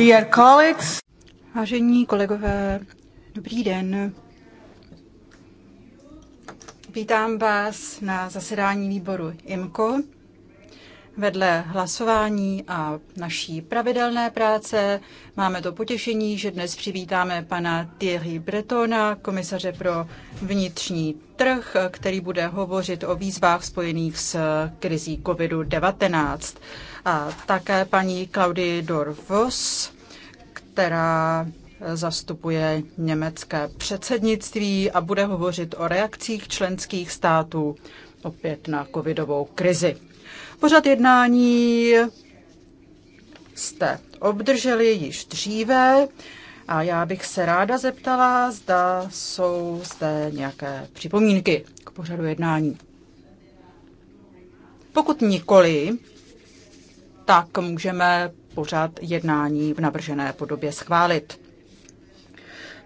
Dear colleagues. Vážení kolegové, dobrý den. Vítám vás na zasedání výboru IMCO. Vedle hlasování a naší pravidelné práce máme to potěšení, že dnes přivítáme pana Thierry Bretona, komisaře pro vnitřní trh, který bude hovořit o výzvách spojených s krizí COVID-19 a také paní Claudie Dorvos, která zastupuje německé předsednictví a bude hovořit o reakcích členských států opět na covidovou krizi. Pořad jednání jste obdrželi již dříve a já bych se ráda zeptala, zda jsou zde nějaké připomínky k pořadu jednání. Pokud nikoli, tak můžeme pořád jednání v navržené podobě schválit.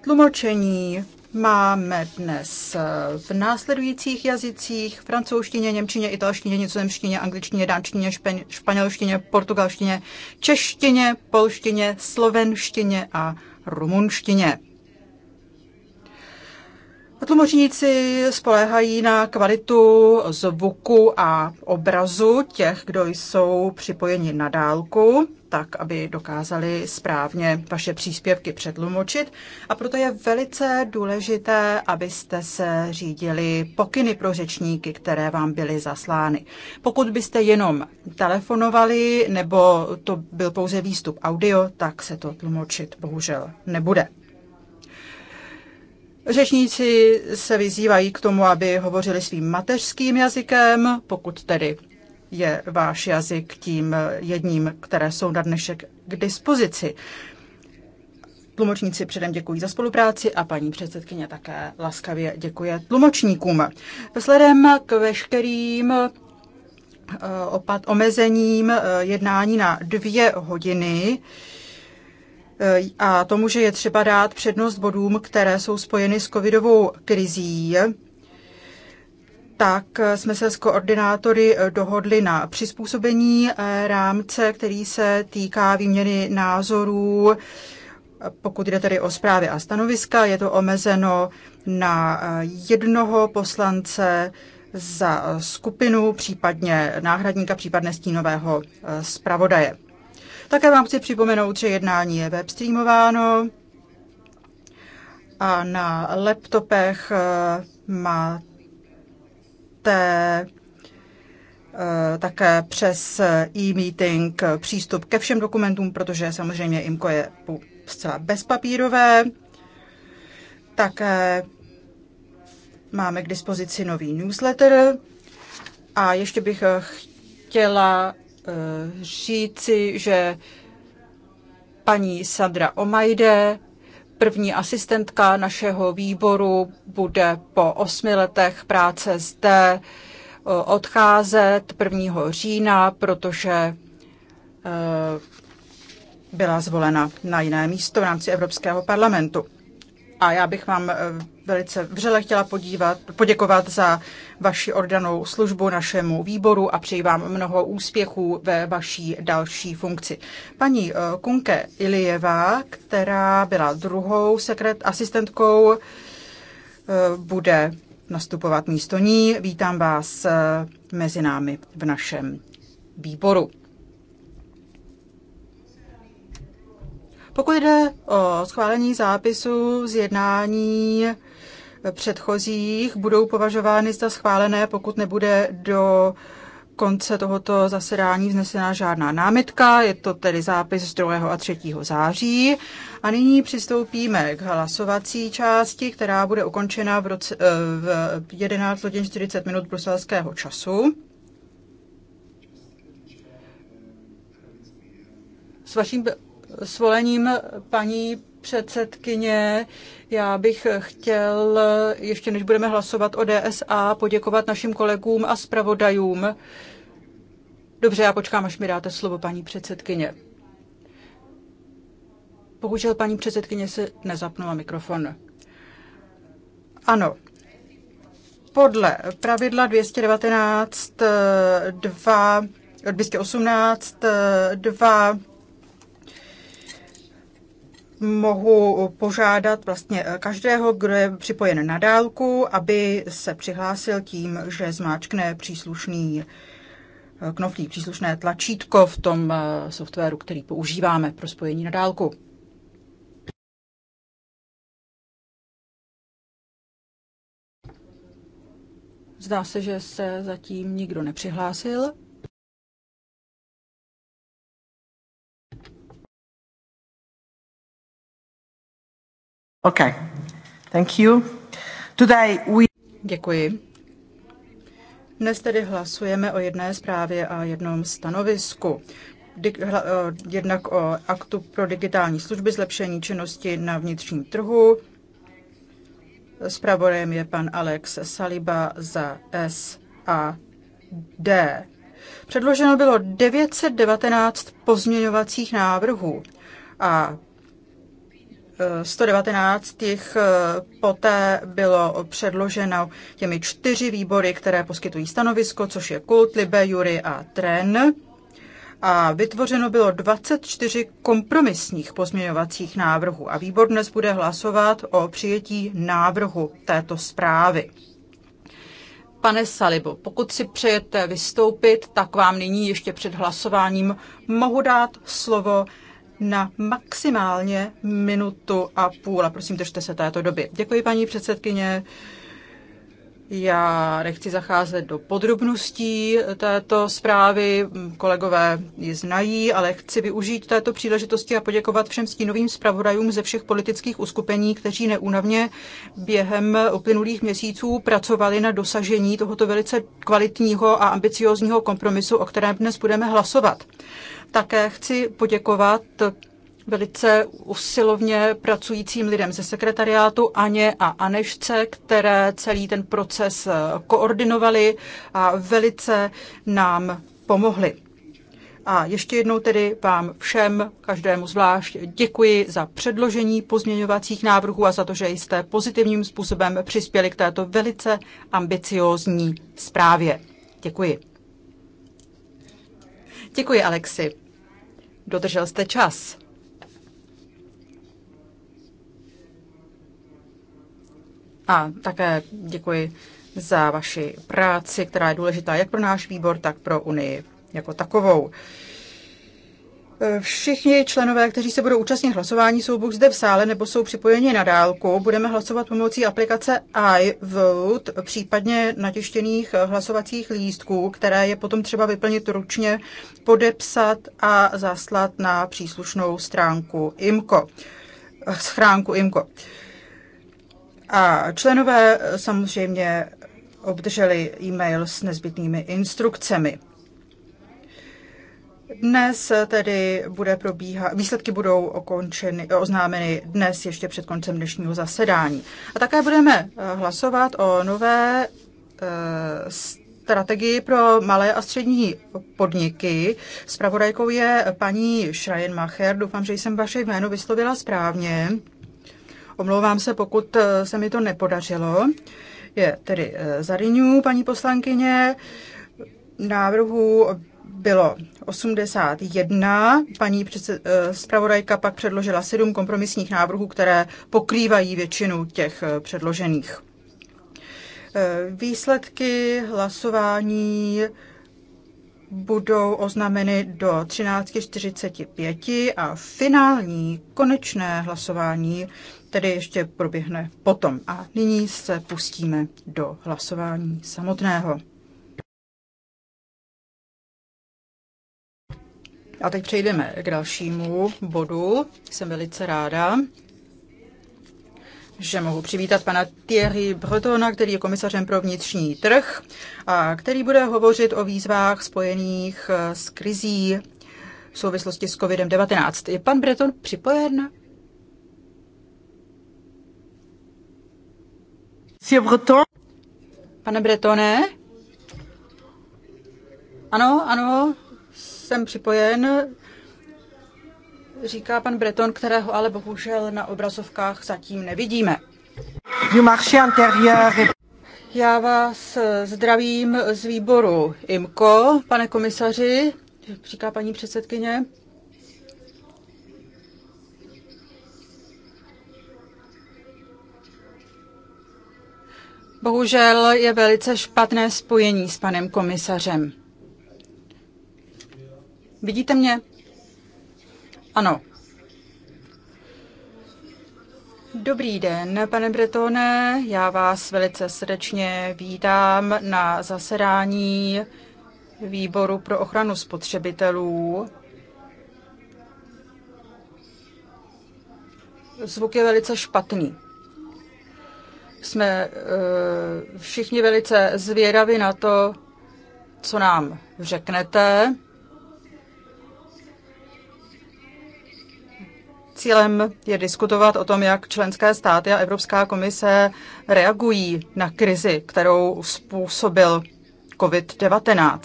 Tlumočení máme dnes v následujících jazycích francouzštině, němčině, italštině, nizozemštině, angličtině, dánštině, špen, španělštině, portugalštině, češtině, polštině, slovenštině a rumunštině. Tlumočníci spoléhají na kvalitu zvuku a obrazu těch, kdo jsou připojeni na dálku, tak, aby dokázali správně vaše příspěvky přetlumočit. A proto je velice důležité, abyste se řídili pokyny pro řečníky, které vám byly zaslány. Pokud byste jenom telefonovali, nebo to byl pouze výstup audio, tak se to tlumočit bohužel nebude. Řečníci se vyzývají k tomu, aby hovořili svým mateřským jazykem, pokud tedy je váš jazyk tím jedním, které jsou na dnešek k dispozici. Tlumočníci předem děkuji za spolupráci a paní předsedkyně také laskavě děkuje tlumočníkům. Vzhledem k veškerým eh, opat omezením eh, jednání na dvě hodiny a tomu, že je třeba dát přednost bodům, které jsou spojeny s covidovou krizí, tak jsme se s koordinátory dohodli na přizpůsobení eh, rámce, který se týká výměny názorů. Pokud jde tedy o zprávy a stanoviska, je to omezeno na eh, jednoho poslance za skupinu, případně náhradníka, případně stínového eh, zpravodaje. Také vám chci připomenout, že jednání je webstreamováno a na laptopech eh, máte eh, také přes e-meeting přístup ke všem dokumentům, protože samozřejmě IMCO je zcela bezpapírové. Také máme k dispozici nový newsletter. A ještě bych eh, chtěla Eh, říci, že paní Sadra Omajde, první asistentka našeho výboru, bude po osmi letech práce zde eh, odcházet 1. října, protože eh, byla zvolena na jiné místo v rámci Evropského parlamentu. A já bych vám velice vřele chtěla podívat, poděkovat za vaši oddanou službu našemu výboru a přeji vám mnoho úspěchů ve vaší další funkci. Paní eh, Kunke Ilijeva, která byla druhou sekret asistentkou, eh, bude nastupovat místo ní. Vítám vás eh, mezi námi v našem výboru. Pokud jde o schválení zápisu z jednání předchozích budou považovány za schválené, pokud nebude do konce tohoto zasedání vznesena žádná námitka, je to tedy zápis z 2. a 3. září. A nyní přistoupíme k hlasovací části, která bude ukončena v, roce, eh, v 11 hodin 40 minut bruselského času. S vaším svolením, paní předsedkyně. Já bych chtěl, ještě než budeme hlasovat o DSA, poděkovat našim kolegům a zpravodajům. Dobře, já počkám, až mi dáte slovo, paní předsedkyně. Bohužel paní předsedkyně se nezapnula mikrofon. Ano, podle pravidla 219 2 218 2 mohu požádat vlastně eh, každého, kdo je připojen na dálku, aby se přihlásil tím, že zmáčkne příslušný eh, knoflík, příslušné tlačítko v tom eh, softwaru, který používáme pro spojení na dálku. Zdá se, že se zatím nikdo nepřihlásil. Děkuji. Dnes tedy hlasujeme o jedné zprávě a jednom stanovisku. Jednak o aktu pro digitální služby zlepšení činnosti na vnitřním trhu. Zpravodajem je pan Alex Saliba za SAD. Předloženo bylo 919 pozměňovacích návrhů a 119 těch eh, poté bylo předloženo těmi čtyři výbory, které poskytují stanovisko, což je Kult, Libe, Jury a Tren. A vytvořeno bylo 24 kompromisních pozměňovacích návrhů a výbor dnes bude hlasovat o přijetí návrhu této zprávy. Pane Salibo, pokud si přejete vystoupit, tak vám nyní ještě před hlasováním mohu dát slovo na maximálně minutu a půl. A prosím, držte se této doby. Děkuji, paní předsedkyně. Já nechci zacházet do podrobností této zprávy, kolegové ji znají, ale chci využít této příležitosti a poděkovat všem stínovým zpravodajům ze všech politických uskupení, kteří neúnavně během uplynulých měsíců pracovali na dosažení tohoto velice kvalitního a ambiciozního kompromisu, o kterém dnes budeme hlasovat. Také chci poděkovat velice usilovně pracujícím lidem ze sekretariátu Aně a Anešce, které celý ten proces eh, koordinovali a velice nám pomohli. A ještě jednou tedy vám všem, každému zvlášť, děkuji za předložení pozměňovacích návrhů a za to, že jste pozitivním způsobem přispěli k této velice ambiciózní zprávě. Děkuji. Děkuji, Alexi. Dodržel jste čas. A také děkuji za vaši práci, která je důležitá jak pro náš výbor, tak pro Unii jako takovou. Všichni členové, kteří se budou účastnit hlasování, jsou buď zde v sále nebo jsou připojeni na dálku. Budeme hlasovat pomocí aplikace iVote, případně natěštěných hlasovacích lístků, které je potom třeba vyplnit ručně, podepsat a zaslat na příslušnou stránku IMCO. Schránku IMCO. A členové samozřejmě obdrželi e-mail s nezbytnými instrukcemi. Dnes tedy bude probíhat, výsledky budou okončeny, oznámeny dnes ještě před koncem dnešního zasedání. A také budeme eh, hlasovat o nové eh, strategii pro malé a střední podniky. Spravodajkou je paní Schreienmacher. Doufám, že jsem vaše jméno vyslovila správně. Omlouvám se, pokud eh, se mi to nepodařilo. Je tedy Zariňů, paní poslankyně, návrhu bylo 81. Paní předsed, eh, zpravodajka pak předložila sedm kompromisních návrhů, které pokrývají většinu těch eh, předložených. Eh, výsledky hlasování budou oznámeny do 13.45 a finální konečné hlasování tedy ještě proběhne potom. A nyní se pustíme do hlasování samotného. A teď přejdeme k dalšímu bodu. Jsem velice ráda, že mohu přivítat pana Thierry Bretona, který je komisařem pro vnitřní trh a který bude hovořit o výzvách spojených eh, s krizí v souvislosti s COVID-19. Je pan Breton připojen? Breton? Pane Bretone? Ano, ano, jsem připojen, říká pan Breton, kterého ale bohužel na obrazovkách zatím nevidíme. já vás zdravím z výboru IMCO, pane komisaři, říká paní předsedkyně. Bohužel je velice špatné spojení s panem komisařem. Vidíte mě? Ano. Dobrý den, pane Bretone. Já vás velice srdečně vítám na zasedání Výboru pro ochranu spotřebitelů. Zvuk je velice špatný. Jsme eh, všichni velice zvědaví na to, co nám řeknete. Cílem je diskutovat o tom, jak členské státy a Evropská komise reagují na krizi, kterou způsobil COVID-19.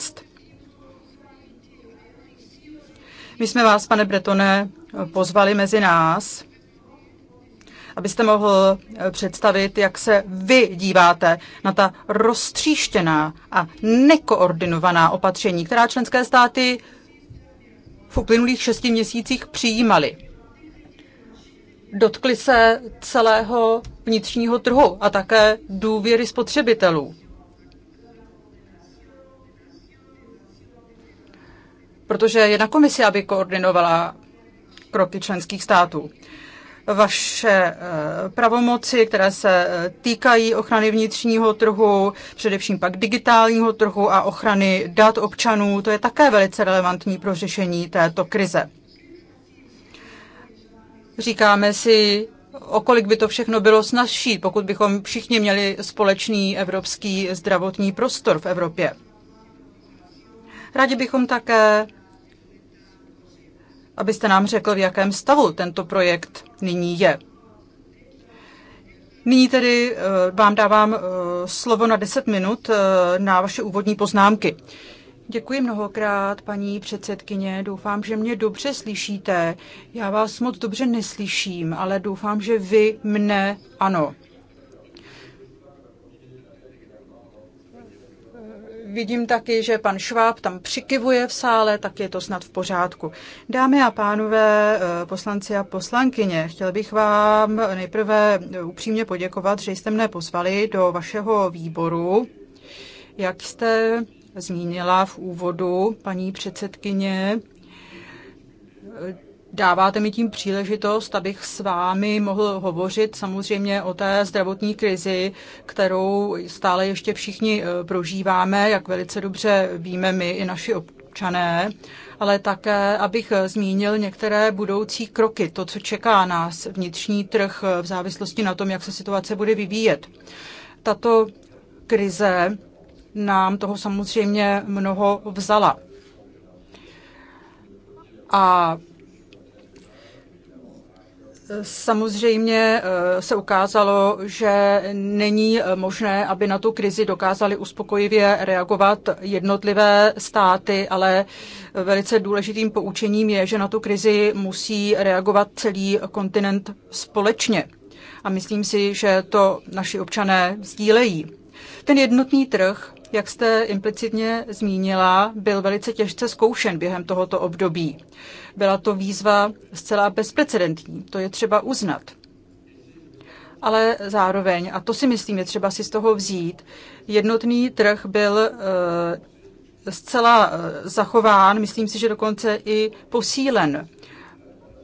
My jsme vás, pane Bretone, pozvali mezi nás, abyste mohl představit, jak se vy díváte na ta roztříštěná a nekoordinovaná opatření, která členské státy v uplynulých šesti měsících přijímaly dotkly se celého vnitřního trhu a také důvěry spotřebitelů. Protože je na komisi, aby koordinovala kroky členských států. Vaše eh, pravomoci, které se eh, týkají ochrany vnitřního trhu, především pak digitálního trhu a ochrany dat občanů, to je také velice relevantní pro řešení této krize. Říkáme si, o kolik by to všechno bylo snažší, pokud bychom všichni měli společný evropský zdravotní prostor v Evropě. Rádi bychom také, abyste nám řekl, v jakém stavu tento projekt nyní je. Nyní tedy eh, vám dávám eh, slovo na 10 minut eh, na vaše úvodní poznámky. Děkuji mnohokrát, paní předsedkyně. Doufám, že mě dobře slyšíte. Já vás moc dobře neslyším, ale doufám, že vy mne ano. Vidím taky, že pan Šváb tam přikivuje v sále, tak je to snad v pořádku. Dámy a pánové, eh, poslanci a poslankyně, chtěl bych vám nejprve upřímně poděkovat, že jste mne pozvali do vašeho výboru. Jak jste zmínila v úvodu, paní předsedkyně. Dáváte mi tím příležitost, abych s vámi mohl hovořit samozřejmě o té zdravotní krizi, kterou stále ještě všichni eh, prožíváme, jak velice dobře víme my i naši občané, ale také, abych eh, zmínil některé budoucí kroky, to, co čeká nás vnitřní trh eh, v závislosti na tom, jak se situace bude vyvíjet. Tato krize nám toho samozřejmě mnoho vzala. A Samozřejmě eh, se ukázalo, že není eh, možné, aby na tu krizi dokázali uspokojivě reagovat jednotlivé státy, ale velice důležitým poučením je, že na tu krizi musí reagovat celý kontinent společně. A myslím si, že to naši občané sdílejí. Ten jednotný trh jak jste implicitně zmínila, byl velice těžce zkoušen během tohoto období. Byla to výzva zcela bezprecedentní, to je třeba uznat. Ale zároveň, a to si myslím, je třeba si z toho vzít, jednotný trh byl eh, zcela eh, zachován, myslím si, že dokonce i posílen.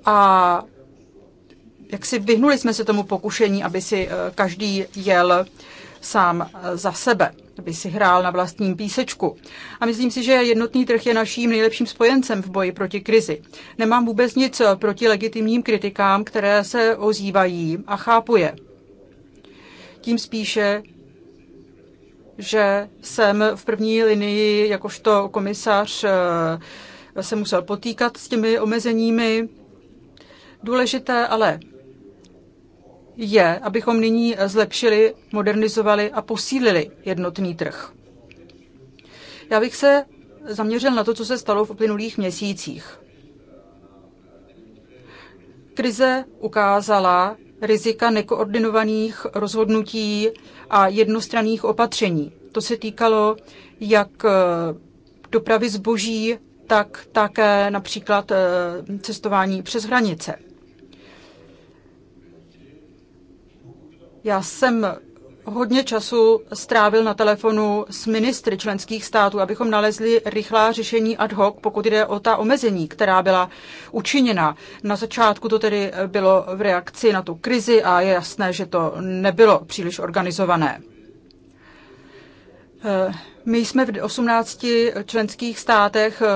A jak si vyhnuli jsme se tomu pokušení, aby si eh, každý jel sám za sebe aby si hrál na vlastním písečku. A myslím si, že jednotný trh je naším nejlepším spojencem v boji proti krizi. Nemám vůbec nic proti legitimním kritikám, které se ozývají a chápu je. Tím spíše, že jsem v první linii jakožto komisař eh, se musel potýkat s těmi omezeními. Důležité ale je, abychom nyní zlepšili, modernizovali a posílili jednotný trh. Já bych se zaměřil na to, co se stalo v uplynulých měsících. Krize ukázala rizika nekoordinovaných rozhodnutí a jednostranných opatření. To se týkalo jak eh, dopravy zboží, tak také například eh, cestování přes hranice. Já jsem hodně času strávil na telefonu s ministry členských států, abychom nalezli rychlá řešení ad hoc, pokud jde o ta omezení, která byla učiněna. Na začátku to tedy bylo v reakci na tu krizi a je jasné, že to nebylo příliš organizované. Eh, my jsme v 18 členských státech eh,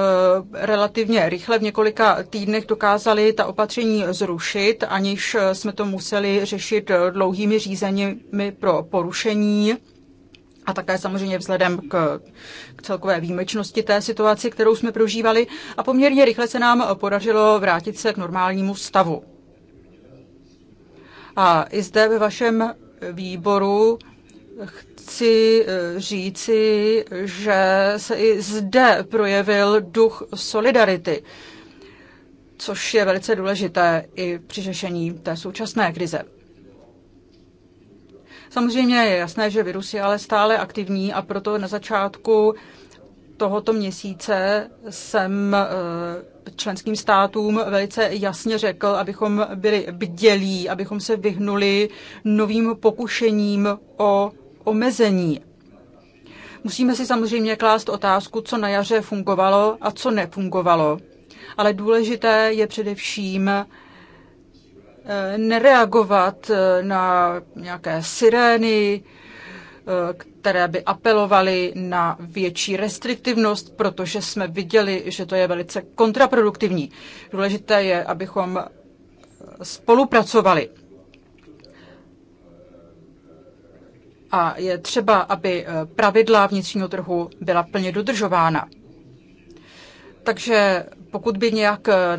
relativně rychle v několika týdnech dokázali ta opatření zrušit, aniž eh, jsme to museli řešit eh, dlouhými řízeními pro porušení a také samozřejmě vzhledem k, k celkové výjimečnosti té situaci, kterou jsme prožívali. A poměrně rychle se nám podařilo vrátit se k normálnímu stavu. A i zde ve vašem výboru chci eh, říci, že se i zde projevil duch solidarity, což je velice důležité i při řešení té současné krize. Samozřejmě je jasné, že virus je ale stále aktivní a proto na začátku tohoto měsíce jsem eh, členským státům velice jasně řekl, abychom byli bdělí, abychom se vyhnuli novým pokušením o omezení. Musíme si samozřejmě klást otázku, co na jaře fungovalo a co nefungovalo. Ale důležité je především eh, nereagovat eh, na nějaké sirény, eh, které by apelovaly na větší restriktivnost, protože jsme viděli, že to je velice kontraproduktivní. Důležité je, abychom spolupracovali. a je třeba, aby eh, pravidla vnitřního trhu byla plně dodržována. Takže pokud by nějak eh,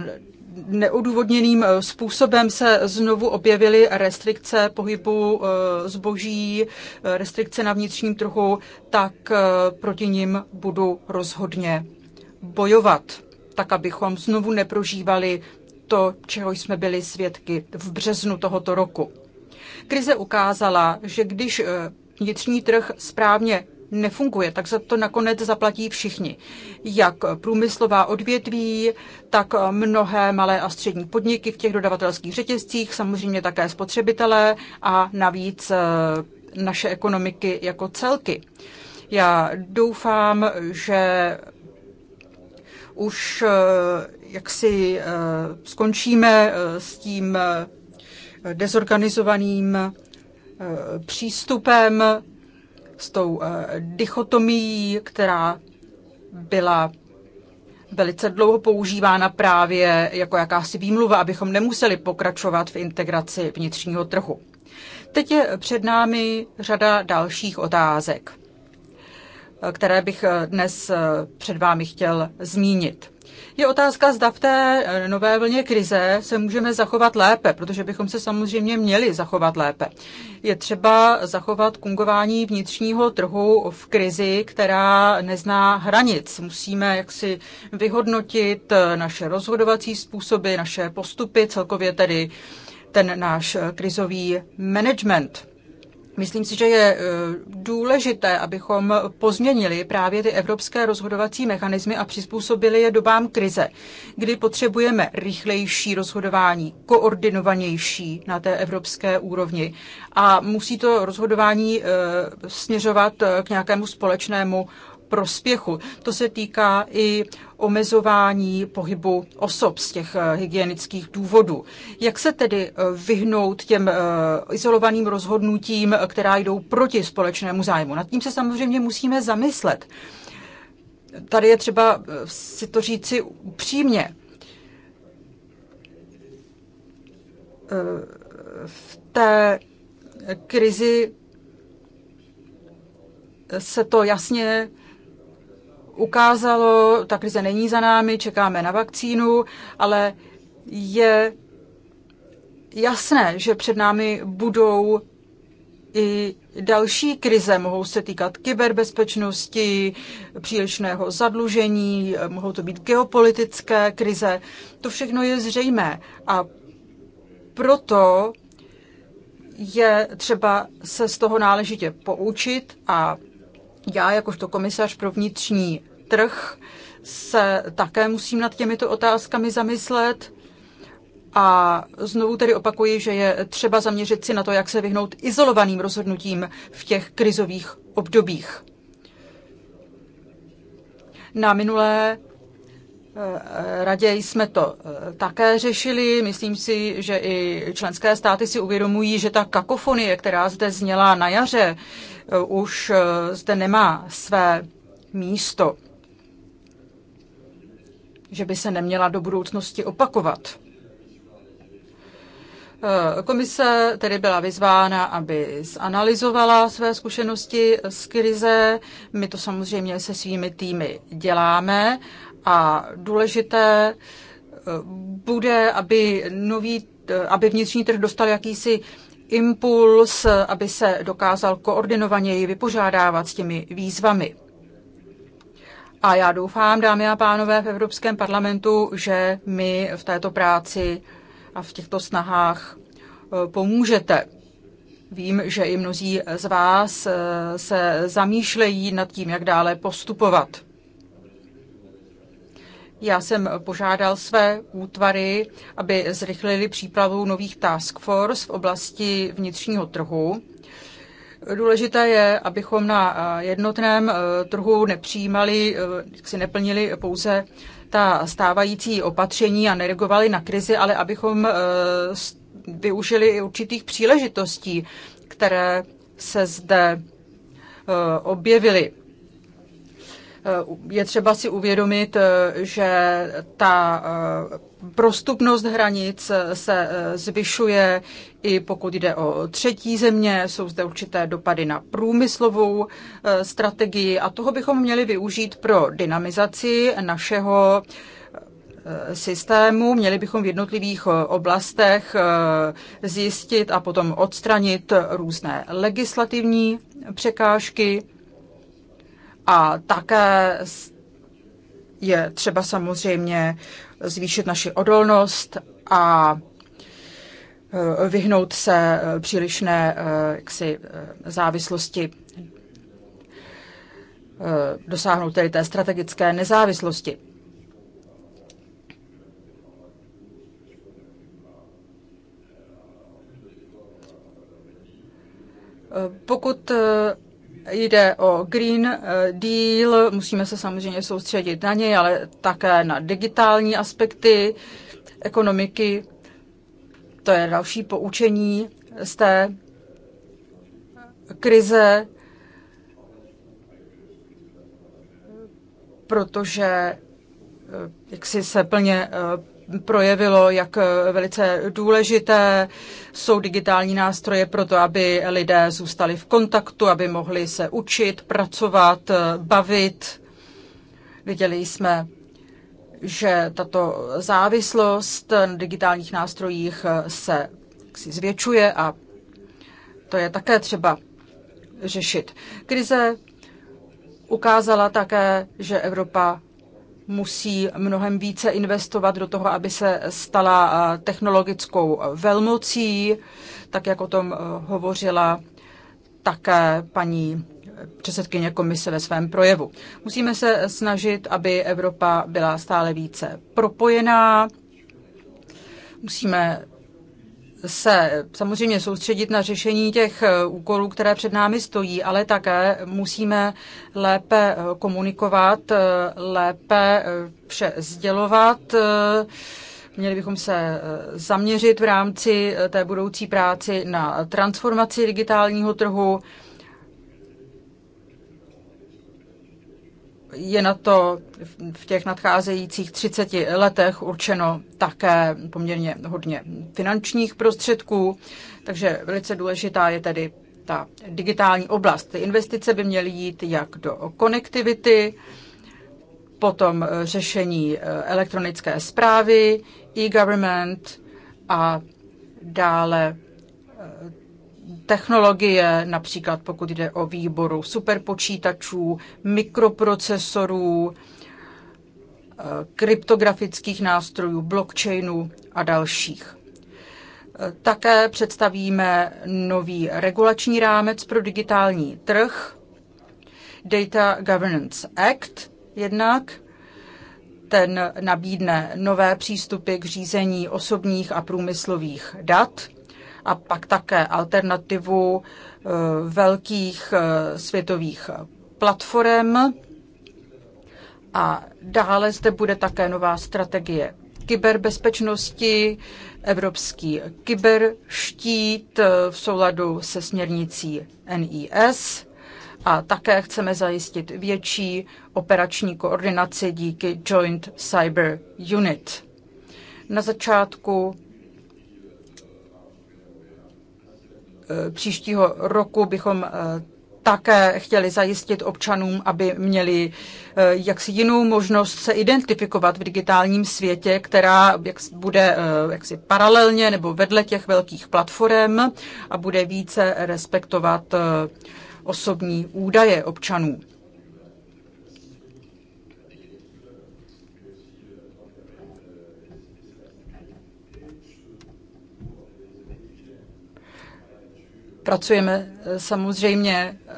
neodůvodněným eh, způsobem se znovu objevily restrikce pohybu zboží, restrikce na vnitřním trhu, tak proti nim budu rozhodně bojovat, tak abychom znovu neprožívali to, čeho jsme byli svědky v březnu tohoto roku. Krize ukázala, že když vnitřní trh správně nefunguje, tak za to nakonec zaplatí všichni. Jak průmyslová odvětví, tak mnohé malé a střední podniky v těch dodavatelských řetězcích, samozřejmě také spotřebitelé a navíc eh, naše ekonomiky jako celky. Já doufám, že už eh, jak si eh, skončíme s tím dezorganizovaným Eh, přístupem, s tou eh, dichotomií, která byla velice dlouho používána právě jako jakási výmluva, abychom nemuseli pokračovat v integraci vnitřního trhu. Teď je před námi řada dalších otázek, eh, které bych dnes před vámi chtěl zmínit je otázka, zda v té eh, nové vlně krize se můžeme zachovat lépe, protože bychom se samozřejmě měli zachovat lépe. Je třeba zachovat fungování vnitřního trhu v krizi, která nezná hranic. Musíme jaksi vyhodnotit eh, naše rozhodovací způsoby, naše postupy, celkově tedy ten náš eh, krizový management. Myslím si, že je eh, důležité, abychom pozměnili právě ty evropské rozhodovací mechanismy a přizpůsobili je dobám krize, kdy potřebujeme rychlejší rozhodování, koordinovanější na té evropské úrovni. A musí to rozhodování eh, směřovat eh, k nějakému společnému prospěchu. To se týká i omezování pohybu osob z těch eh, hygienických důvodů. Jak se tedy eh, vyhnout těm eh, izolovaným rozhodnutím, která jdou proti společnému zájmu? Nad tím se samozřejmě musíme zamyslet. Tady je třeba si to říci upřímně. V té krizi se to jasně ukázalo, ta krize není za námi, čekáme na vakcínu, ale je jasné, že před námi budou i další krize. Mohou se týkat kyberbezpečnosti, přílišného zadlužení, mohou to být geopolitické krize. To všechno je zřejmé a proto je třeba se z toho náležitě poučit a já jakožto komisař pro vnitřní trh se také musím nad těmito otázkami zamyslet. A znovu tedy opakuji, že je třeba zaměřit si na to, jak se vyhnout izolovaným rozhodnutím v těch krizových obdobích. Na minulé Eh, raději jsme to eh, také řešili. Myslím si, že i členské státy si uvědomují, že ta kakofonie, která zde zněla na jaře, eh, už zde nemá své místo. Že by se neměla do budoucnosti opakovat. Komise tedy byla vyzvána, aby zanalizovala své zkušenosti z krize. My to samozřejmě se svými týmy děláme a důležité eh, bude, aby, nový, eh, aby vnitřní trh dostal jakýsi impuls, aby se dokázal koordinovaněji vypořádávat s těmi výzvami. A já doufám, dámy a pánové v Evropském parlamentu, že mi v této práci a v těchto snahách eh, pomůžete. Vím, že i mnozí z vás se zamýšlejí nad tím, jak dále postupovat. Já jsem požádal své útvary, aby zrychlili přípravu nových task force v oblasti vnitřního trhu. Důležité je, abychom na eh, jednotném eh, trhu nepřijímali, eh, si neplnili pouze ta stávající opatření a nereagovali na krizi, ale abychom využili i určitých příležitostí, které se zde objevily. Eh, je třeba si uvědomit, eh, že ta eh, prostupnost hranic se zvyšuje i pokud jde o třetí země, jsou zde určité dopady na průmyslovou strategii a toho bychom měli využít pro dynamizaci našeho systému. Měli bychom v jednotlivých oblastech zjistit a potom odstranit různé legislativní překážky a také je třeba samozřejmě zvýšit naši odolnost a eh, vyhnout se eh, přílišné eh, jaksi, závislosti, dosáhnout tedy té strategické nezávislosti. Pokud Jde o Green eh, Deal, musíme se samozřejmě soustředit na něj, ale také na digitální aspekty ekonomiky. To je další poučení z té krize, protože eh, jak si se plně eh, projevilo, jak velice důležité jsou digitální nástroje pro to, aby lidé zůstali v kontaktu, aby mohli se učit, pracovat, bavit. Viděli jsme, že tato závislost na digitálních nástrojích se zvětšuje a to je také třeba řešit. Krize ukázala také, že Evropa musí mnohem více investovat do toho, aby se stala eh, technologickou velmocí, tak jak o tom eh, hovořila také paní předsedkyně komise ve svém projevu. Musíme se snažit, aby Evropa byla stále více propojená. Musíme se samozřejmě soustředit na řešení těch eh, úkolů, které před námi stojí, ale také musíme lépe eh, komunikovat, eh, lépe vše sdělovat. Měli bychom se zaměřit v rámci té budoucí práci na transformaci digitálního trhu, je na to v těch nadcházejících 30 letech určeno také poměrně hodně finančních prostředků, takže velice důležitá je tedy ta digitální oblast. Ty investice by měly jít jak do konektivity, potom řešení eh, elektronické zprávy, e-government a dále eh, technologie, například pokud jde o výboru superpočítačů, mikroprocesorů, eh, kryptografických nástrojů, blockchainu a dalších. Eh, také představíme nový regulační rámec pro digitální trh, Data Governance Act jednak, ten nabídne nové přístupy k řízení osobních a průmyslových dat – a pak také alternativu eh, velkých eh, světových platform. A dále zde bude také nová strategie kyberbezpečnosti, evropský kyberštít eh, v souladu se směrnicí NIS a také chceme zajistit větší operační koordinaci díky Joint Cyber Unit. Na začátku Eh, příštího roku bychom eh, také chtěli zajistit občanům, aby měli eh, jaksi jinou možnost se identifikovat v digitálním světě, která bude jaksi paralelně nebo vedle těch velkých platform a bude více respektovat osobní údaje občanů. Pracujeme eh, samozřejmě eh,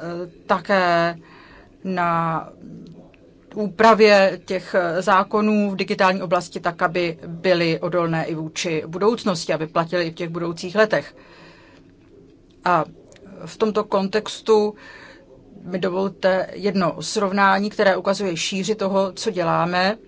také na úpravě těch eh, zákonů v digitální oblasti tak, aby byly odolné i vůči budoucnosti, aby platily i v těch budoucích letech. A v tomto kontextu mi dovolte jedno srovnání, které ukazuje šíři toho, co děláme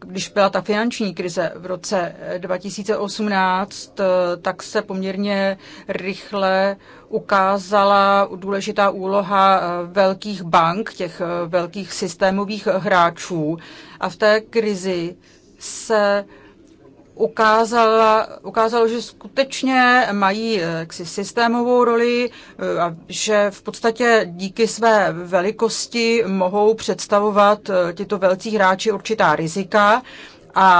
když byla ta finanční krize v roce 2018, eh, eh, tak se poměrně rychle ukázala důležitá úloha eh, velkých bank, těch velkých systémových hráčů. A v té krizi se ukázala, ukázalo, že skutečně mají eh, jaksi, systémovou roli eh, a že v podstatě díky své velikosti mohou představovat eh, tyto velcí hráči určitá rizika a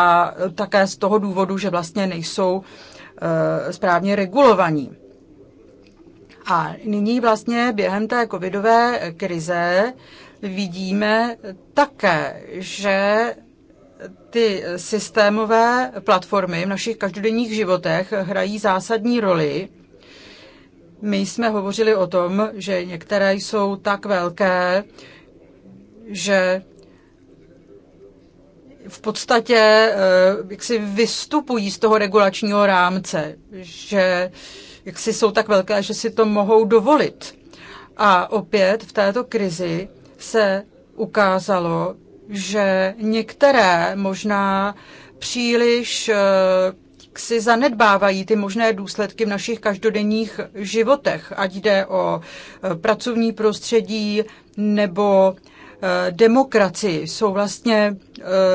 také z toho důvodu, že vlastně nejsou správně regulovaní. A nyní vlastně během té covidové krize vidíme také, že ty systémové platformy v našich každodenních životech hrají zásadní roli. My jsme hovořili o tom, že některé jsou tak velké, že v podstatě eh, jak si vystupují z toho regulačního rámce, že jak si jsou tak velké, že si to mohou dovolit. A opět v této krizi se ukázalo, že některé možná příliš eh, si zanedbávají ty možné důsledky v našich každodenních životech, ať jde o eh, pracovní prostředí nebo eh, demokracii. Jsou vlastně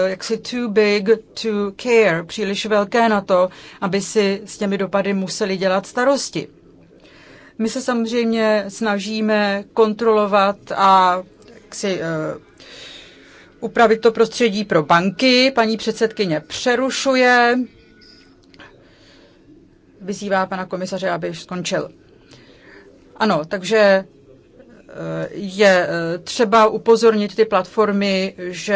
jaksi too big to care, příliš velké na to, aby si s těmi dopady museli dělat starosti. My se samozřejmě snažíme kontrolovat a jaksi upravit to prostředí pro banky. Paní předsedkyně přerušuje, vyzývá pana komisaře, aby skončil. Ano, takže eh, je eh, třeba upozornit ty platformy, že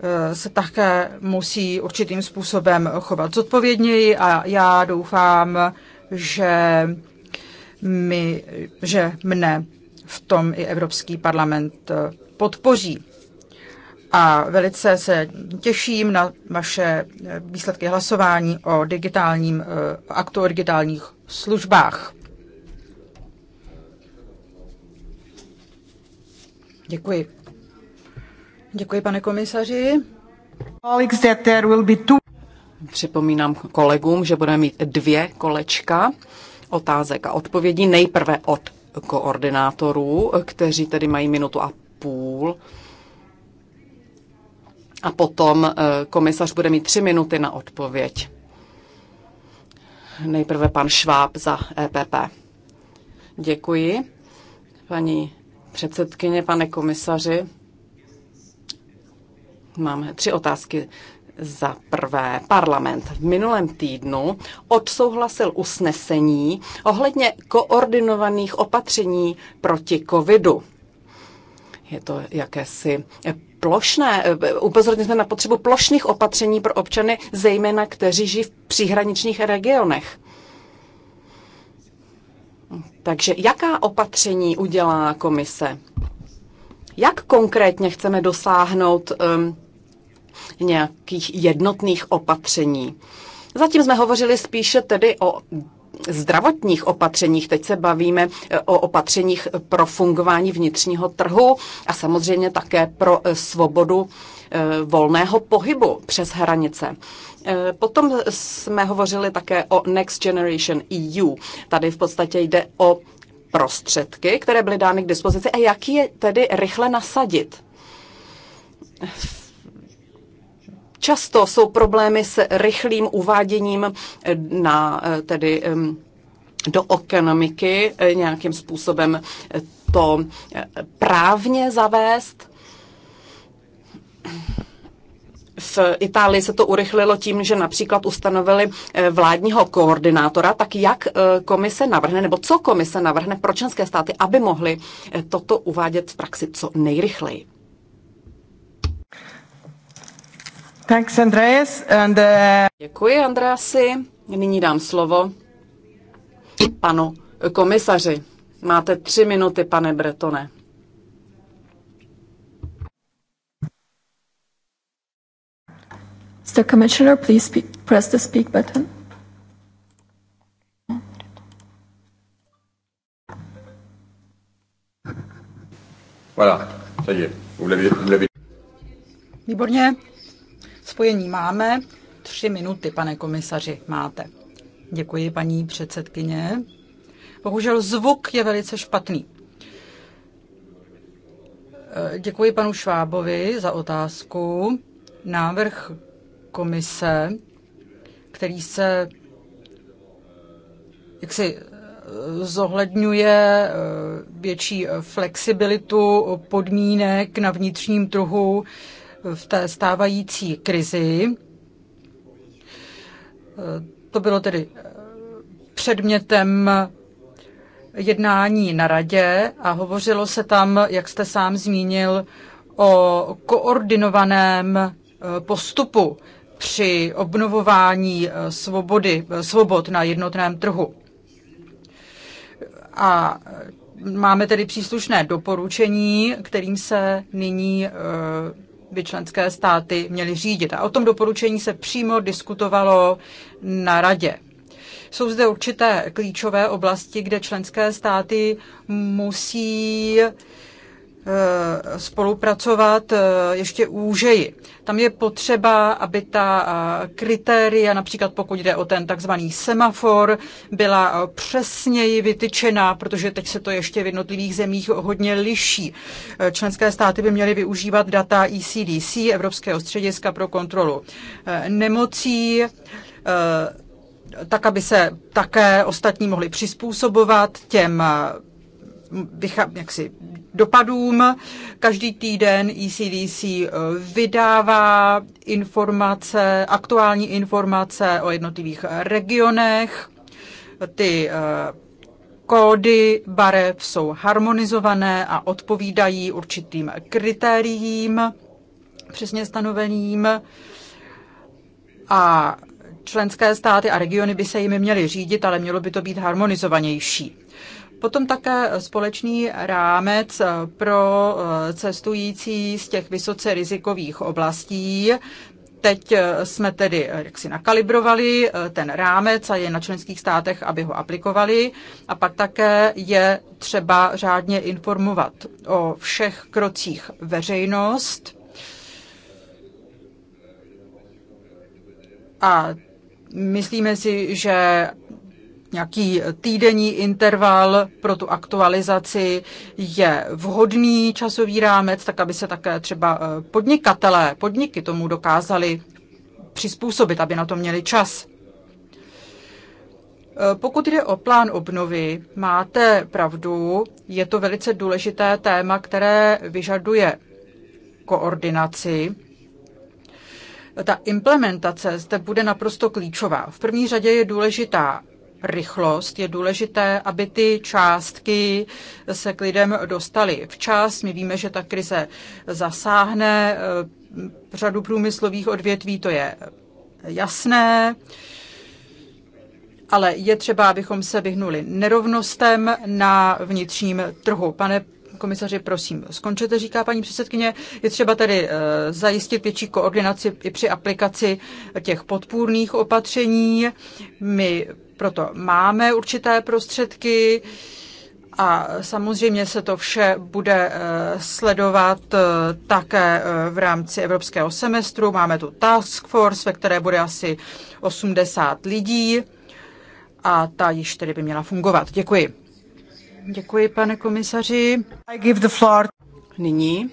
eh, se také musí určitým způsobem chovat zodpovědněji a já doufám, že, mi, že mne v tom i Evropský parlament podpoří a velice se těším na vaše eh, výsledky hlasování o digitálním eh, aktu o digitálních službách. Děkuji. Děkuji, pane komisaři. Připomínám kolegům, že budeme mít dvě kolečka otázek a odpovědí. Nejprve od koordinátorů, kteří tedy mají minutu a půl a potom eh, komisař bude mít tři minuty na odpověď. Nejprve pan Šváb za EPP. Děkuji, paní předsedkyně, pane komisaři. máme tři otázky. Za prvé, parlament v minulém týdnu odsouhlasil usnesení ohledně koordinovaných opatření proti covidu. Je to jakési plošné. Eh, upozornili jsme na potřebu plošných opatření pro občany, zejména kteří žijí v příhraničních regionech. Takže jaká opatření udělá komise? Jak konkrétně chceme dosáhnout um, nějakých jednotných opatření? Zatím jsme hovořili spíše tedy o zdravotních opatřeních. Teď se bavíme e, o opatřeních pro fungování vnitřního trhu a samozřejmě také pro e, svobodu e, volného pohybu přes hranice. Potom jsme hovořili také o Next Generation EU. Tady v podstatě jde o prostředky, které byly dány k dispozici a jak je tedy rychle nasadit. Často jsou problémy s rychlým uváděním eh, na eh, tedy do ekonomiky eh, nějakým způsobem to právně zavést. V Itálii se to urychlilo tím, že například ustanovili vládního koordinátora, tak jak komise navrhne, nebo co komise navrhne pro členské státy, aby mohly toto uvádět v praxi co nejrychleji. Thanks, Andreas. And, uh... Děkuji, Andreasi. Nyní dám slovo panu komisaři. Máte tři minuty, pane Bretone. The commissioner, please speak, press the speak button. Voilà, ça y est, vous l'avez. Výborně, Spojení máme. Tři minuty, pane komisaři, máte. Děkuji, paní předsedkyně. Bohužel zvuk je velice špatný. Eh, děkuji panu Švábovi za otázku. Návrh komise, který se jak si eh, zohledňuje eh, větší flexibilitu podmínek na vnitřním trhu, v té stávající krizi. To bylo tedy eh, předmětem jednání na radě a hovořilo se tam, jak jste sám zmínil, o koordinovaném eh, postupu při obnovování eh, svobody, svobod na jednotném trhu. A máme tedy příslušné doporučení, kterým se nyní by členské státy měly řídit. A o tom doporučení se přímo diskutovalo na radě. Jsou zde určité klíčové oblasti, kde členské státy musí Eh, spolupracovat eh, ještě úžeji. Tam je potřeba, aby ta eh, kritéria, například pokud jde o ten takzvaný semafor, byla přesněji vytyčená, protože teď se to ještě v jednotlivých zemích hodně liší. Členské státy by měly využívat data ECDC, Evropského střediska pro kontrolu nemocí, tak, aby se také ostatní mohli přizpůsobovat těm jaksi dopadům. Každý týden ECDC eh, vydává informace, aktuální informace o jednotlivých regionech. Ty eh, kódy barev jsou harmonizované a odpovídají určitým kritériím přesně stanoveným a členské státy a regiony by se jimi měly řídit, ale mělo by to být harmonizovanější. Potom také společný rámec pro eh, cestující z těch vysoce rizikových oblastí. Teď eh, jsme tedy eh, jaksi nakalibrovali ten rámec a je na členských státech, aby ho aplikovali. A pak také je třeba řádně informovat o všech krocích veřejnost. A myslíme si, že nějaký týdenní interval pro tu aktualizaci je vhodný časový rámec, tak aby se také třeba eh, podnikatelé, podniky tomu dokázali přizpůsobit, aby na to měli čas. Eh, pokud jde o plán obnovy, máte pravdu, je to velice důležité téma, které vyžaduje koordinaci. Ta implementace zde bude naprosto klíčová. V první řadě je důležitá rychlost, je důležité, aby ty částky se k lidem dostaly včas. My víme, že ta krize zasáhne eh, řadu průmyslových odvětví, to je jasné ale je třeba, abychom se vyhnuli nerovnostem na vnitřním trhu. Pane komisaři, prosím, skončete, říká paní předsedkyně. Je třeba tedy eh, zajistit větší koordinaci i při aplikaci těch podpůrných opatření. My proto máme určité prostředky a samozřejmě se to vše bude eh, sledovat eh, také eh, v rámci evropského semestru. Máme tu task force, ve které bude asi 80 lidí a ta již tedy by měla fungovat. Děkuji. Děkuji, pane komisaři. I give the floor. Nyní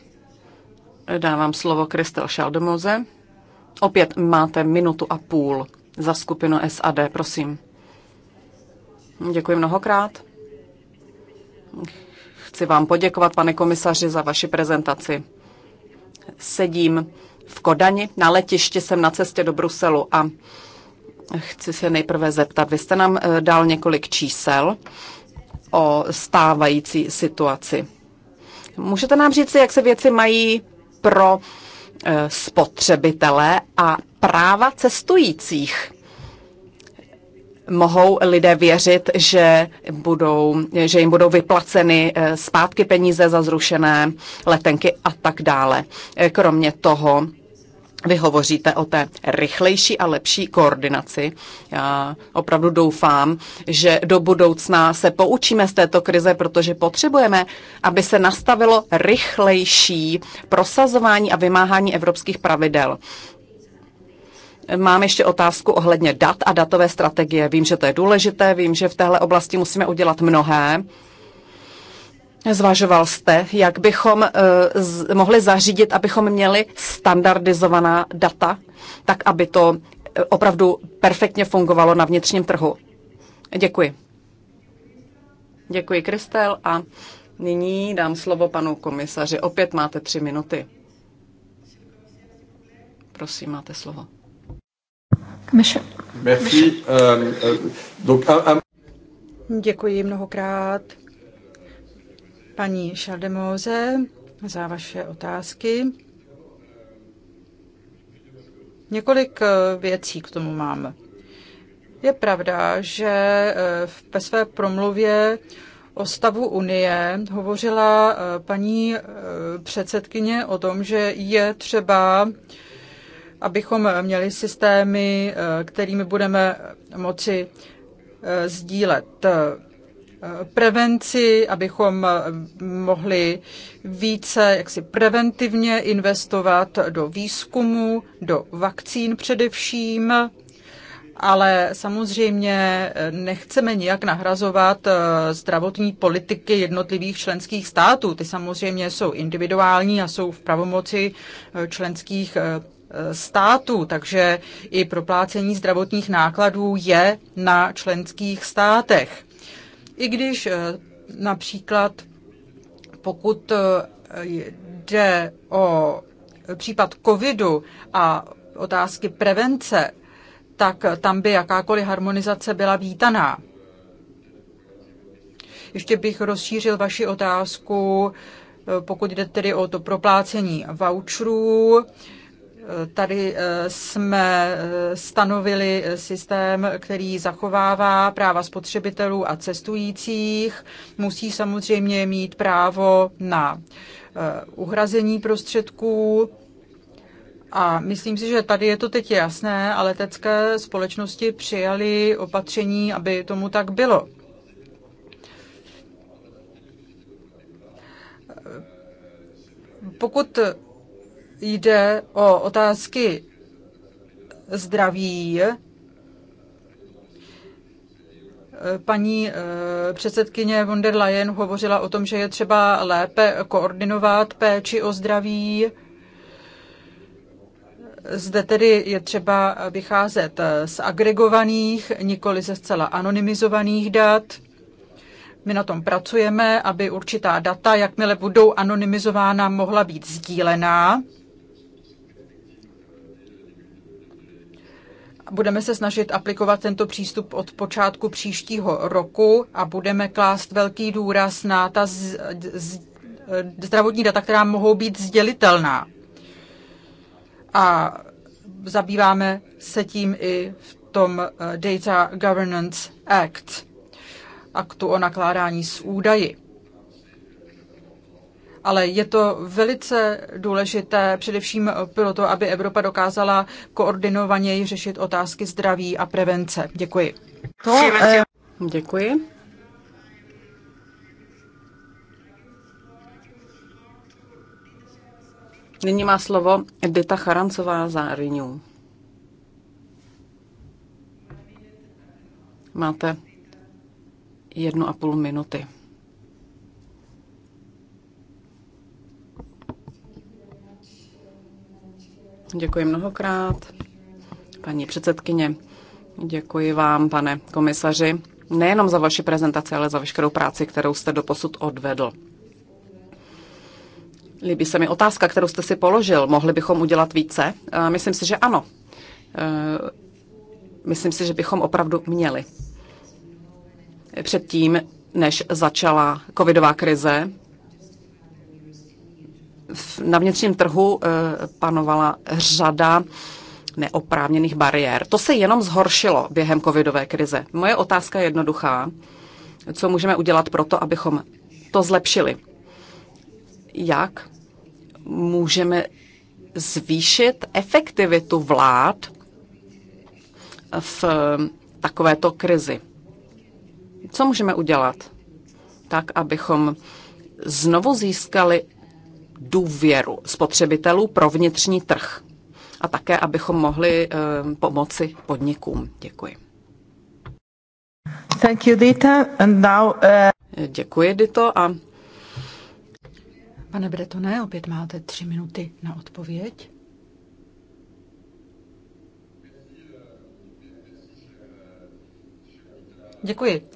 dávám slovo Kristel Šaldemoze. Opět máte minutu a půl za skupinu SAD, prosím. Děkuji mnohokrát. Chci vám poděkovat, pane komisaři, za vaši prezentaci. Sedím v Kodani, na letišti jsem na cestě do Bruselu a chci se nejprve zeptat, vy jste nám eh, dal několik čísel o stávající situaci. Můžete nám říct, jak se věci mají pro eh, spotřebitele a práva cestujících? mohou lidé věřit, že, budou, že jim budou vyplaceny eh, zpátky peníze za zrušené letenky a tak dále. Eh, kromě toho, vy hovoříte o té rychlejší a lepší koordinaci. Já opravdu doufám, že do budoucna se poučíme z této krize, protože potřebujeme, aby se nastavilo rychlejší prosazování a vymáhání evropských pravidel. Mám ještě otázku ohledně dat a datové strategie. Vím, že to je důležité, vím, že v téhle oblasti musíme udělat mnohé. Zvažoval jste, jak bychom eh, mohli zařídit, abychom měli standardizovaná data, tak aby to eh, opravdu perfektně fungovalo na vnitřním trhu. Děkuji. Děkuji, Kristel. A nyní dám slovo panu komisaři. Opět máte tři minuty. Prosím, máte slovo. Michel. Merci. Euh, euh, donc, un, un... Děkuji mnohokrát paní Šaldemóze za vaše otázky. Několik eh, věcí k tomu mám. Je pravda, že eh, ve své promluvě o stavu Unie hovořila eh, paní předsedkyně o tom, že je třeba abychom měli systémy, eh, kterými budeme moci eh, sdílet eh, prevenci, abychom mohli více jaksi preventivně investovat do výzkumu, do vakcín především, ale samozřejmě nechceme nijak nahrazovat zdravotní politiky jednotlivých členských států. Ty samozřejmě jsou individuální a jsou v pravomoci členských států, takže i proplácení zdravotních nákladů je na členských státech. I když eh, například pokud eh, jde o případ covidu a otázky prevence, tak tam by jakákoliv harmonizace byla vítaná. Ještě bych rozšířil vaši otázku, eh, pokud jde tedy o to proplácení voucherů. Tady eh, jsme eh, stanovili systém, který zachovává práva spotřebitelů a cestujících. Musí samozřejmě mít právo na eh, uhrazení prostředků. A myslím si, že tady je to teď jasné, ale letecké společnosti přijali opatření, aby tomu tak bylo. Pokud jde o otázky zdraví. Paní eh, předsedkyně von der Leyen hovořila o tom, že je třeba lépe koordinovat péči o zdraví. Zde tedy je třeba vycházet z agregovaných, nikoli ze zcela anonymizovaných dat. My na tom pracujeme, aby určitá data, jakmile budou anonymizována, mohla být sdílená. Budeme se snažit aplikovat tento přístup od počátku příštího roku a budeme klást velký důraz na ta z, z, zdravotní data, která mohou být sdělitelná. A zabýváme se tím i v tom eh, Data Governance Act, aktu o nakládání s údaji ale je to velice důležité především proto, aby Evropa dokázala koordinovaněji řešit otázky zdraví a prevence. Děkuji. To, eh, děkuji. Nyní má slovo Edita Charancová za Renew. Máte jednu a půl minuty. Děkuji mnohokrát. Paní předsedkyně, děkuji vám, pane komisaři, nejenom za vaši prezentaci, ale za veškerou práci, kterou jste doposud odvedl. Líbí se mi otázka, kterou jste si položil. Mohli bychom udělat více? E, myslím si, že ano. E, myslím si, že bychom opravdu měli. Předtím, než začala covidová krize, na vnitřním trhu eh, panovala řada neoprávněných bariér. To se jenom zhoršilo během covidové krize. Moje otázka je jednoduchá. Co můžeme udělat pro to, abychom to zlepšili? Jak můžeme zvýšit efektivitu vlád v takovéto krizi? Co můžeme udělat tak, abychom znovu získali důvěru spotřebitelů pro vnitřní trh a také, abychom mohli eh, pomoci podnikům. Děkuji. Thank you, Dita. And now, uh... Děkuji, Dito. A... Pane Bretone, opět máte tři minuty na odpověď. Děkuji,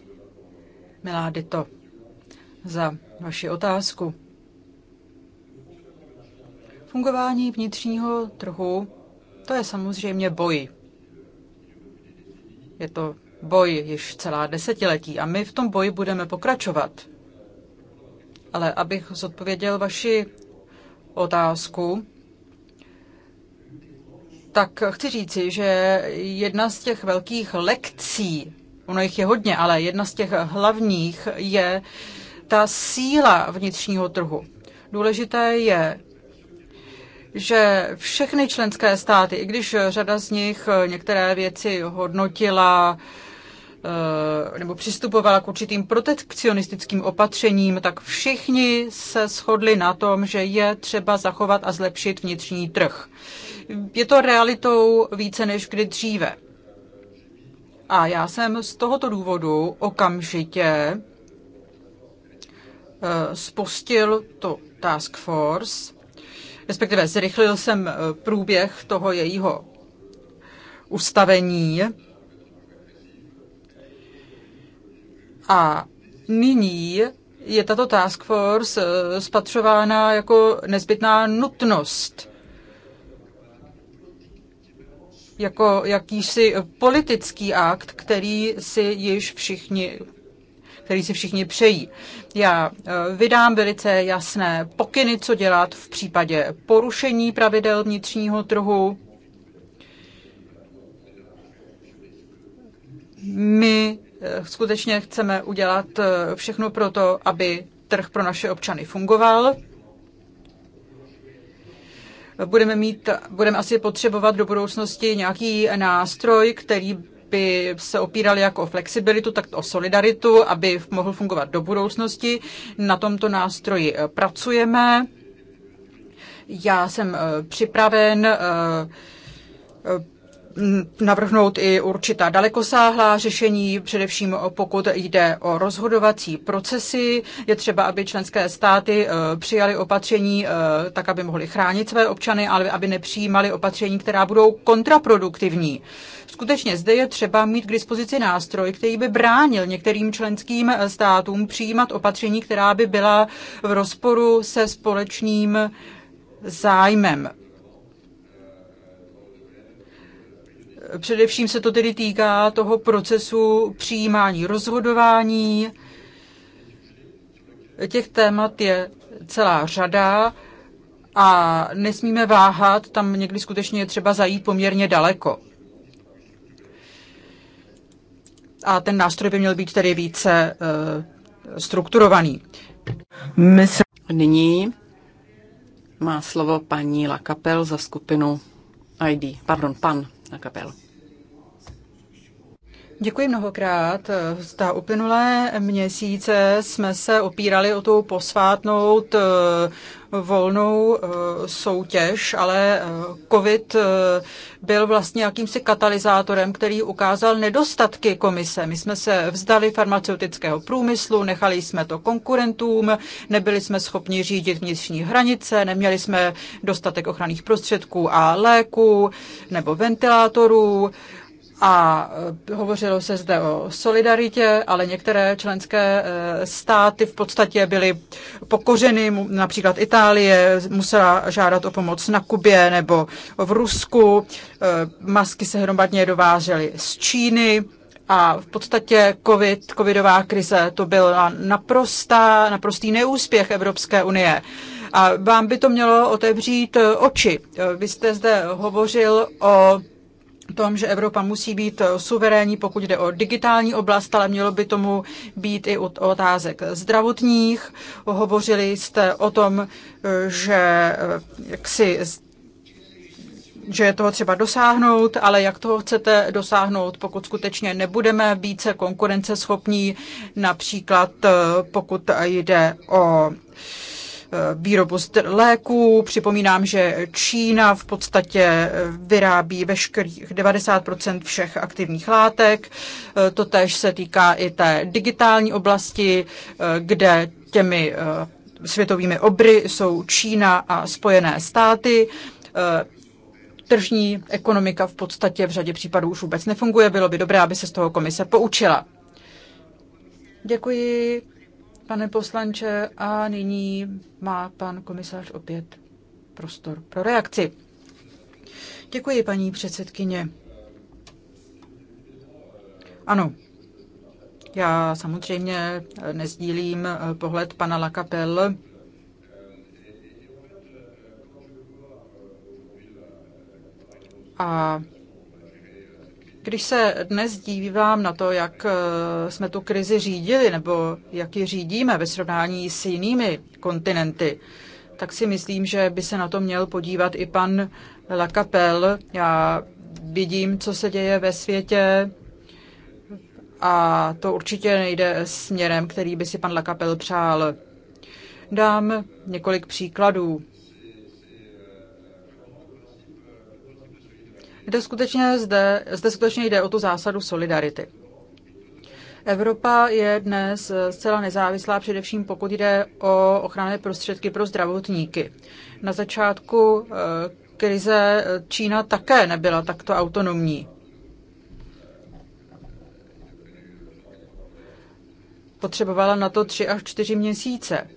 milá Dito, za vaši otázku. Fungování vnitřního trhu, to je samozřejmě boj. Je to boj již celá desetiletí a my v tom boji budeme pokračovat. Ale abych zodpověděl vaši otázku, tak chci říci, že jedna z těch velkých lekcí, ono jich je hodně, ale jedna z těch hlavních je ta síla vnitřního trhu. Důležité je že všechny členské státy, i když řada z nich některé věci hodnotila eh, nebo přistupovala k určitým protekcionistickým opatřením, tak všichni se shodli na tom, že je třeba zachovat a zlepšit vnitřní trh. Je to realitou více než kdy dříve. A já jsem z tohoto důvodu okamžitě eh, spustil to task force, respektive zrychlil jsem eh, průběh toho jejího ustavení. A nyní je tato task force eh, spatřována jako nezbytná nutnost, jako jakýsi politický akt, který si již všichni který si všichni přejí. Já eh, vydám velice jasné pokyny, co dělat v případě porušení pravidel vnitřního trhu. My eh, skutečně chceme udělat eh, všechno pro to, aby trh pro naše občany fungoval budeme mít, budeme asi potřebovat do budoucnosti nějaký nástroj, který by se opírali jako o flexibilitu, tak o solidaritu, aby mohl fungovat do budoucnosti. Na tomto nástroji eh, pracujeme. Já jsem eh, připraven eh, Mm, navrhnout i určitá dalekosáhlá řešení, především pokud jde o rozhodovací procesy. Je třeba, aby členské státy eh, přijaly opatření eh, tak, aby mohly chránit své občany, ale aby nepřijímaly opatření, která budou kontraproduktivní. Skutečně zde je třeba mít k dispozici nástroj, který by bránil některým členským eh, státům přijímat opatření, která by byla v rozporu se společným zájmem. Především se to tedy týká toho procesu přijímání rozhodování. Těch témat je celá řada a nesmíme váhat, tam někdy skutečně je třeba zajít poměrně daleko. A ten nástroj by měl být tedy více uh, strukturovaný. Nyní má slovo paní Lakapel za skupinu ID. Pardon, pan Lakapel. Děkuji mnohokrát. Za uplynulé měsíce jsme se opírali o tu posvátnou eh, volnou eh, soutěž, ale eh, COVID byl vlastně jakýmsi katalyzátorem, který ukázal nedostatky komise. My jsme se vzdali farmaceutického průmyslu, nechali jsme to konkurentům, nebyli jsme schopni řídit vnitřní hranice, neměli jsme dostatek ochranných prostředků a léků nebo ventilátorů a eh, hovořilo se zde o solidaritě, ale některé členské eh, státy v podstatě byly pokořeny, například Itálie musela žádat o pomoc na Kubě nebo v Rusku, eh, masky se hromadně dovážely z Číny a v podstatě COVID, covidová krize to byl naprostá, naprostý neúspěch Evropské unie. A vám by to mělo otevřít oči. Vy jste zde hovořil o tom, že Evropa musí být eh, suverénní, pokud jde o digitální oblast, ale mělo by tomu být i otázek zdravotních. Hovořili jste o tom, eh, že eh, jak si že je toho třeba dosáhnout, ale jak toho chcete dosáhnout, pokud skutečně nebudeme více konkurenceschopní, například pokud jde o Eh, výrobu léků. Připomínám, že Čína v podstatě eh, vyrábí veškerých 90 všech aktivních látek. Eh, to tež se týká i té digitální oblasti, kde těmi světovými obry jsou Čína a Spojené státy. Tržní ekonomika v podstatě v řadě případů už vůbec nefunguje. Bylo by dobré, aby se z toho komise poučila. Děkuji pane poslanče, a nyní má pan komisař opět prostor pro reakci. Děkuji, paní předsedkyně. Ano, já samozřejmě nezdílím eh, pohled pana Lakapel. A když se dnes dívám na to, jak eh, jsme tu krizi řídili nebo jak ji řídíme ve srovnání s jinými kontinenty, tak si myslím, že by se na to měl podívat i pan Lakapel. Já vidím, co se děje ve světě a to určitě nejde směrem, který by si pan Lakapel přál. Dám několik příkladů. kde skutečně, zde, zde skutečně jde o tu zásadu solidarity. Evropa je dnes zcela nezávislá, především pokud jde o ochranné prostředky pro zdravotníky. Na začátku eh, krize Čína také nebyla takto autonomní. Potřebovala na to tři až čtyři měsíce.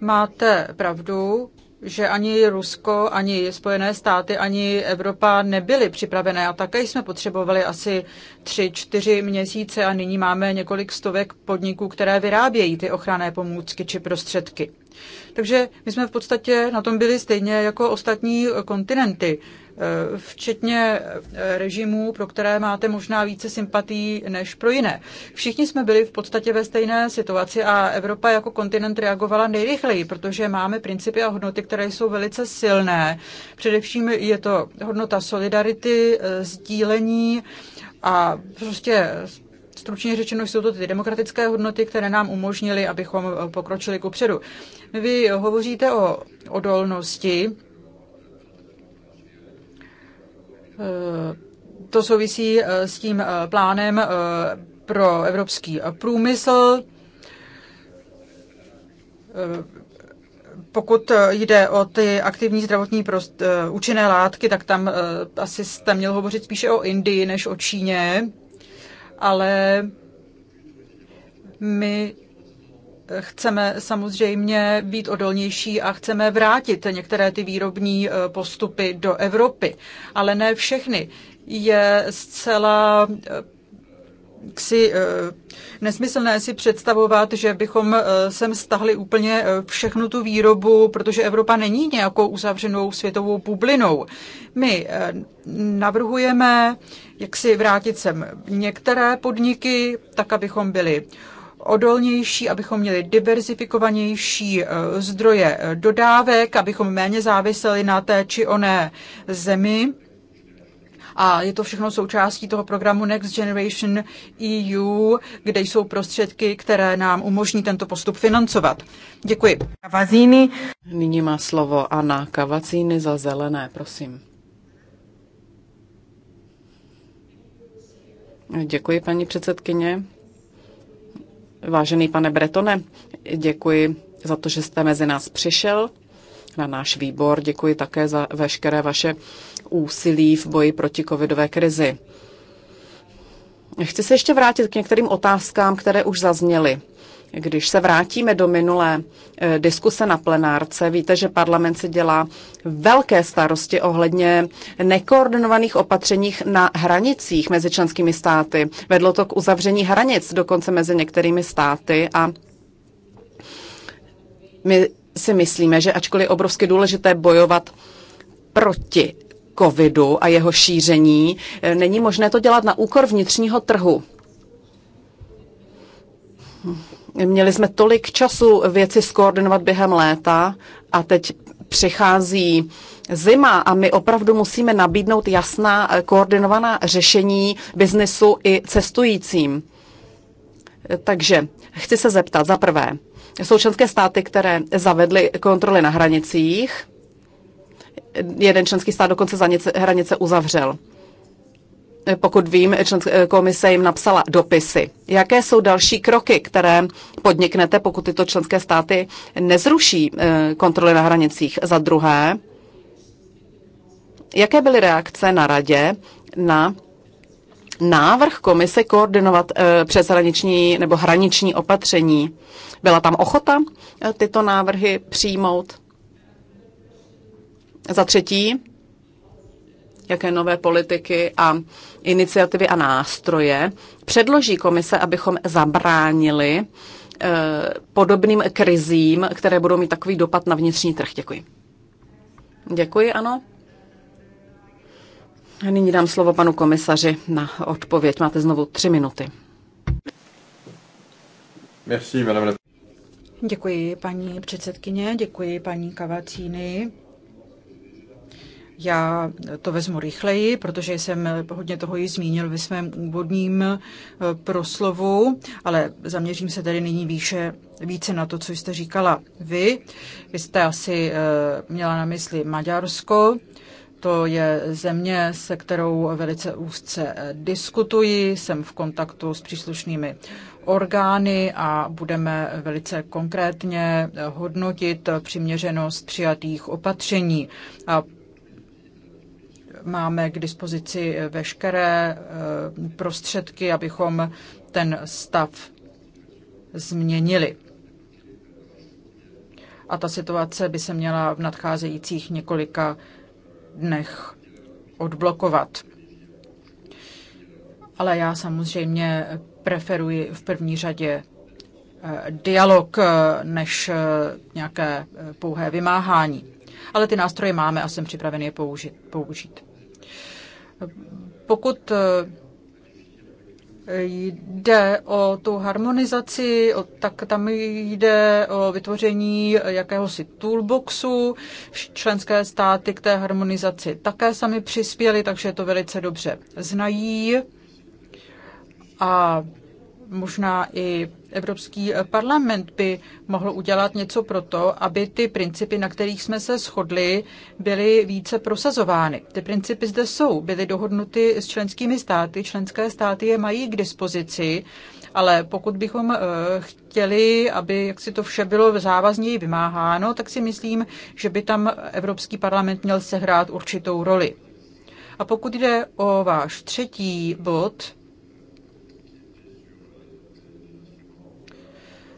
Máte pravdu, že ani Rusko, ani Spojené státy, ani Evropa nebyly připravené a také jsme potřebovali asi tři, čtyři měsíce a nyní máme několik stovek podniků, které vyrábějí ty ochranné pomůcky či prostředky. Takže my jsme v podstatě na tom byli stejně jako ostatní kontinenty. Eh, včetně eh, režimů, pro které máte možná více sympatí než pro jiné. Všichni jsme byli v podstatě ve stejné situaci a Evropa jako kontinent reagovala nejrychleji, protože máme principy a hodnoty, které jsou velice silné. Především je to hodnota solidarity, eh, sdílení a prostě stručně řečeno jsou to ty demokratické hodnoty, které nám umožnily, abychom pokročili kupředu. Vy hovoříte o odolnosti, Eh, to souvisí eh, s tím eh, plánem pro evropský průmysl. Pokud jde o ty aktivní zdravotní prost, účinné látky, tak tam asi jste měl hovořit spíše o Indii než o Číně, ale my chceme samozřejmě být odolnější a chceme vrátit některé ty výrobní eh, postupy do Evropy, ale ne všechny. Je zcela eh, si eh, nesmyslné si představovat, že bychom sem stahli úplně všechnu tu výrobu, protože Evropa není nějakou uzavřenou světovou bublinou. My navrhujeme, jak si vrátit sem některé podniky, tak abychom byli odolnější, abychom měli diverzifikovanější eh, zdroje eh, dodávek, abychom méně záviseli na té či oné zemi. A je to všechno součástí toho programu Next Generation EU, kde jsou prostředky, které nám umožní tento postup financovat. Děkuji. Kavazíny. Nyní má slovo Anna Kavazíny za zelené, prosím. Děkuji, paní předsedkyně. Vážený pane Bretone, děkuji za to, že jste mezi nás přišel na náš výbor. Děkuji také za veškeré vaše úsilí v boji proti covidové krizi. Chci se ještě vrátit k některým otázkám, které už zazněly. Když se vrátíme do minulé eh, diskuse na plenárce, víte, že parlament se dělá velké starosti ohledně nekoordinovaných opatřeních na hranicích mezi členskými státy. Vedlo to k uzavření hranic dokonce mezi některými státy a my si myslíme, že ačkoliv obrovsky důležité bojovat proti covidu a jeho šíření, eh, není možné to dělat na úkor vnitřního trhu. Měli jsme tolik času věci skoordinovat během léta a teď přichází zima a my opravdu musíme nabídnout jasná eh, koordinovaná řešení biznesu i cestujícím. Takže chci se zeptat za prvé, jsou členské státy, které zavedly kontroly na hranicích, jeden členský stát dokonce za hranice uzavřel pokud vím, komise jim napsala dopisy. Jaké jsou další kroky, které podniknete, pokud tyto členské státy nezruší eh, kontroly na hranicích? Za druhé, jaké byly reakce na radě na návrh komise koordinovat eh, přeshraniční nebo hraniční opatření? Byla tam ochota eh, tyto návrhy přijmout? Za třetí, jaké nové politiky a iniciativy a nástroje předloží komise, abychom zabránili eh, podobným krizím, které budou mít takový dopad na vnitřní trh. Děkuji. Děkuji, ano. A nyní dám slovo panu komisaři na odpověď. Máte znovu tři minuty. Merci, madame. Děkuji, paní předsedkyně, děkuji, paní Kavacíny. Já to vezmu rychleji, protože jsem hodně toho již zmínil ve svém úvodním eh, proslovu, ale zaměřím se tedy nyní výše, více na to, co jste říkala vy. Vy jste asi eh, měla na mysli Maďarsko, to je země, se kterou velice úzce eh, diskutuji, jsem v kontaktu s příslušnými orgány a budeme velice konkrétně hodnotit přiměřenost přijatých opatření. A máme k dispozici eh, veškeré eh, prostředky, abychom ten stav změnili. A ta situace by se měla v nadcházejících několika dnech odblokovat. Ale já samozřejmě preferuji v první řadě eh, dialog než nějaké pouhé vymáhání. Ale ty nástroje máme a jsem připraven je použít. použít. Pokud eh, jde o tu harmonizaci, tak tam jde o vytvoření jakéhosi toolboxu. Členské státy k té harmonizaci také sami přispěly, takže to velice dobře znají. A možná i Evropský eh, parlament by mohl udělat něco pro to, aby ty principy, na kterých jsme se shodli, byly více prosazovány. Ty principy zde jsou, byly dohodnuty s členskými státy, členské státy je mají k dispozici, ale pokud bychom eh, chtěli, aby jak si to vše bylo závazněji vymáháno, tak si myslím, že by tam Evropský parlament měl sehrát určitou roli. A pokud jde o váš třetí bod,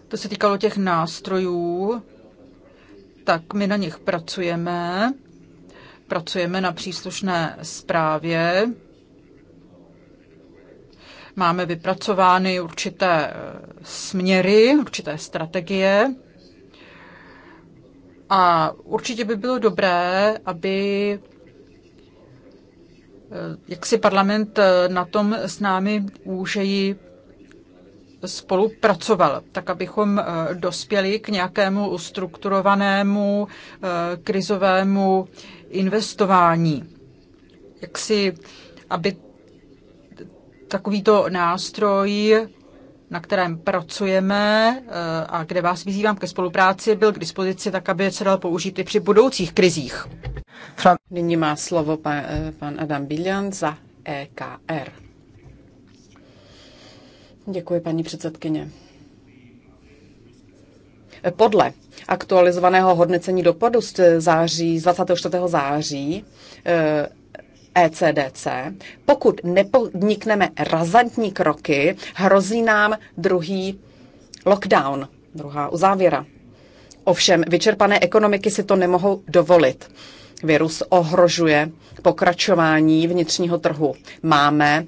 to se týkalo těch nástrojů, tak my na nich pracujeme. Pracujeme na příslušné zprávě. Máme vypracovány určité eh, směry, určité strategie. A určitě by bylo dobré, aby eh, jak si parlament eh, na tom s námi úžeji spolupracoval, tak abychom eh, dospěli k nějakému strukturovanému eh, krizovému investování. Jak si, aby takovýto nástroj, na kterém pracujeme eh, a kde vás vyzývám ke spolupráci, byl k dispozici tak, aby se dal použít i při budoucích krizích. Nyní má slovo pan, pan Adam Bilian za EKR. Děkuji, paní předsedkyně. Podle aktualizovaného hodnocení dopadu z, září, z 24. září ECDC, eh, e pokud nepodnikneme razantní kroky, hrozí nám druhý lockdown, druhá uzávěra. Ovšem, vyčerpané ekonomiky si to nemohou dovolit. Virus ohrožuje pokračování vnitřního trhu. Máme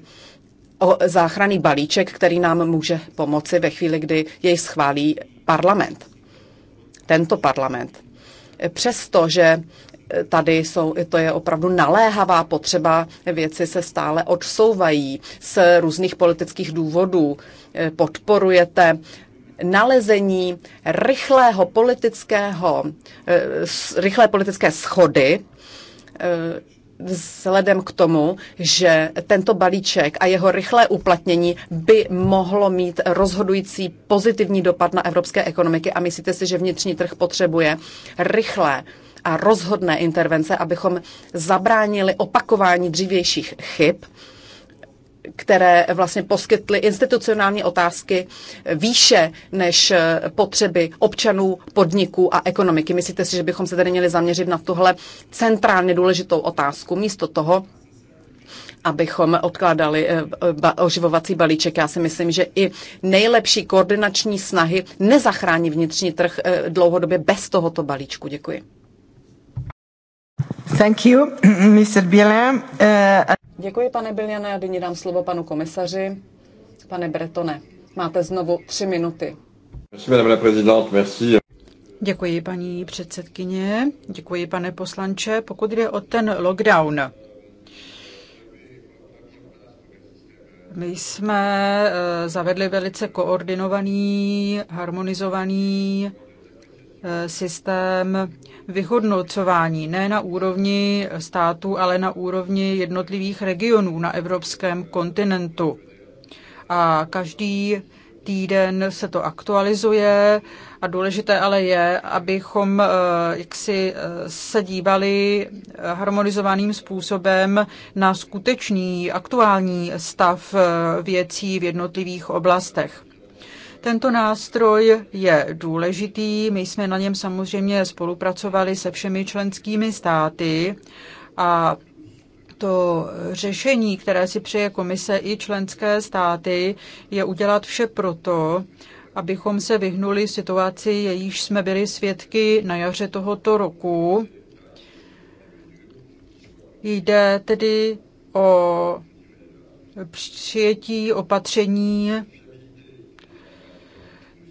o záchranný balíček, který nám může pomoci ve chvíli, kdy jej schválí parlament. Tento parlament. Přestože tady jsou, to je opravdu naléhavá potřeba, věci se stále odsouvají z různých politických důvodů. Podporujete nalezení rychlého politického, eh, rychlé politické schody eh, vzhledem k tomu, že tento balíček a jeho rychlé uplatnění by mohlo mít rozhodující pozitivní dopad na evropské ekonomiky a myslíte si, že vnitřní trh potřebuje rychlé a rozhodné intervence, abychom zabránili opakování dřívějších chyb které vlastně poskytly institucionální otázky výše než potřeby občanů, podniků a ekonomiky. Myslíte si, že bychom se tady měli zaměřit na tuhle centrálně důležitou otázku místo toho, abychom odkládali eh, oživovací balíček. Já si myslím, že i nejlepší koordinační snahy nezachrání vnitřní trh eh, dlouhodobě bez tohoto balíčku. Děkuji. Thank you, Mr. Bělem. Uh... Děkuji, pane Biljane, a nyní dám slovo panu komisaři. Pane Bretone, máte znovu tři minuty. Děkuji, paní předsedkyně. Děkuji, pane poslanče. Pokud jde o ten lockdown, My jsme eh, zavedli velice koordinovaný, harmonizovaný Eh, systém vyhodnocování, ne na úrovni států, ale na úrovni jednotlivých regionů na evropském kontinentu. A každý týden se to aktualizuje a důležité ale je, abychom eh, jaksi eh, se dívali harmonizovaným způsobem na skutečný aktuální stav věcí v jednotlivých oblastech. Tento nástroj je důležitý, my jsme na něm samozřejmě spolupracovali se všemi členskými státy a to řešení, které si přeje komise i členské státy, je udělat vše proto, abychom se vyhnuli situaci, jejíž jsme byli svědky na jaře tohoto roku. Jde tedy o přijetí opatření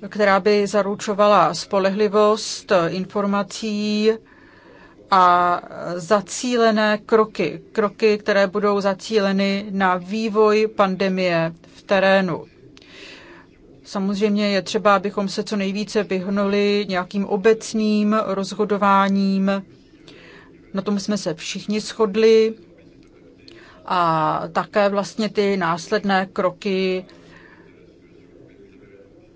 která by zaručovala spolehlivost informací a zacílené kroky. Kroky, které budou zacíleny na vývoj pandemie v terénu. Samozřejmě je třeba, abychom se co nejvíce vyhnuli nějakým obecným rozhodováním. Na tom jsme se všichni shodli. A také vlastně ty následné kroky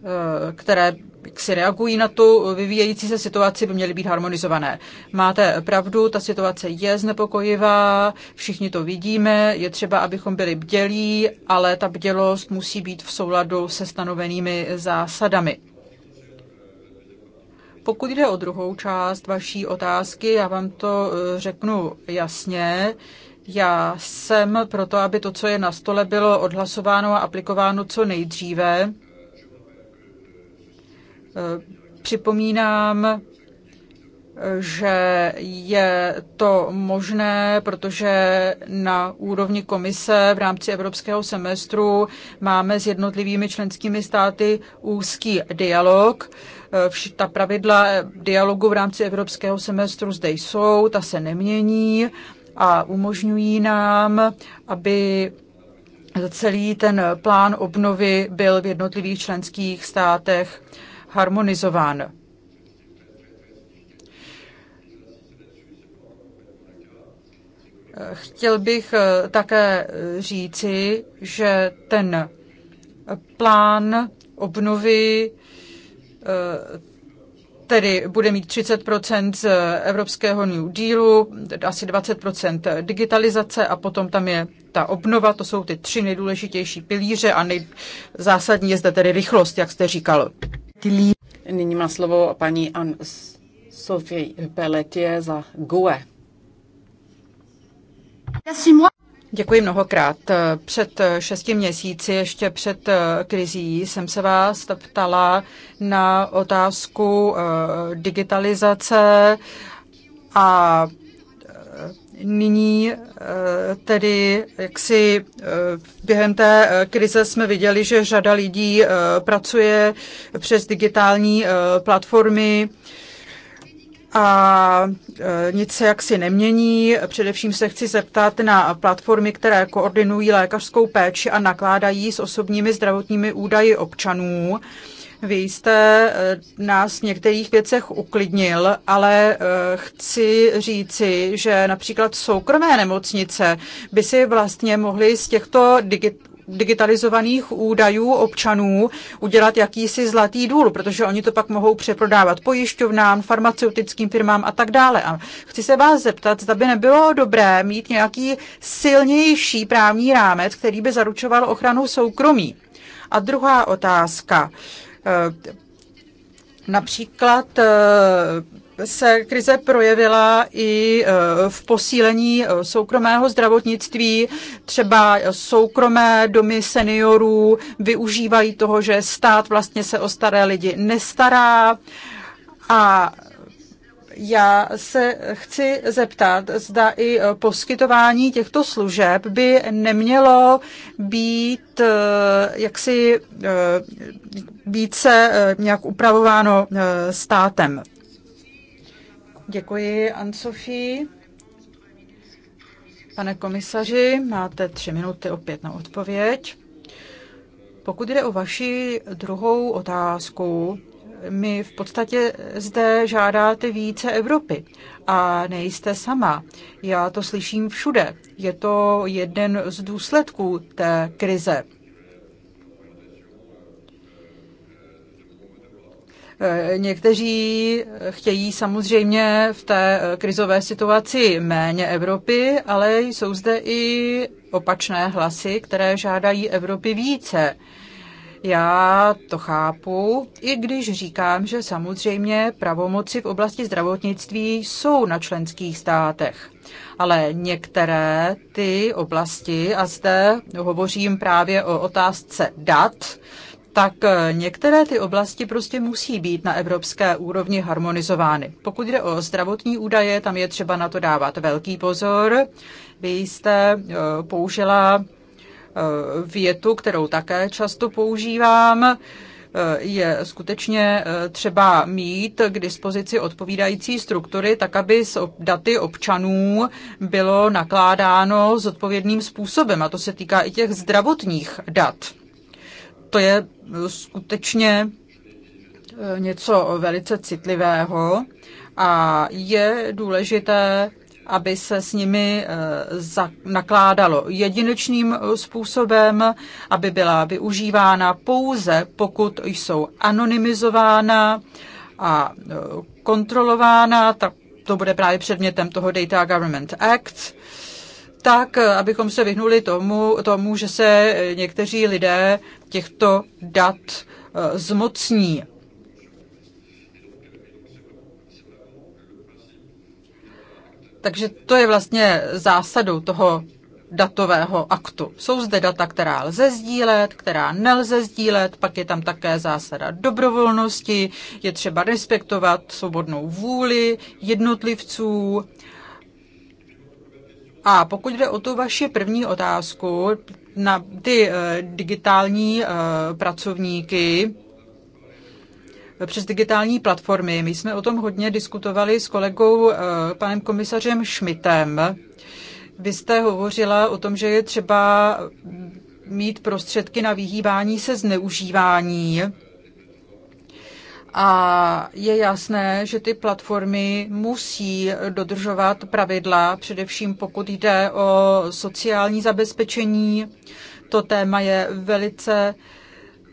Eh, které si reagují na tu vyvíjející se situaci, by měly být harmonizované. Máte pravdu, ta situace je znepokojivá, všichni to vidíme, je třeba, abychom byli bdělí, ale ta bdělost musí být v souladu se stanovenými zásadami. Pokud jde o druhou část vaší otázky, já vám to eh, řeknu jasně. Já jsem proto, aby to, co je na stole, bylo odhlasováno a aplikováno co nejdříve. Připomínám, že je to možné, protože na úrovni komise v rámci evropského semestru máme s jednotlivými členskými státy úzký dialog. Ta pravidla dialogu v rámci evropského semestru zde jsou, ta se nemění a umožňují nám, aby celý ten plán obnovy byl v jednotlivých členských státech harmonizován. Chtěl bych eh, také eh, říci, že ten eh, plán obnovy tedy bude mít 30% z evropského New Dealu, asi 20% digitalizace a potom tam je ta obnova, to jsou ty tři nejdůležitější pilíře a nejzásadní je zde tedy rychlost, jak jste říkal. Nyní má slovo paní An Sophie Pelletier za GUE. Děkuji mnohokrát. Před šesti měsíci, ještě před eh, krizí, jsem se vás ptala na otázku eh, digitalizace a nyní eh, tedy jaksi eh, během té eh, krize jsme viděli, že řada lidí pracuje přes digitální platformy a nic se jaksi nemění. Především se chci zeptat na platformy, které koordinují lékařskou péči a nakládají s osobními zdravotními údaji občanů. Vy jste eh, nás v některých věcech uklidnil, ale eh, chci říci, že například soukromé nemocnice by si vlastně mohly z těchto digitálních digitalizovaných údajů občanů udělat jakýsi zlatý důl, protože oni to pak mohou přeprodávat pojišťovnám, farmaceutickým firmám a tak dále. A chci se vás zeptat, zda by nebylo dobré mít nějaký silnější právní rámec, který by zaručoval ochranu soukromí. A druhá otázka. Eh, například eh, se krize projevila i eh, v posílení soukromého zdravotnictví. Třeba soukromé domy seniorů využívají toho, že stát vlastně se o staré lidi nestará. A já se chci zeptat, zda i poskytování těchto služeb by nemělo být eh, jaksi eh, více eh, nějak upravováno státem. Děkuji, Ansofí. Pane komisaři, máte tři minuty opět na odpověď. Pokud jde o vaši druhou otázku, mi v podstatě zde žádáte více Evropy. A nejste sama. Já to slyším všude. Je to jeden z důsledků té krize. Eh, někteří chtějí samozřejmě v té eh, krizové situaci méně Evropy, ale jsou zde i opačné hlasy, které žádají Evropy více. Já to chápu, i když říkám, že samozřejmě pravomoci v oblasti zdravotnictví jsou na členských státech. Ale některé ty oblasti, a zde hovořím právě o otázce dat, tak eh, některé ty oblasti prostě musí být na evropské úrovni harmonizovány. Pokud jde o zdravotní údaje, tam je třeba na to dávat velký pozor. Vy jste eh, použila Eh, větu, kterou také často používám eh, je skutečně eh, třeba mít k dispozici odpovídající struktury, tak aby s daty občanů bylo nakládáno zodpovědným způsobem. A to se týká i těch zdravotních dat. To je skutečně něco velice citlivého a je důležité aby se s nimi eh, nakládalo jedinečným způsobem, aby byla využívána pouze, pokud jsou anonymizována a eh, kontrolována, tak to bude právě předmětem toho Data Government Act, tak eh, abychom se vyhnuli tomu, tomu že se někteří lidé těchto dat zmocní. Takže to je vlastně zásadou toho datového aktu. Jsou zde data, která lze sdílet, která nelze sdílet, pak je tam také zásada dobrovolnosti, je třeba respektovat svobodnou vůli jednotlivců. A pokud jde o tu vaši první otázku na ty eh, digitální eh, pracovníky, přes digitální platformy. My jsme o tom hodně diskutovali s kolegou eh, panem komisařem Schmidtem. Vy jste hovořila o tom, že je třeba mít prostředky na vyhýbání se zneužívání. A je jasné, že ty platformy musí dodržovat pravidla, především pokud jde o sociální zabezpečení. To téma je velice uh,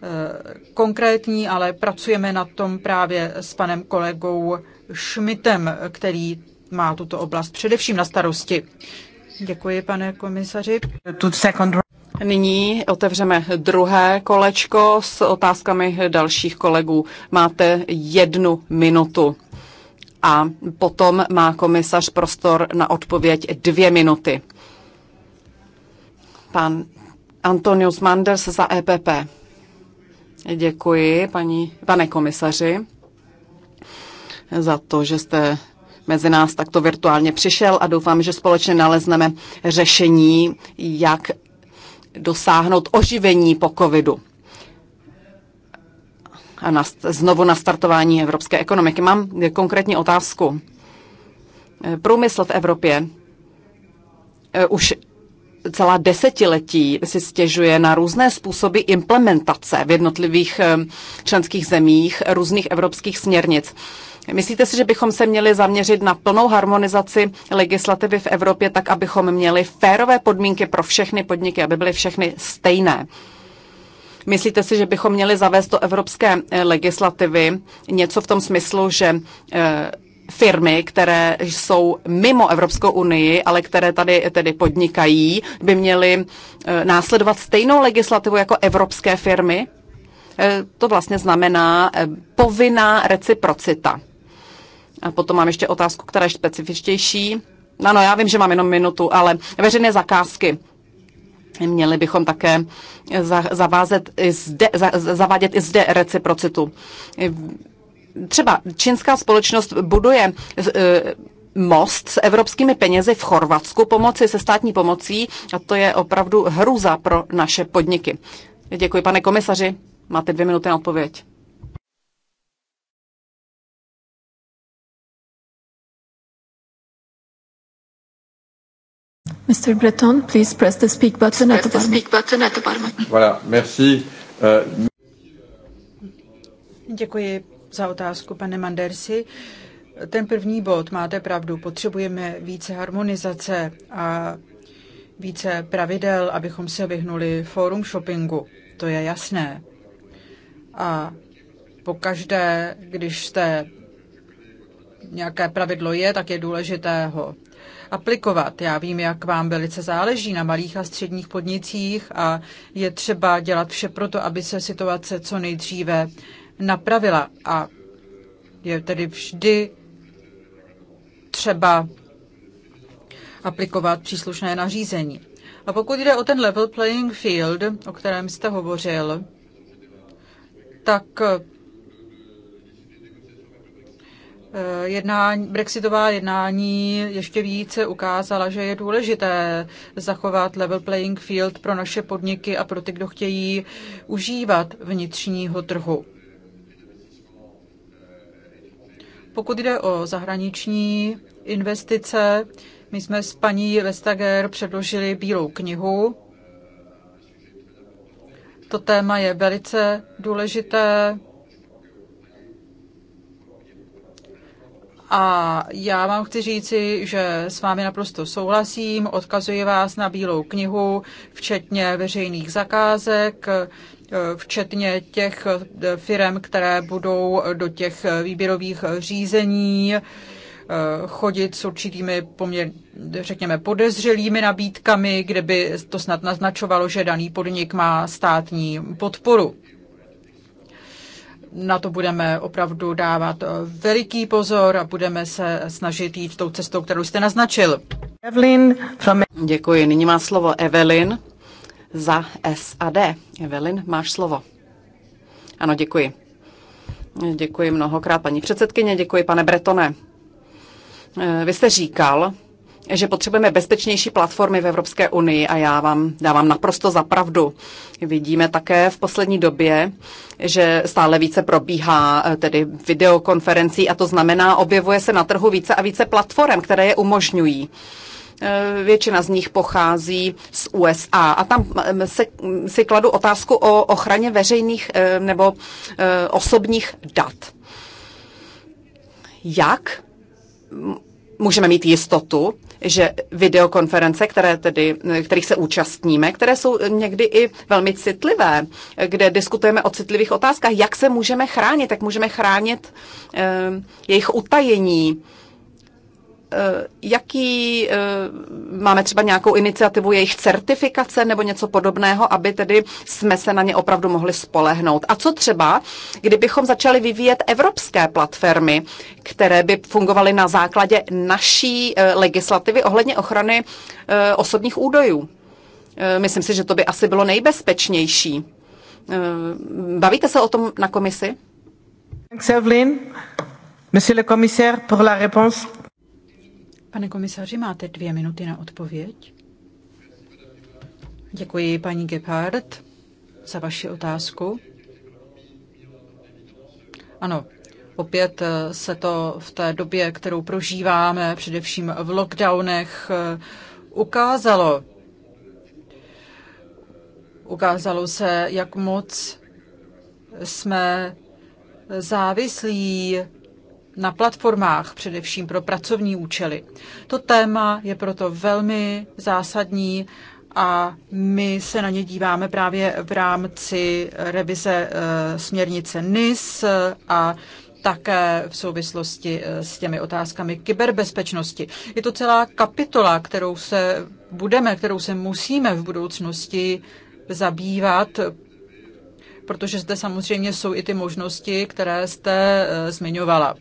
Eh, konkrétní, ale pracujeme na tom právě s panem kolegou Šmitem, který má tuto oblast především na starosti. Děkuji, pane komisaři. Nyní otevřeme druhé kolečko s otázkami dalších kolegů. Máte jednu minutu a potom má komisař prostor na odpověď dvě minuty. Pan Antonius Manders za EPP. Děkuji, paní, pane komisaři, za to, že jste mezi nás takto virtuálně přišel a doufám, že společně nalezneme řešení, jak dosáhnout oživení po covidu a nast- znovu nastartování evropské ekonomiky. Mám konkrétní otázku. Průmysl v Evropě eh, už celá desetiletí si stěžuje na různé způsoby implementace v jednotlivých eh, členských zemích různých evropských směrnic. Myslíte si, že bychom se měli zaměřit na plnou harmonizaci legislativy v Evropě tak, abychom měli férové podmínky pro všechny podniky, aby byly všechny stejné? Myslíte si, že bychom měli zavést do evropské eh, legislativy něco v tom smyslu, že eh, firmy, které jsou mimo Evropskou unii, ale které tady tedy podnikají, by měly eh, následovat stejnou legislativu jako evropské firmy? Eh, to vlastně znamená eh, povinná reciprocita. A potom mám ještě otázku, která je specifičtější. No, no, já vím, že mám jenom minutu, ale veřejné zakázky. Měli bychom také zavázet i zde, zavádět i zde reciprocitu třeba čínská společnost buduje eh, most s evropskými penězi v Chorvatsku pomoci se státní pomocí a to je opravdu hruza pro naše podniky. Děkuji, pane komisaři. Máte dvě minuty na odpověď. Mr. Breton, please press the speak button press at the, speak button at the bottom. Voilà, merci. Uh... Děkuji, za otázku, pane Mandersi. Ten první bod, máte pravdu, potřebujeme více harmonizace a více pravidel, abychom se vyhnuli forum shoppingu. To je jasné. A pokaždé, když jste nějaké pravidlo je, tak je důležité ho aplikovat. Já vím, jak vám velice záleží na malých a středních podnicích a je třeba dělat vše proto, aby se situace co nejdříve napravila a je tedy vždy třeba aplikovat příslušné nařízení. A pokud jde o ten level playing field, o kterém jste hovořil, tak eh, jednání, brexitová jednání ještě více ukázala, že je důležité zachovat level playing field pro naše podniky a pro ty, kdo chtějí užívat vnitřního trhu. Pokud jde o zahraniční investice, my jsme s paní Vestager předložili Bílou knihu. To téma je velice důležité. A já vám chci říci, že s vámi naprosto souhlasím, odkazuji vás na Bílou knihu, včetně veřejných zakázek. Eh, včetně těch eh, firm, které budou do těch eh, výběrových řízení chodit s určitými poměr, řekněme, podezřelými nabídkami, kde by to snad naznačovalo, že daný podnik má státní podporu. Na to budeme opravdu dávat veliký pozor a budeme se snažit jít tou cestou, kterou jste naznačil. Evelyn from... Děkuji. Nyní má slovo Evelyn za SAD. Evelyn, máš slovo. Ano, děkuji. Děkuji mnohokrát, paní předsedkyně, děkuji, pane Bretone. Eh, vy jste říkal, že potřebujeme bezpečnější platformy v Evropské unii a já vám dávám naprosto za pravdu. Vidíme také v poslední době, že stále více probíhá eh, tedy videokonferencí a to znamená, objevuje se na trhu více a více platform, které je umožňují. Eh, většina z nich pochází z USA. A tam eh, se, si kladu otázku o ochraně veřejných eh, nebo osobních dat. Jak můžeme mít jistotu, že videokonference, které tedy, kterých se účastníme, které jsou někdy i velmi citlivé, kde diskutujeme o citlivých otázkách, jak se můžeme chránit, tak můžeme chránit eh, jejich utajení, Eh, jaký eh, máme třeba nějakou iniciativu jejich certifikace nebo něco podobného, aby tedy jsme se na ně opravdu mohli spolehnout. A co třeba, kdybychom začali vyvíjet evropské platformy, které by fungovaly na základě naší eh, legislativy ohledně ochrany osobních údajů? Myslím si, že to by asi bylo nejbezpečnější. Bavíte se o tom na komisi? Thanks, Evelyn. Monsieur le commissaire, pour la réponse. Pane komisaři, máte dvě minuty na odpověď. Děkuji, paní Gebhardt, za vaši otázku. Ano, opět eh, se to v té době, kterou prožíváme, především v lockdownech, eh, ukázalo. Ukázalo se, jak moc jsme závislí na platformách, především pro pracovní účely. To téma je proto velmi zásadní a my se na ně díváme právě v rámci revize eh, směrnice NIS eh, a také v souvislosti eh, s těmi otázkami kyberbezpečnosti. Je to celá kapitola, kterou se budeme, kterou se musíme v budoucnosti zabývat, protože zde samozřejmě jsou i ty možnosti, které jste zmiňovala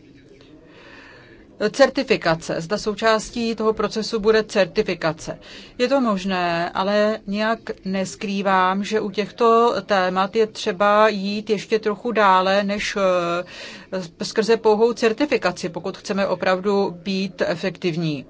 certifikace. Zda součástí toho procesu bude certifikace. Je to možné, ale nějak neskrývám, že u těchto témat je třeba jít ještě trochu dále než eh, skrze pouhou certifikaci, pokud chceme opravdu být efektivní.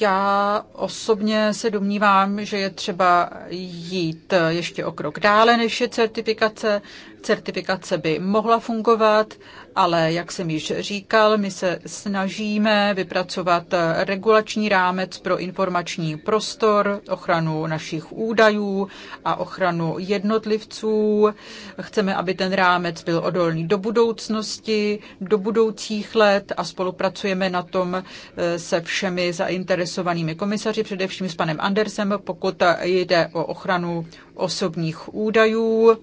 Já osobně se domnívám, že je třeba jít ještě o krok dále, než je certifikace. Certifikace by mohla fungovat, ale jak jsem již říkal, my se snažíme vypracovat regulační rámec pro informační prostor, ochranu našich údajů a ochranu jednotlivců. Chceme, aby ten rámec byl odolný do budoucnosti, do budoucích let a spolupracujeme na tom eh, se všemi zainteresovanými komisaři, především s panem Andersem, pokud jde o ochranu osobních údajů.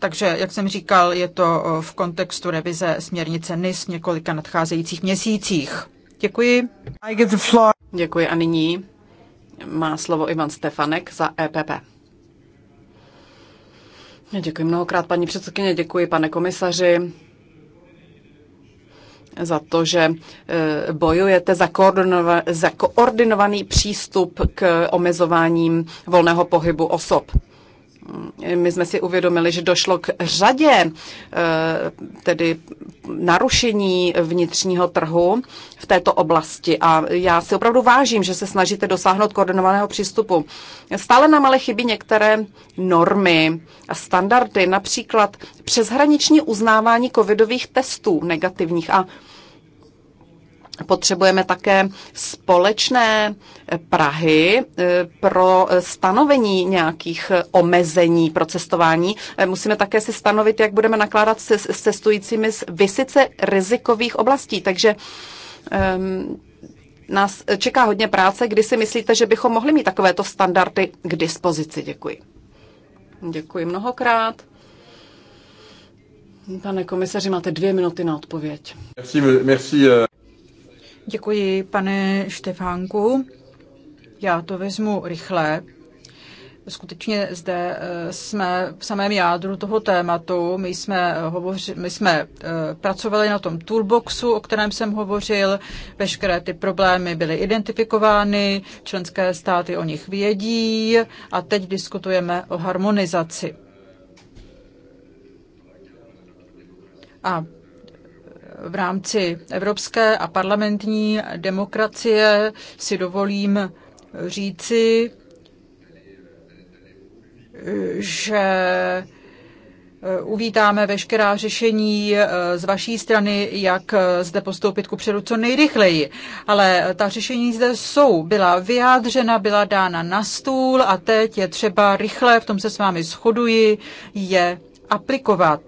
Takže, jak jsem říkal, je to eh, v kontextu revize směrnice NIS několika nadcházejících měsících. Děkuji. I get the floor. Děkuji a nyní má slovo Ivan Stefanek za EPP. Děkuji mnohokrát, paní předsedkyně, děkuji, pane komisaři, za to, že eh, bojujete za, koordinova- za koordinovaný přístup k omezováním volného pohybu osob my jsme si uvědomili, že došlo k řadě eh, tedy narušení vnitřního trhu v této oblasti a já si opravdu vážím, že se snažíte dosáhnout koordinovaného přístupu. Stále nám ale chybí některé normy a standardy, například přeshraniční uznávání covidových testů negativních a Potřebujeme také společné eh, Prahy eh, pro eh, stanovení nějakých omezení pro cestování. Musíme také si stanovit, jak budeme nakládat se, s cestujícími z vysice rizikových oblastí. Takže um, nás čeká hodně práce. Kdy si myslíte, že bychom mohli mít takovéto standardy k dispozici? Děkuji. Děkuji mnohokrát. Pane komisaři, máte dvě minuty na odpověď. Merci, merci. Děkuji, pane Štefánku. Já to vezmu rychle. Skutečně zde eh, jsme v samém jádru toho tématu. My jsme, eh, hovoři, my jsme eh, pracovali na tom toolboxu, o kterém jsem hovořil. Veškeré ty problémy byly identifikovány, členské státy o nich vědí a teď diskutujeme o harmonizaci. A v rámci evropské a parlamentní demokracie si dovolím říci, že eh, uvítáme veškerá řešení eh, z vaší strany, jak eh, zde postoupit ku předu co nejrychleji. Ale ta řešení zde jsou, byla vyjádřena, byla dána na stůl a teď je třeba rychle, v tom se s vámi shoduji, je aplikovat.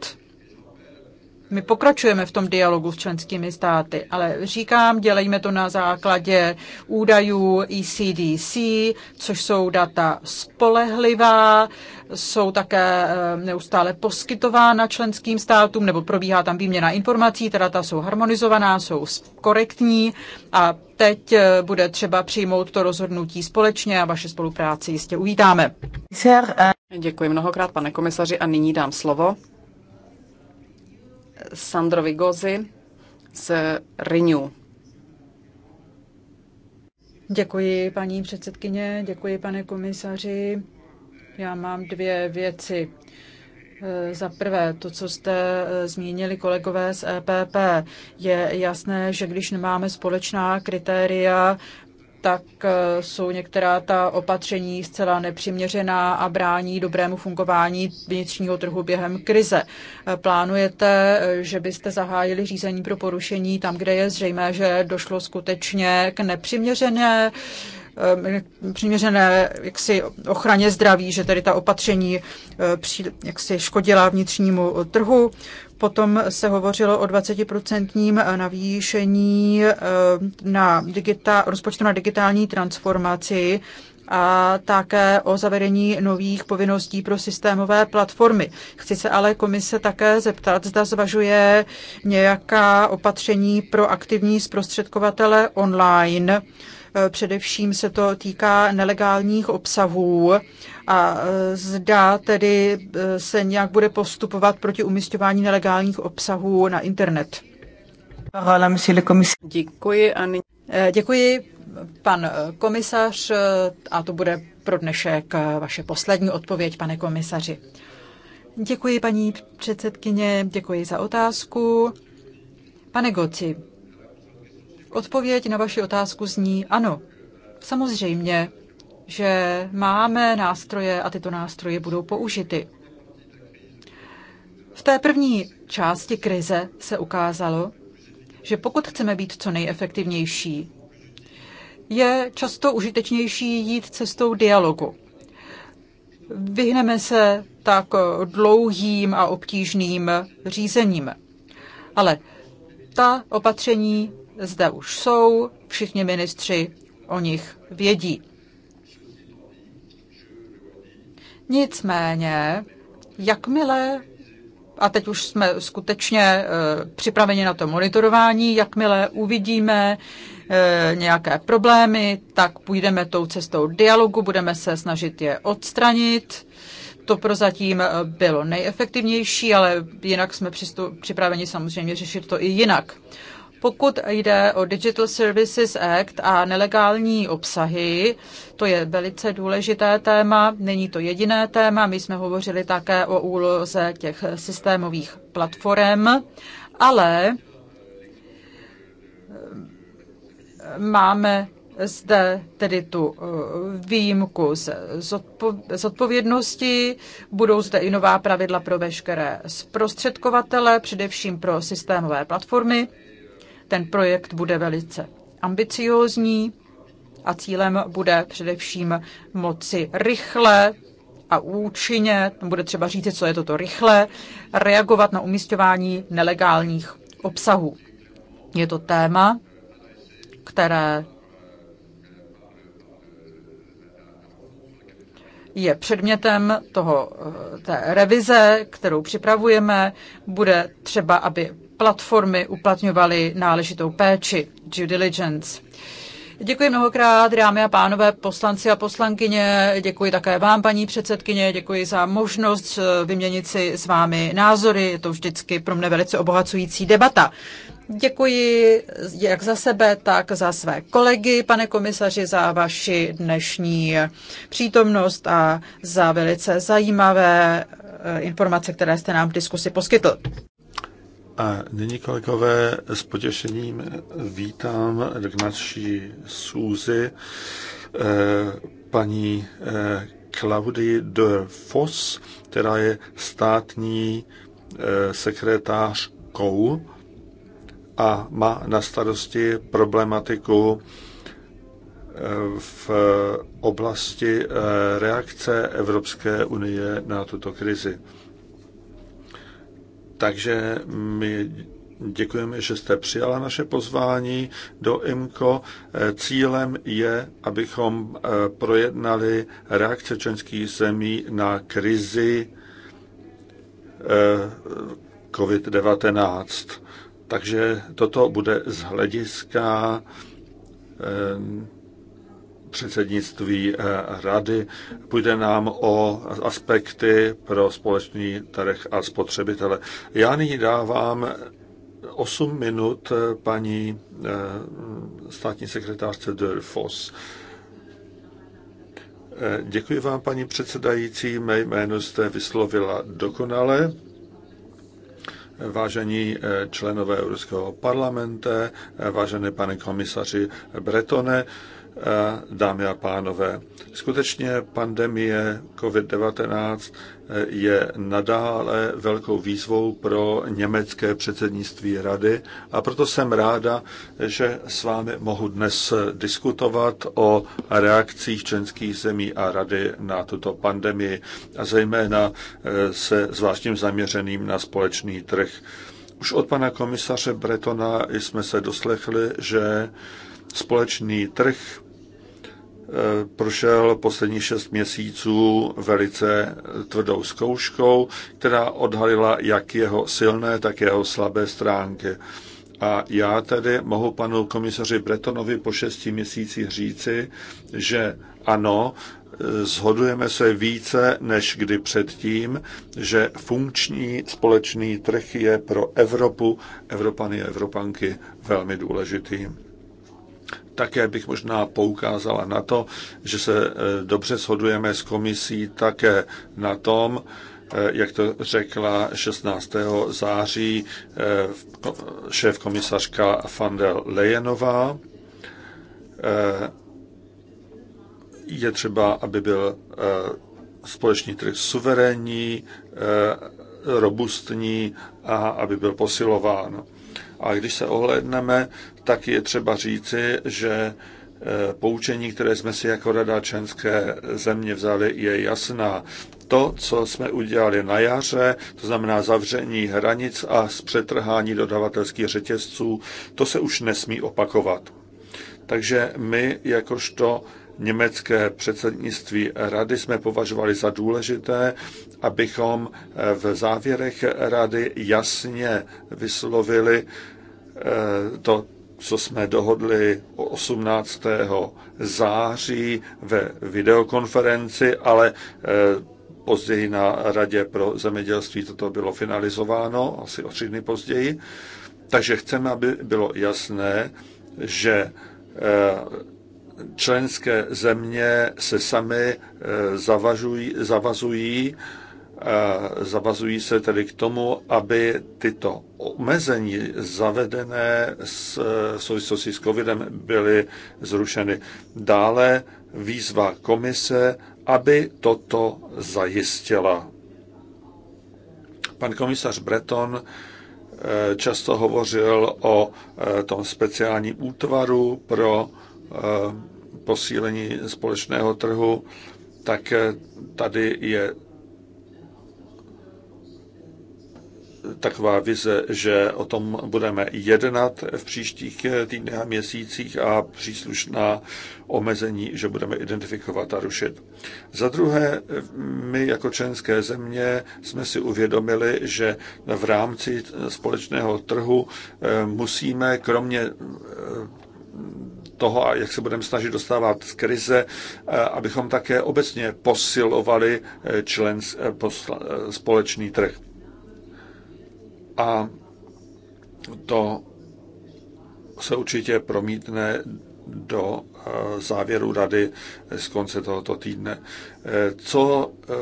My pokračujeme v tom dialogu s členskými státy, ale říkám, dělejme to na základě údajů ECDC, což jsou data spolehlivá, jsou také eh, neustále poskytována členským státům, nebo probíhá tam výměna informací, teda ta jsou harmonizovaná, jsou korektní a teď eh, bude třeba přijmout to rozhodnutí společně a vaše spolupráci jistě uvítáme. Eh, Děkuji mnohokrát, pane komisaři, a nyní dám slovo Sandrovi Gozi z Renew. Děkuji, paní předsedkyně, děkuji, pane komisaři. Já mám dvě věci. Eh, za prvé, to, co jste eh, zmínili kolegové z EPP, je jasné, že když nemáme společná kritéria tak eh, jsou některá ta opatření zcela nepřiměřená a brání dobrému fungování vnitřního trhu během krize. Eh, plánujete, eh, že byste zahájili řízení pro porušení tam, kde je zřejmé, že došlo skutečně k nepřiměřené přiměřené jaksi ochraně zdraví, že tedy ta opatření jaksi škodila vnitřnímu trhu. Potom se hovořilo o 20% navýšení eh, na digita, rozpočtu na digitální transformaci a také o zavedení nových povinností pro systémové platformy. Chci se ale komise také zeptat, zda zvažuje nějaká opatření pro aktivní zprostředkovatele online, Eh, především se to týká nelegálních obsahů a eh, zda tedy eh, se nějak bude postupovat proti umistování nelegálních obsahů na internet. Děkuji a nyní... Děkuji, pan komisař, a to bude pro dnešek vaše poslední odpověď, pane komisaři. Děkuji, paní předsedkyně, děkuji za otázku. Pane Goci, Odpověď na vaši otázku zní ano. Samozřejmě, že máme nástroje a tyto nástroje budou použity. V té první části krize se ukázalo, že pokud chceme být co nejefektivnější, je často užitečnější jít cestou dialogu. Vyhneme se tak dlouhým a obtížným řízením. Ale ta opatření zde už jsou, všichni ministři o nich vědí. Nicméně, jakmile, a teď už jsme skutečně eh, připraveni na to monitorování, jakmile uvidíme eh, nějaké problémy, tak půjdeme tou cestou dialogu, budeme se snažit je odstranit. To prozatím eh, bylo nejefektivnější, ale jinak jsme připraveni samozřejmě řešit to i jinak. Pokud jde o Digital Services Act a nelegální obsahy, to je velice důležité téma, není to jediné téma, my jsme hovořili také o úloze těch systémových platform, ale eh, máme zde tedy tu eh, výjimku z odpovědnosti. Budou zde i nová pravidla pro veškeré zprostředkovatele, především pro systémové platformy. Ten projekt bude velice ambiciózní a cílem bude především moci rychle a účinně, bude třeba říct, co je toto rychle, reagovat na umistování nelegálních obsahů. Je to téma, které je předmětem toho, eh, té revize, kterou připravujeme. Bude třeba, aby platformy uplatňovaly náležitou péči, due diligence. Děkuji mnohokrát, dámy a pánové, poslanci a poslankyně. Děkuji také vám, paní předsedkyně. Děkuji za možnost eh, vyměnit si s vámi názory. Je to vždycky pro mne velice obohacující debata. Děkuji jak za sebe, tak za své kolegy, pane komisaři, za vaši dnešní přítomnost a za velice zajímavé eh, informace, které jste nám v diskusi poskytl. A nyní, kolegové, s potěšením vítám k naší sůzi eh, paní eh, Claudie de Foss, která je státní eh, sekretářkou a má na starosti problematiku v oblasti reakce Evropské unie na tuto krizi. Takže my děkujeme, že jste přijala naše pozvání do IMCO. Cílem je, abychom eh, projednali reakce členských zemí na krizi eh, COVID-19. Takže toto bude z hlediska eh, předsednictví eh, rady. Půjde nám o aspekty pro společný trh a spotřebitele. Já nyní dávám 8 minut eh, paní eh, státní sekretářce Dörfos. Děkuji vám, paní předsedající. Mé jméno jste vyslovila dokonale. Vážení členové Evropského parlamente, vážené pane komisaři Bretone, dámy a pánové. Skutečně pandemie COVID-19 eh, je nadále velkou výzvou pro německé předsednictví rady a proto jsem ráda, že s vámi mohu dnes diskutovat o reakcích členských zemí a rady na tuto pandemii a zejména eh, se zvláštním zaměřeným na společný trh. Už od pana komisaře Bretona jsme se doslechli, že Společný trh eh, prošel poslední šest měsíců velice tvrdou zkouškou, která odhalila jak jeho silné, tak jeho slabé stránky. A já tedy mohu panu komisaři Bretonovi po šesti měsících říci, že ano, zhodujeme eh, se více než kdy předtím, že funkční společný trh je pro Evropu, Evropany a Evropanky velmi důležitý. Také bych možná poukázala na to, že se eh, dobře shodujeme s komisí také na tom, eh, jak to řekla 16. září eh, šéf komisařka van der Leyenová. Je třeba, aby byl společný trh suverénní, robustní a aby byl posilován. A když se ohledneme, tak je třeba říci, že e, poučení, které jsme si jako rada členské země vzali, je jasná. To, co jsme udělali na jaře, to znamená zavření hranic a zpřetrhání dodavatelských řetězců, to se už nesmí opakovat. Takže my, jakožto německé předsednictví rady jsme považovali za důležité, abychom e, v závěrech rady jasně vyslovili, Eh, to, co jsme dohodli 18. září ve videokonferenci, ale eh, později na Radě pro zemědělství toto bylo finalizováno, asi o tři dny později. Takže chceme, aby bylo jasné, že eh, členské země se sami zavažují, zavazují zavazují se tedy k tomu, aby tyto omezení zavedené s souvislosti s covidem byly zrušeny. Dále výzva komise, aby toto zajistila. Pan komisař Breton eh, často hovořil o eh, tom speciálním útvaru pro eh, posílení společného trhu, tak tady je taková vize, že o tom budeme jednat v příštích týdnech a měsících a příslušná omezení, že budeme identifikovat a rušit. Za druhé, my jako členské země jsme si uvědomili, že v rámci společného trhu eh, musíme kromě eh, toho, jak se budeme snažit dostávat z krize, eh, abychom také obecně posilovali člen, společný trh. A to se určitě promítne do eh, závěru rady z konce tohoto týdne. Eh, co eh,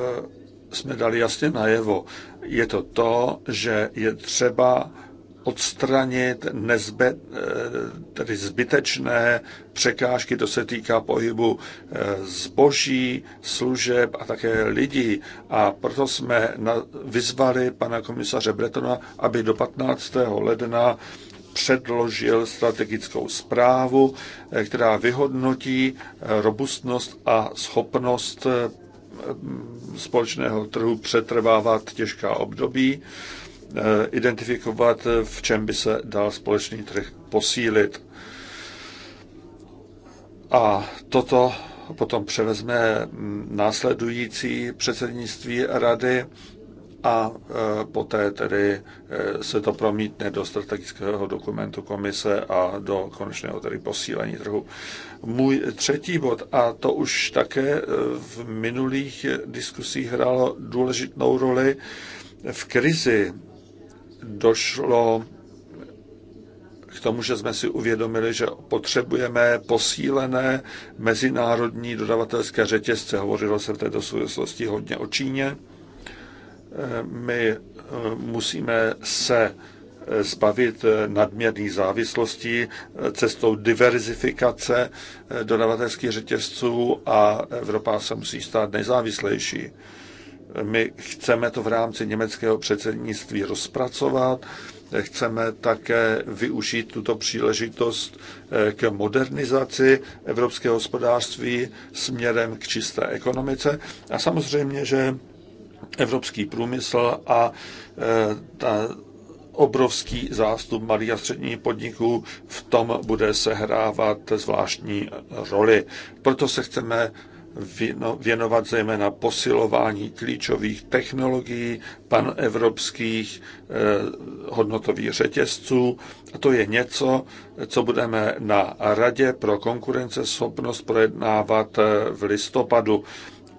jsme dali jasně najevo, je to to, že je třeba odstranit nezbe, eh, tedy zbytečné překážky, to se týká pohybu eh, zboží, služeb a také lidí. A proto jsme vyzvali pana komisaře Bretona, aby do 15. ledna předložil strategickou zprávu, eh, která vyhodnotí robustnost a schopnost společného trhu přetrvávat těžká období Eh, identifikovat, eh, v čem by se dal společný trh posílit. A toto potom převezme mm, následující předsednictví rady a eh, poté tedy se to promítne do strategického dokumentu komise a do konečného tedy posílení trhu. Můj třetí bod, a to už také v minulých diskusích hrálo důležitou roli, v krizi došlo k tomu, že jsme si uvědomili, že potřebujeme posílené mezinárodní dodavatelské řetězce. Hovořilo se v této souvislosti hodně o Číně. My eh, musíme se eh, zbavit eh, nadměrný závislostí cestou diverzifikace dodavatelských řetězců a Evropa se musí stát nezávislejší. My chceme to v rámci německého předsednictví rozpracovat, chceme také využít tuto příležitost eh, k modernizaci evropského hospodářství směrem k čisté ekonomice. A samozřejmě, že evropský průmysl a eh, ta obrovský zástup malých a středních podniků v tom bude sehrávat zvláštní roli. Proto se chceme věnovat zejména posilování klíčových technologií, panevropských eh, hodnotových řetězců. A to je něco, co budeme na Radě pro konkurenceschopnost projednávat eh, v listopadu.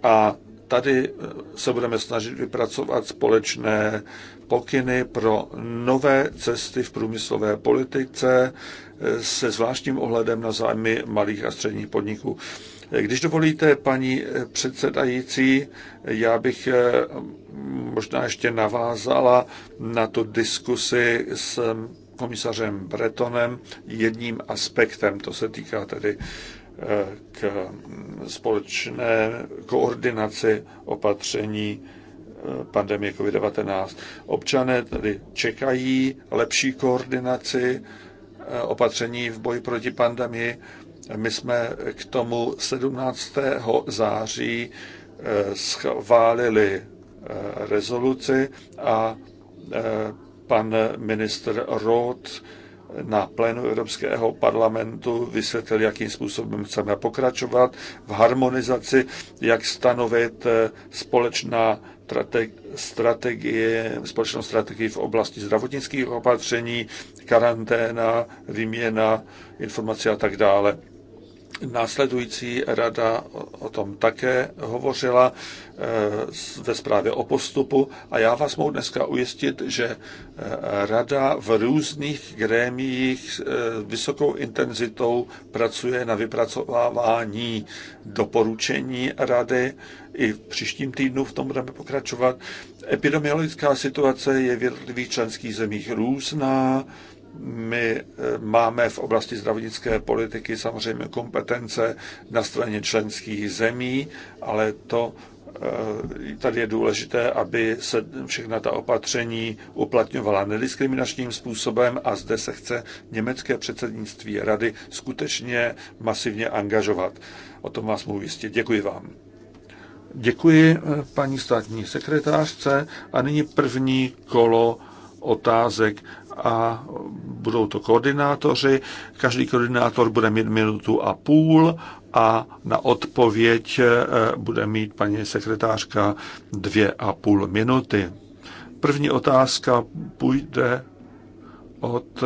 A tady eh, se budeme snažit vypracovat společné pokyny pro nové cesty v průmyslové politice se zvláštním ohledem na zájmy malých a středních podniků. Když dovolíte, paní eh, předsedající, já bych eh, možná ještě navázala na tu diskusi s komisařem Bretonem jedním aspektem, to se týká tedy eh, k společné koordinaci opatření pandemie COVID-19. Občané tedy čekají lepší koordinaci opatření v boji proti pandemii my jsme k tomu 17. září eh, schválili eh, rezoluci a eh, pan ministr Roth na plénu Evropského parlamentu vysvětlil, jakým způsobem chceme pokračovat v harmonizaci, jak stanovit společná strategie, společnou strategii v oblasti zdravotnických opatření, karanténa, výměna informací a tak dále. Následující rada o tom také hovořila eh, ve zprávě o postupu a já vás mohu dneska ujistit, že eh, rada v různých grémiích s eh, vysokou intenzitou pracuje na vypracovávání doporučení rady. I v příštím týdnu v tom budeme pokračovat. Epidemiologická situace je v jednotlivých členských zemích různá my eh, máme v oblasti zdravotnické politiky samozřejmě kompetence na straně členských zemí, ale to eh, tady je důležité, aby se všechna ta opatření uplatňovala nediskriminačním způsobem a zde se chce německé předsednictví rady skutečně masivně angažovat. O tom vás mohu jistit. Děkuji vám. Děkuji eh, paní státní sekretářce a nyní první kolo otázek a budou to koordinátoři. Každý koordinátor bude mít minutu a půl a na odpověď eh, bude mít paní sekretářka dvě a půl minuty. První otázka půjde od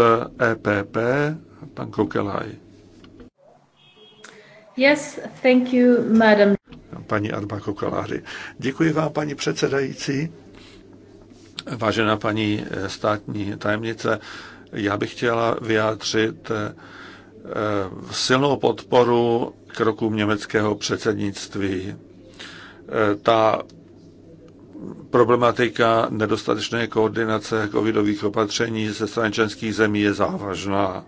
EPP, eh, e pan Kokelaj. Yes, thank you, madam. Paní Arba Kokeláři. Děkuji vám, paní předsedající. Vážená paní eh, státní tajemnice, já bych chtěla vyjádřit eh, silnou podporu krokům německého předsednictví. Eh, ta problematika nedostatečné koordinace covidových opatření ze strany členských zemí je závažná.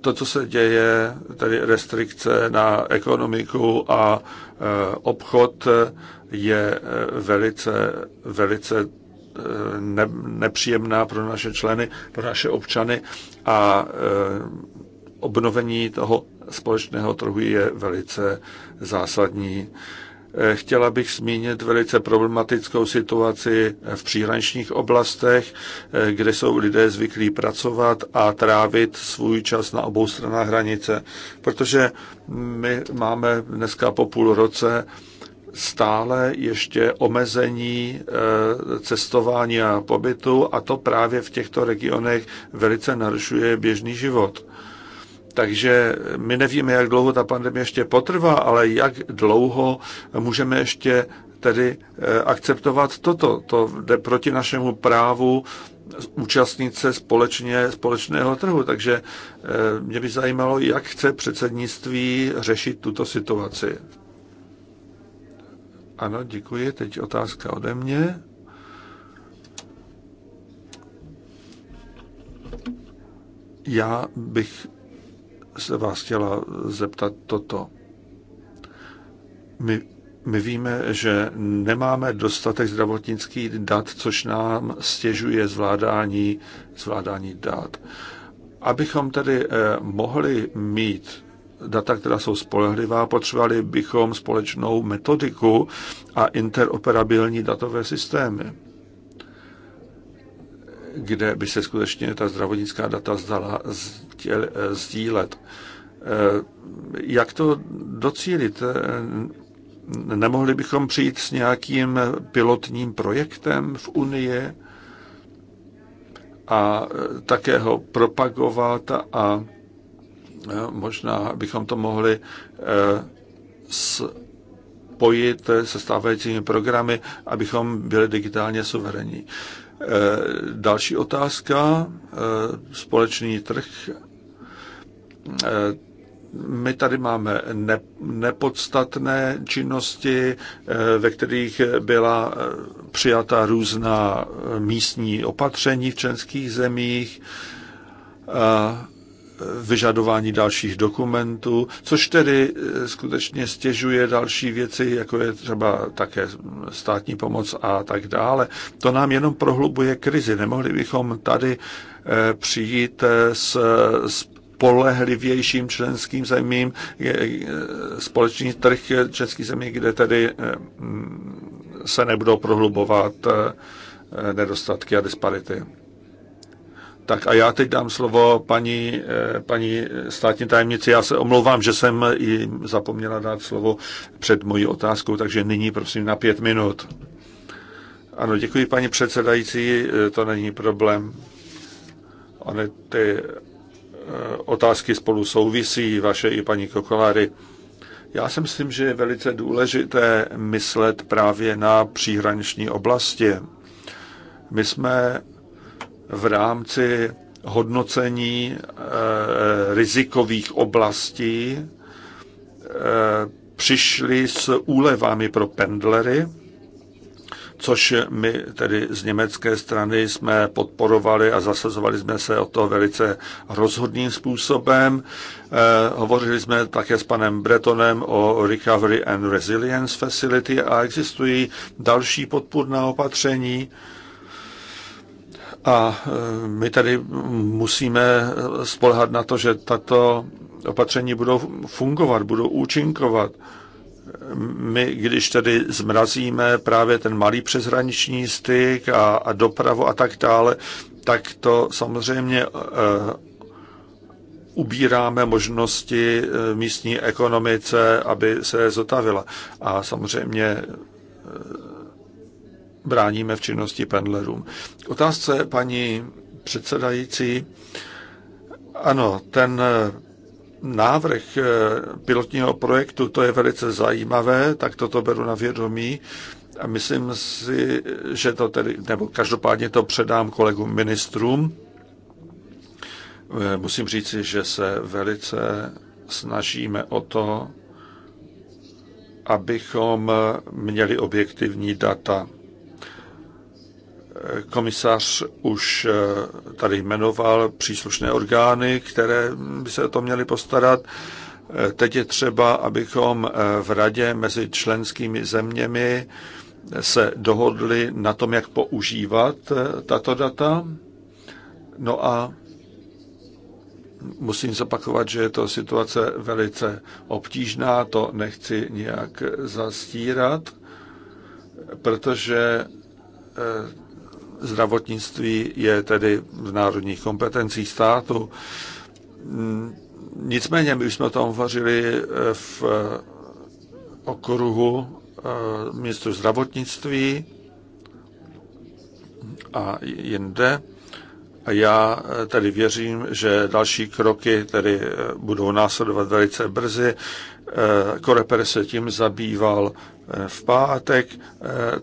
To, co se děje, tedy restrikce na ekonomiku a Eh, obchod eh, je eh, velice, velice ne, nepříjemná pro naše členy, pro naše občany a obnovení toho společného trhu je velice zásadní. Chtěla bych zmínit velice problematickou situaci v příhraničních oblastech, kde jsou lidé zvyklí pracovat a trávit svůj čas na obou stranách hranice. Protože my máme dneska po půl roce stále ještě omezení eh, cestování a pobytu a to právě v těchto regionech velice narušuje běžný život. Takže my nevíme, jak dlouho ta pandemie ještě potrvá, ale jak dlouho můžeme ještě tedy eh, akceptovat toto. To jde proti našemu právu účastnit se společně, společného trhu. Takže eh, mě by zajímalo, jak chce předsednictví řešit tuto situaci. Ano, děkuji. Teď otázka ode mě. Já bych se vás chtěla zeptat toto. My, my víme, že nemáme dostatek zdravotnických dat, což nám stěžuje zvládání, zvládání dat. Abychom tedy eh, mohli mít data, která jsou spolehlivá, potřebovali bychom společnou metodiku a interoperabilní datové systémy kde by se skutečně ta zdravotnická data zdala sdílet. Eh, jak to docílit? Eh, nemohli bychom přijít s nějakým pilotním projektem v Unii a eh, také ho propagovat a možná bychom to mohli spojit se stávajícími programy, abychom byli digitálně suverénní. Eh, další otázka, eh, společný trh. Eh, my tady máme nepodstatné činnosti, ve kterých byla přijata různá místní opatření v členských zemích vyžadování dalších dokumentů, což tedy e, skutečně stěžuje další věci, jako je třeba také státní pomoc a tak dále. To nám jenom prohlubuje krizi. Nemohli bychom tady e, přijít e, s, s polehlivějším členským zemím, společný trh český zemí, kde tedy se nebudou prohlubovat nedostatky a disparity. Tak a já teď dám slovo paní, eh, paní státní tajemnici. Já se omlouvám, že jsem ji zapomněla dát slovo před mojí otázkou, takže nyní prosím na pět minut. Ano, děkuji paní předsedající, eh, to není problém. Ony ty eh, otázky spolu souvisí, vaše i paní Kokoláry. Já si myslím, že je velice důležité myslet právě na příhraniční oblasti. My jsme v rámci hodnocení eh, rizikových oblastí eh, přišli s úlevami pro pendlery, což my tedy z německé strany jsme podporovali a zasazovali jsme se o to velice rozhodným způsobem. E, hovořili jsme také s panem Bretonem o Recovery and Resilience Facility a existují další podpůrná opatření, E, a e, my tady musíme spolehat na to, že tato opatření budou fungovat, budou účinkovat. My, když tedy zmrazíme právě ten malý přeshraniční styk a, a dopravu a tak dále, tak to samozřejmě e, ubíráme možnosti e, místní ekonomice, aby se zotavila. A samozřejmě e, bráníme v činnosti pendlerům. Otázce paní předsedající. Ano, ten eh, návrh eh, pilotního projektu, to je velice zajímavé, tak toto beru na vědomí. A myslím si, že to tedy, nebo každopádně to předám kolegům ministrům. Eh, musím říci, že se velice snažíme o to, abychom měli objektivní data komisař už eh, tady jmenoval příslušné orgány, které by se o to měly postarat. Eh, teď je třeba, abychom eh, v radě mezi členskými zeměmi se dohodli na tom, jak používat tato data. No a musím zopakovat, že je to situace velice obtížná, to nechci nějak zastírat, protože zdravotnictví je tedy v národních kompetencích státu. Mm, nicméně, my už jsme o tom hovořili eh, v eh, okruhu eh, ministru zdravotnictví a jinde. A já tedy věřím, že další kroky tedy budou následovat velice brzy. Koreper se tím zabýval v pátek,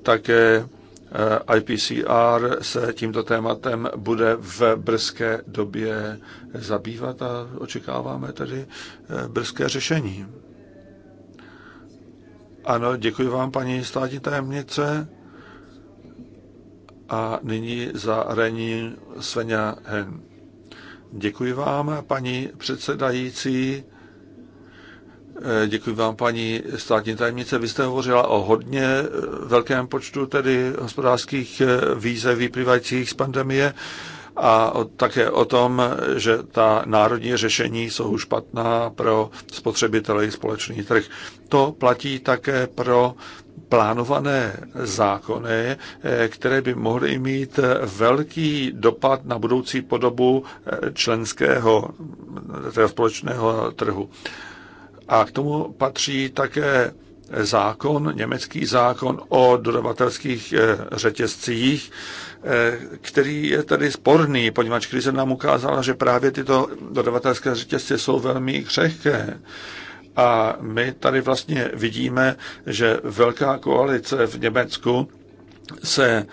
také Eh, IPCR se tímto tématem bude v brzké době zabývat a očekáváme tedy eh, brzké řešení. Ano, děkuji vám, paní státní tajemnice. A nyní za Rení Svenja Hen. Děkuji vám, paní předsedající. Eh, děkuji vám, paní státní tajemnice. Vy jste hovořila o hodně eh, velkém počtu tedy hospodářských eh, výzev vyplývajících z pandemie a o, také o tom, že ta národní řešení jsou špatná pro spotřebitele i společný trh. To platí také pro plánované zákony, které by mohly mít velký dopad na budoucí podobu členského, společného trhu. A k tomu patří také zákon, německý zákon o dodavatelských eh, řetězcích, eh, který je tady sporný, poněvadž krize nám ukázala, že právě tyto dodavatelské řetězce jsou velmi křehké. A my tady vlastně vidíme, že velká koalice v Německu se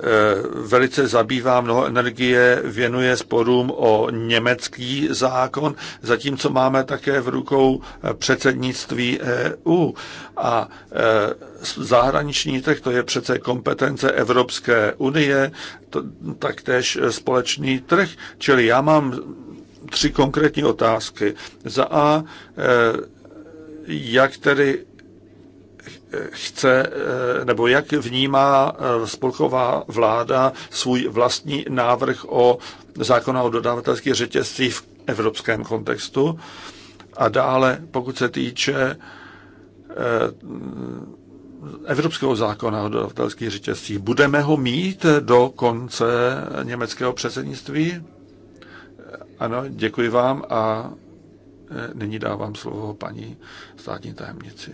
Eh, velice zabývá mnoho energie, věnuje sporům o německý zákon, zatímco máme také v rukou eh, předsednictví EU. A eh, zahraniční trh, to je přece kompetence Evropské unie, taktéž společný trh. Čili já mám tři konkrétní otázky. Za A, jak tedy chce, eh, nebo jak vnímá eh, spolková vláda svůj vlastní návrh o zákona o dodavatelských řetězcích v evropském kontextu. A dále, pokud se týče eh, evropského zákona o dodavatelských řetězcích, budeme ho mít do konce německého předsednictví? Ano, děkuji vám a nyní dávám slovo paní státní tajemnici.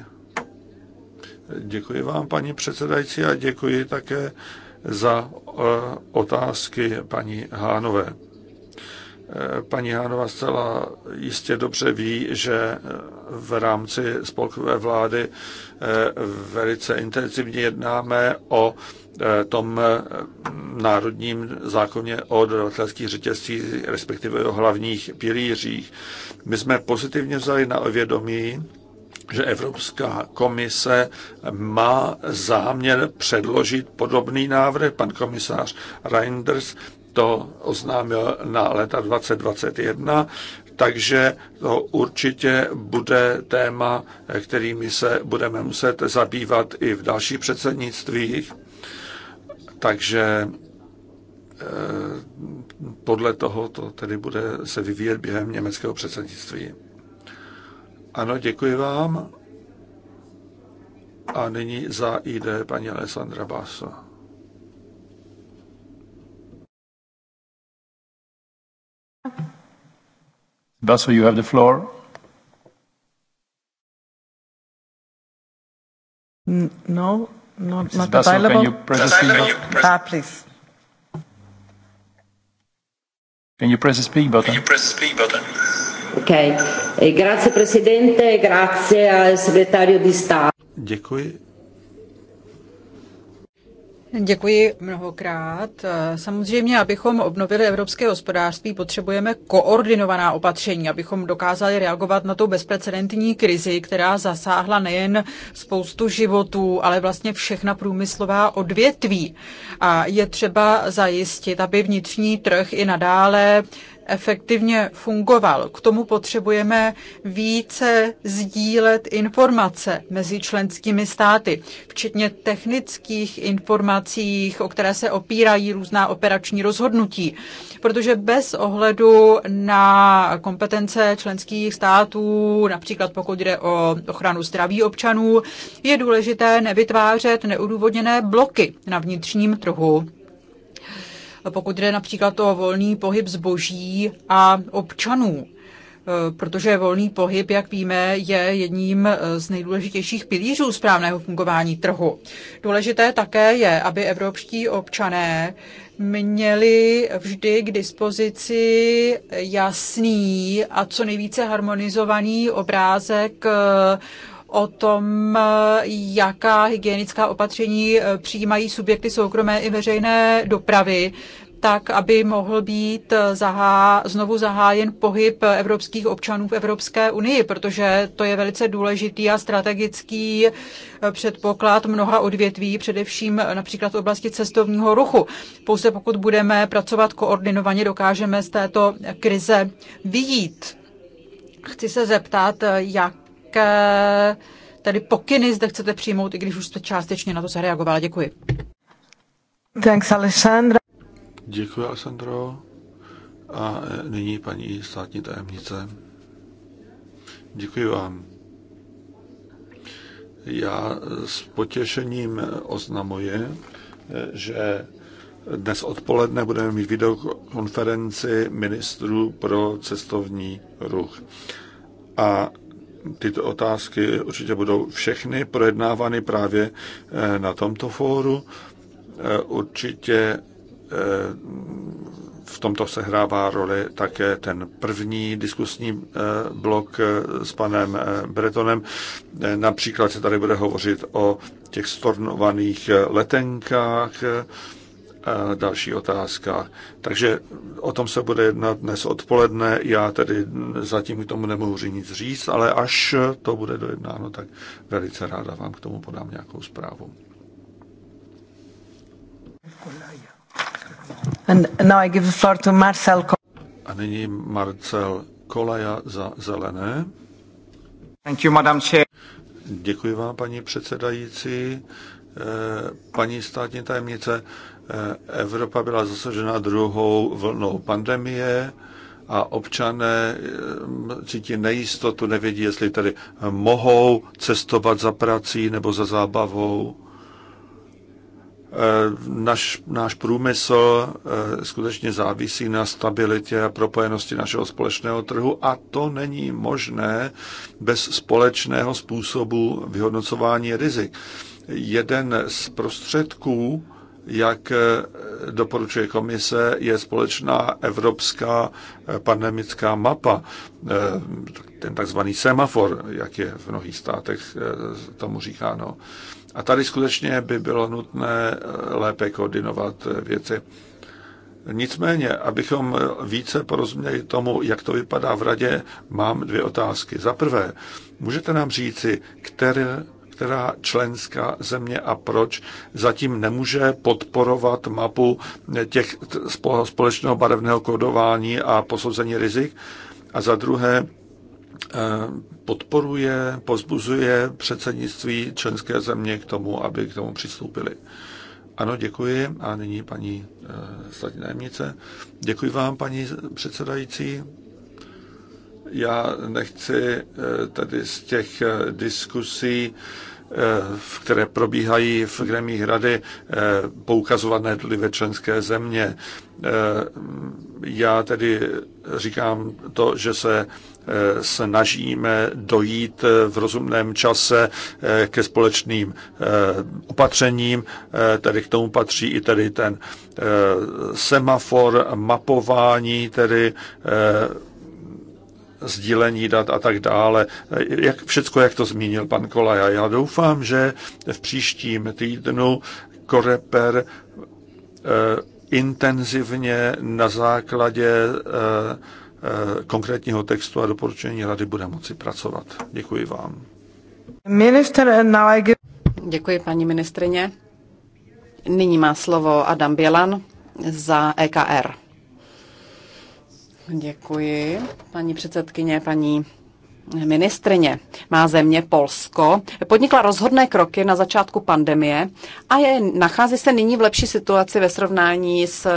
Děkuji vám, paní předsedající, a děkuji také za e, otázky paní Hánové. E, paní Hánova zcela jistě dobře ví, že v rámci spolkové vlády e, velice intenzivně jednáme o tom národním zákoně o dodatelských řetězcích, respektive o hlavních pilířích. My jsme pozitivně vzali na vědomí že Evropská komise má záměr předložit podobný návrh. Pan komisář Reinders to oznámil na leta 2021, takže to určitě bude téma, kterými se budeme muset zabývat i v dalších předsednictvích. Takže eh, podle toho to tedy bude se vyvíjet během německého předsednictví. Ano, děkuji vám. A nyní za ID paní Alessandra Basso. Basso, you have the floor. No, not, not Basso, available. Can you press the speak? Ah, please. Can you press the speak button? Can you press the speak button? Okay. E grazie Presidente, e grazie al segretario di Stato. Děkuji. Děkuji mnohokrát. Samozřejmě, abychom obnovili evropské hospodářství, potřebujeme koordinovaná opatření, abychom dokázali reagovat na tu bezprecedentní krizi, která zasáhla nejen spoustu životů, ale vlastně všechna průmyslová odvětví. A je třeba zajistit, aby vnitřní trh i nadále efektivně fungoval. K tomu potřebujeme více sdílet informace mezi členskými státy, včetně technických informací, o které se opírají různá operační rozhodnutí. Protože bez ohledu na kompetence členských států, například pokud jde o ochranu zdraví občanů, je důležité nevytvářet neudůvodněné bloky na vnitřním trhu pokud jde například o volný pohyb zboží a občanů e, protože volný pohyb, jak víme, je jedním e, z nejdůležitějších pilířů správného fungování trhu. Důležité také je, aby evropští občané měli vždy k dispozici jasný a co nejvíce harmonizovaný obrázek e, o tom, jaká hygienická opatření eh, přijímají subjekty soukromé i veřejné dopravy, tak aby mohl být eh, zahá, znovu zahájen pohyb evropských občanů v Evropské unii, protože to je velice důležitý a strategický eh, předpoklad mnoha odvětví, především například v oblasti cestovního ruchu. Pouze pokud budeme pracovat koordinovaně, dokážeme z této krize vyjít. Chci se zeptat, jak jaké eh, tedy pokyny zde chcete přijmout, i když už jste částečně na to zareagovala. Děkuji. Thanks, Alessandra. Děkuji, Alessandro. A eh, nyní paní státní tajemnice. Děkuji vám. Já eh, s potěšením oznamuji, že dnes odpoledne budeme mít videokonferenci ministrů pro cestovní ruch. A tyto otázky určitě budou všechny projednávány právě eh, na tomto fóru. Eh, určitě eh, v tomto sehrává roli také ten první diskusní blok s panem Bretonem. Například se tady bude hovořit o těch stornovaných letenkách, další otázka. Takže o tom se bude jednat dnes odpoledne. Já tedy zatím k tomu nemohu nic říct, ale až to bude dojednáno, tak velice ráda vám k tomu podám nějakou zprávu. Marcel A nyní Marcel Kolaja za zelené. Thank you, Madam Chair. Děkuji vám, paní předsedající. Eh, paní státní tajemnice, Evropa byla zasažena druhou vlnou pandemie a občané eh, hm, cítí nejistotu, nevědí, jestli tedy mohou cestovat za prací nebo za zábavou. Eh, naš, náš průmysl eh, skutečně závisí na stabilitě a propojenosti našeho společného trhu a to není možné bez společného způsobu vyhodnocování rizik. Jeden z prostředků, jak eh, doporučuje komise, je společná evropská eh, pandemická mapa, eh, ten takzvaný semafor, jak je v mnohých státech tomu říkáno. A tady skutečně by bylo nutné lépe koordinovat věci. Nicméně, abychom více porozuměli tomu, jak to vypadá v radě, mám dvě otázky. Za prvé, můžete nám říci, které která členská země a proč zatím nemůže podporovat mapu těch společného barevného kodování a posouzení rizik. A za druhé, eh, podporuje, pozbuzuje předsednictví členské země k tomu, aby k tomu přistoupili. Ano, děkuji. A nyní paní eh, státní nájemnice. Děkuji vám, paní předsedající já nechci eh, tady z těch eh, diskusí, eh, v které probíhají v gremích rady, poukazovat na jednotlivé členské země. Já tedy říkám to, že se snažíme dojít v rozumném čase ke společným opatřením. Tedy k tomu patří i tedy ten semafor, mapování, tedy sdílení dat a tak dále. Jak, všecko, jak to zmínil pan Kolaja. Já doufám, že v příštím týdnu Koreper eh, intenzivně na základě eh, eh, konkrétního textu a doporučení rady bude moci pracovat. Děkuji vám. Minister Děkuji, paní ministrině. Nyní má slovo Adam Bělan za EKR. Děkuji, paní předsedkyně, paní ministrině. Má země Polsko podnikla rozhodné kroky na začátku pandemie a je, nachází se nyní v lepší situaci ve srovnání s eh,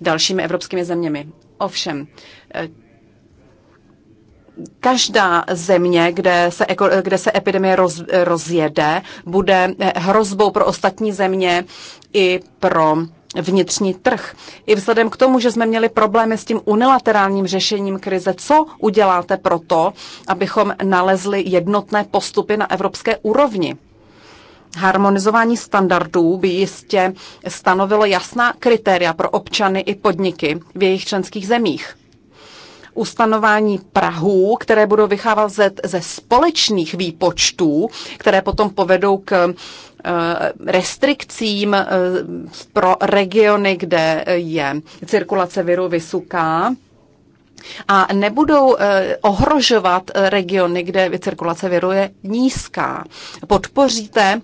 dalšími evropskými zeměmi. Ovšem, eh, každá země, kde se, kde se epidemie roz, rozjede, bude eh, hrozbou pro ostatní země i pro vnitřní trh. I vzhledem k tomu, že jsme měli problémy s tím unilaterálním řešením krize, co uděláte pro to, abychom nalezli jednotné postupy na evropské úrovni? Harmonizování standardů by jistě stanovilo jasná kritéria pro občany i podniky v jejich členských zemích ustanování Prahů, které budou vycházet ze společných výpočtů, které potom povedou k eh, restrikcím eh, pro regiony, kde je cirkulace viru vysoká a nebudou eh, ohrožovat regiony, kde cirkulace viru je nízká. Podpoříte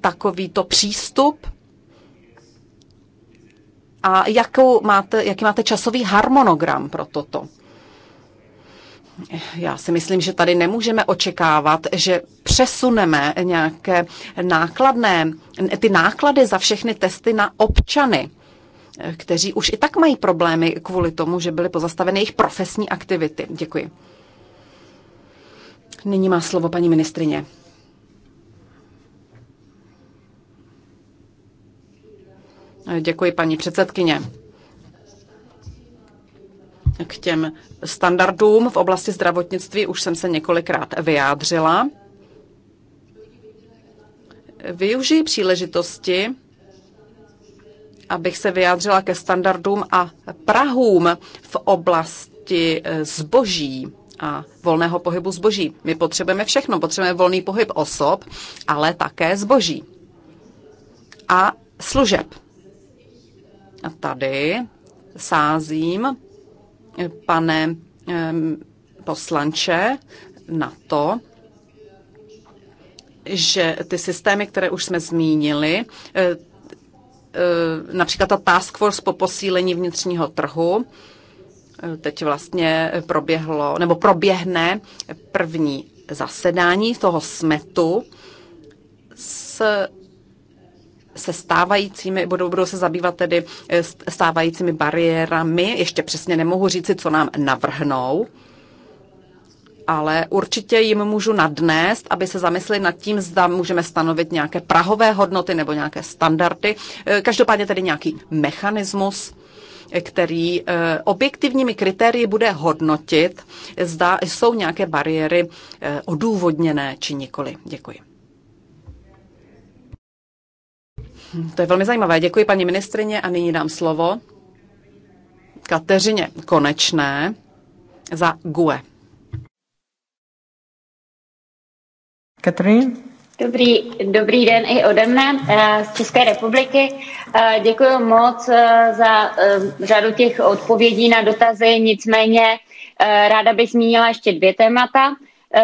takovýto přístup? A jakou máte, jaký máte časový harmonogram pro toto? já si myslím, že tady nemůžeme očekávat, že přesuneme nějaké nákladné, ty náklady za všechny testy na občany, kteří už i tak mají problémy kvůli tomu, že byly pozastaveny jejich profesní aktivity. Děkuji. Nyní má slovo paní ministrině. Děkuji, paní předsedkyně. K těm standardům v oblasti zdravotnictví už jsem se několikrát vyjádřila. Využiji příležitosti, abych se vyjádřila ke standardům a prahům v oblasti eh, zboží a volného pohybu zboží. My potřebujeme všechno. Potřebujeme volný pohyb osob, ale také zboží. A služeb. A tady sázím pane poslanče, na to, že ty systémy, které už jsme zmínili, e, e, například ta task force po posílení vnitřního trhu, e, teď vlastně proběhlo, nebo proběhne první zasedání toho smetu s se stávajícími, budou, budou se zabývat tedy eh, stávajícími bariérami. Ještě přesně nemohu říci, co nám navrhnou, ale určitě jim můžu nadnést, aby se zamysleli nad tím, zda můžeme stanovit nějaké prahové hodnoty nebo nějaké standardy. Eh, každopádně tedy nějaký mechanismus, eh, který objektivními kritérii bude hodnotit, zda jsou nějaké bariéry odůvodněné či nikoli. Děkuji. To je velmi zajímavé. Děkuji paní ministrině a nyní dám slovo Kateřině Konečné za GUE. Katrin? Dobrý, dobrý den i ode mne eh, z České republiky. Eh, děkuji moc eh, za řadu těch odpovědí na dotazy, nicméně ráda bych zmínila ještě dvě témata.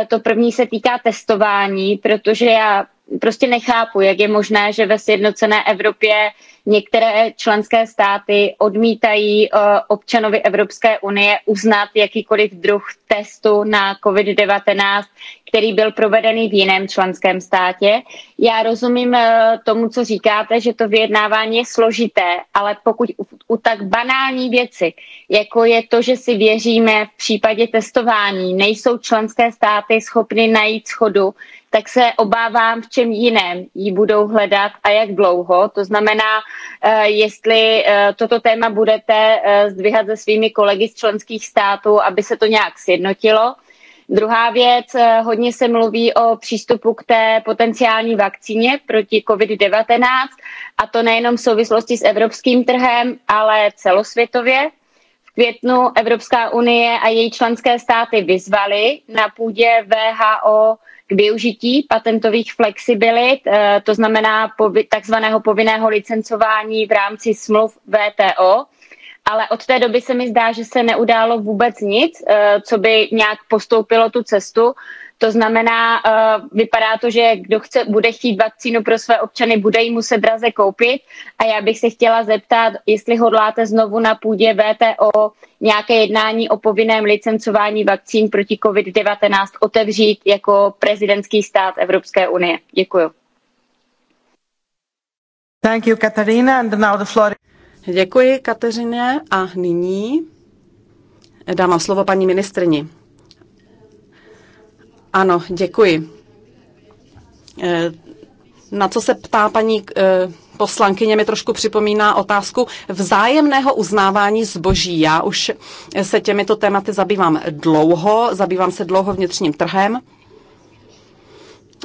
To první se týká testování, protože já prostě nechápu, jak je možné, že ve sjednocené Evropě některé členské státy odmítají eh, občanovi Evropské unie uznat jakýkoliv druh testu na COVID-19 který byl provedený v jiném členském státě. Já rozumím eh, tomu, co říkáte, že to vyjednávání je složité, ale pokud u, u tak banální věci, jako je to, že si věříme v případě testování, nejsou členské státy schopny najít schodu, tak se obávám, v čem jiném ji budou hledat a jak dlouho. To znamená, eh, jestli eh, toto téma budete zdvihat se svými kolegy z členských států, aby se to nějak sjednotilo. Druhá věc, eh, hodně se mluví o přístupu k té potenciální vakcíně proti COVID-19 a to nejenom v souvislosti s evropským trhem, ale celosvětově. V květnu Evropská unie a její členské státy vyzvaly na půdě VHO k využití patentových flexibilit, eh, to znamená takzvaného povinného licencování v rámci smluv VTO ale od té doby se mi zdá, že se neudálo vůbec nic, eh, co by nějak postoupilo tu cestu. To znamená, eh, vypadá to, že kdo chce, bude chtít vakcínu pro své občany, bude ji muset draze koupit. A já bych se chtěla zeptat, jestli hodláte znovu na půdě VTO nějaké jednání o povinném licencování vakcín proti COVID-19 otevřít jako prezidentský stát Evropské unie. Děkuju. Thank you, Katarina. And now the floor. Děkuji Kateřině a nyní dávám slovo paní ministrni. Ano, děkuji. Eh, na co se ptá paní eh, poslankyně mi trošku připomíná otázku vzájemného uznávání zboží. Já už se těmito tématy zabývám dlouho, zabývám se dlouho vnitřním trhem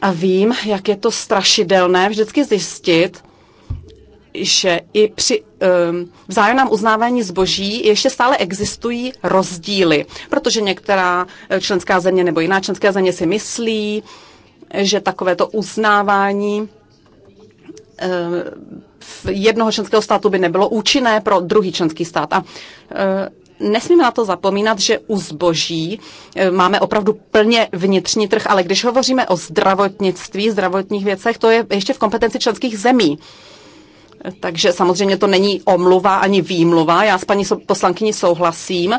a vím, jak je to strašidelné vždycky zjistit, že i při um, vzájemném uznávání zboží ještě stále existují rozdíly, protože některá eh, členská země nebo jiná členská země si myslí, že takovéto uznávání ehm, jednoho členského státu by nebylo účinné pro druhý členský stát. A eh, nesmíme na to zapomínat, že u zboží eh, máme opravdu plně vnitřní trh, ale když hovoříme o zdravotnictví, zdravotních věcech, to je ještě v kompetenci členských zemí. Takže samozřejmě to není omluva ani výmluva. Já s paní poslankyní souhlasím.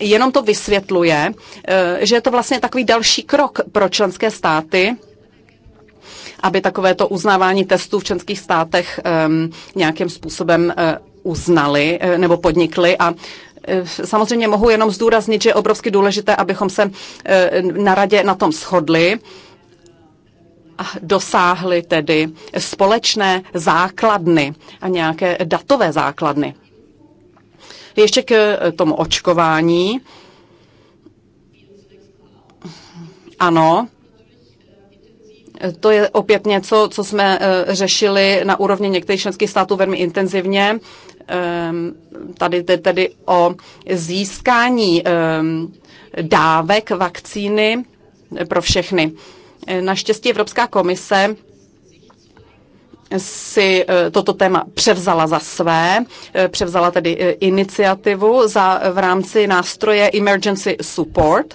Jenom to vysvětluje, eh, že je to vlastně takový další krok pro členské státy, aby takovéto uznávání testů v členských státech ehm, nějakým způsobem eh, uznali eh, nebo podnikli a Samozřejmě mohu jenom zdůraznit, že je obrovsky důležité, abychom se na radě na tom shodli, dosáhli tedy společné základny a nějaké datové základny. Ještě k eh, tomu očkování. Ano, to je opět něco, co jsme eh, řešili na úrovni některých členských států velmi intenzivně. Ehm, tady jde tedy o získání ehm, dávek vakcíny pro všechny. Eh, naštěstí Evropská komise si eh, toto téma převzala za své, eh, převzala tedy iniciativu za, v rámci nástroje Emergency Support,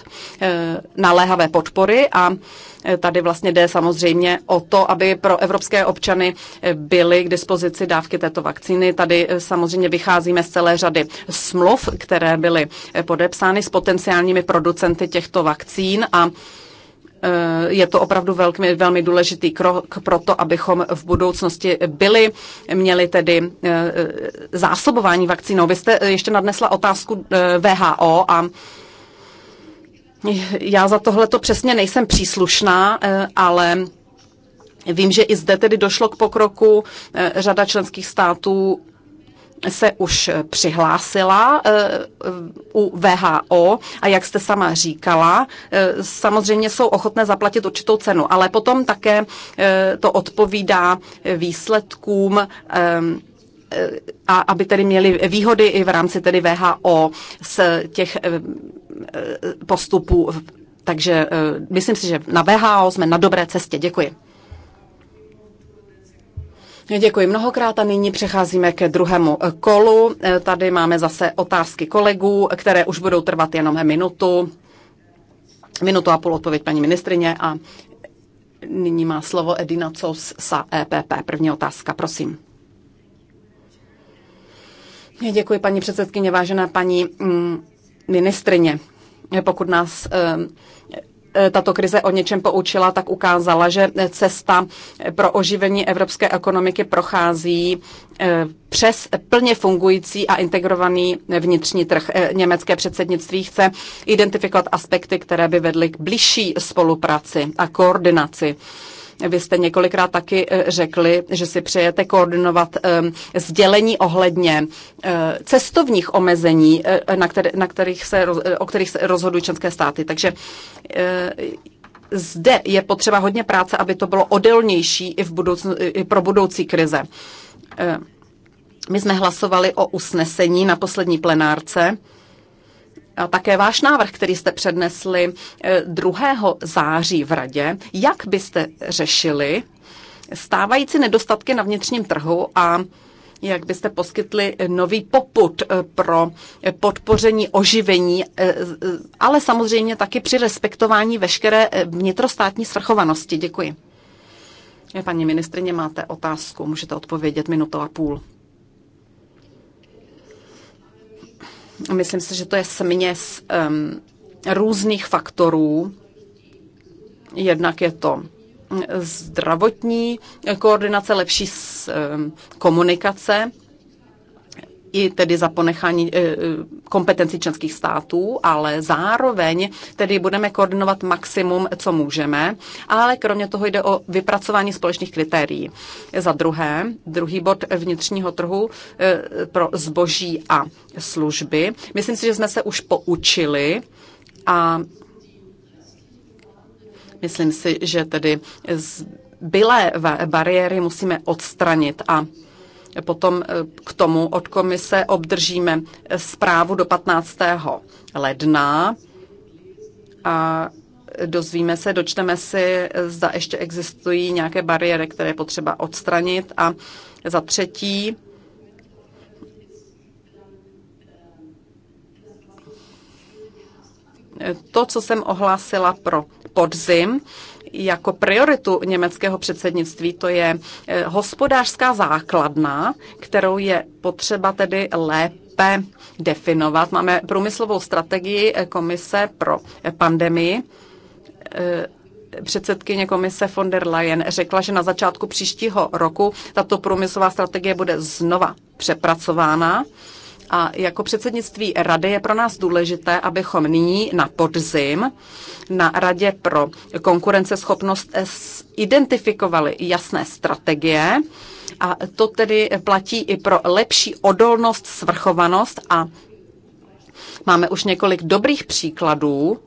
naléhavé podpory a tady vlastně jde samozřejmě o to, aby pro evropské občany byly k dispozici dávky této vakcíny. Tady samozřejmě vycházíme z celé řady smluv, které byly podepsány s potenciálními producenty těchto vakcín a Eh, je to opravdu velmi, velmi důležitý krok pro to, abychom v budoucnosti byli, měli tedy eh, zásobování vakcínou. Vy jste eh, ještě nadnesla otázku VHO a já za tohle to přesně nejsem příslušná, ale Vím, že i zde tedy došlo k pokroku. Řada členských států se už eh, přihlásila eh, u VHO a jak jste sama říkala, eh, samozřejmě jsou ochotné zaplatit určitou cenu, ale potom také to odpovídá výsledkům a aby tedy měli výhody i v rámci tedy VHO z těch postupů. Takže myslím si, že na VHO jsme na dobré cestě. Děkuji. Děkuji mnohokrát a nyní přecházíme ke druhému eh, kolu. Eh, tady máme zase otázky kolegů, které už budou trvat jenom minutu. Minutu a půl odpověď paní ministrině a nyní má slovo Edina Cous sa EPP. První otázka, prosím. Děkuji, paní předsedkyně, vážená paní mm, ministrině. Pokud nás eh, Eh, tato krize o něčem poučila, tak ukázala, že cesta eh, pro oživení evropské ekonomiky prochází eh, přes plně fungující a integrovaný vnitřní trh. Německé předsednictví chce identifikovat aspekty, které by vedly k blížší spolupráci a koordinaci vy jste několikrát taky eh, řekli, že si přejete koordinovat ehm, sdělení ohledně eh, cestovních omezení, eh, na, které, na kterých se, o kterých se rozhodují členské státy. Takže zde je potřeba hodně práce, aby to bylo odolnější i, v budoucnu, i pro budoucí krize. My jsme hlasovali o usnesení na poslední plenárce a také váš návrh, který jste přednesli 2. Eh, září v Radě, jak byste řešili stávající nedostatky na vnitřním trhu a jak byste poskytli nový poput eh, pro podpoření oživení, eh, ale samozřejmě taky při respektování veškeré vnitrostátní svrchovanosti. Děkuji. Paní ministrině, máte otázku, můžete odpovědět minutu a půl. Myslím si, že to je směs um, různých faktorů. Jednak je to mm, zdravotní koordinace, lepší komunikace i tedy za ponechání eh, eh, kompetencí členských států, ale zároveň tedy budeme koordinovat maximum, co můžeme, ale kromě toho jde o vypracování společných kritérií. Za druhé, druhý bod vnitřního trhu eh, pro zboží a služby. Myslím si, že jsme se už poučili a myslím si, že tedy zbylé bariéry musíme odstranit a Potom e, k tomu od komise obdržíme zprávu do 15. ledna a dozvíme se, dočteme si, zda ještě existují nějaké bariéry, které je potřeba odstranit. A za třetí, to, co jsem ohlásila pro podzim, jako prioritu německého předsednictví, to je eh, hospodářská základna, kterou je potřeba tedy lépe definovat. Máme průmyslovou strategii eh, komise pro eh, pandemii předsedkyně komise von der Leyen řekla, že na začátku příštího roku tato průmyslová strategie bude znova přepracována a jako předsednictví rady je pro nás důležité, abychom nyní na podzim na Radě pro konkurenceschopnost identifikovali jasné strategie, a to tedy platí i pro lepší odolnost, svrchovanost a máme už několik dobrých příkladů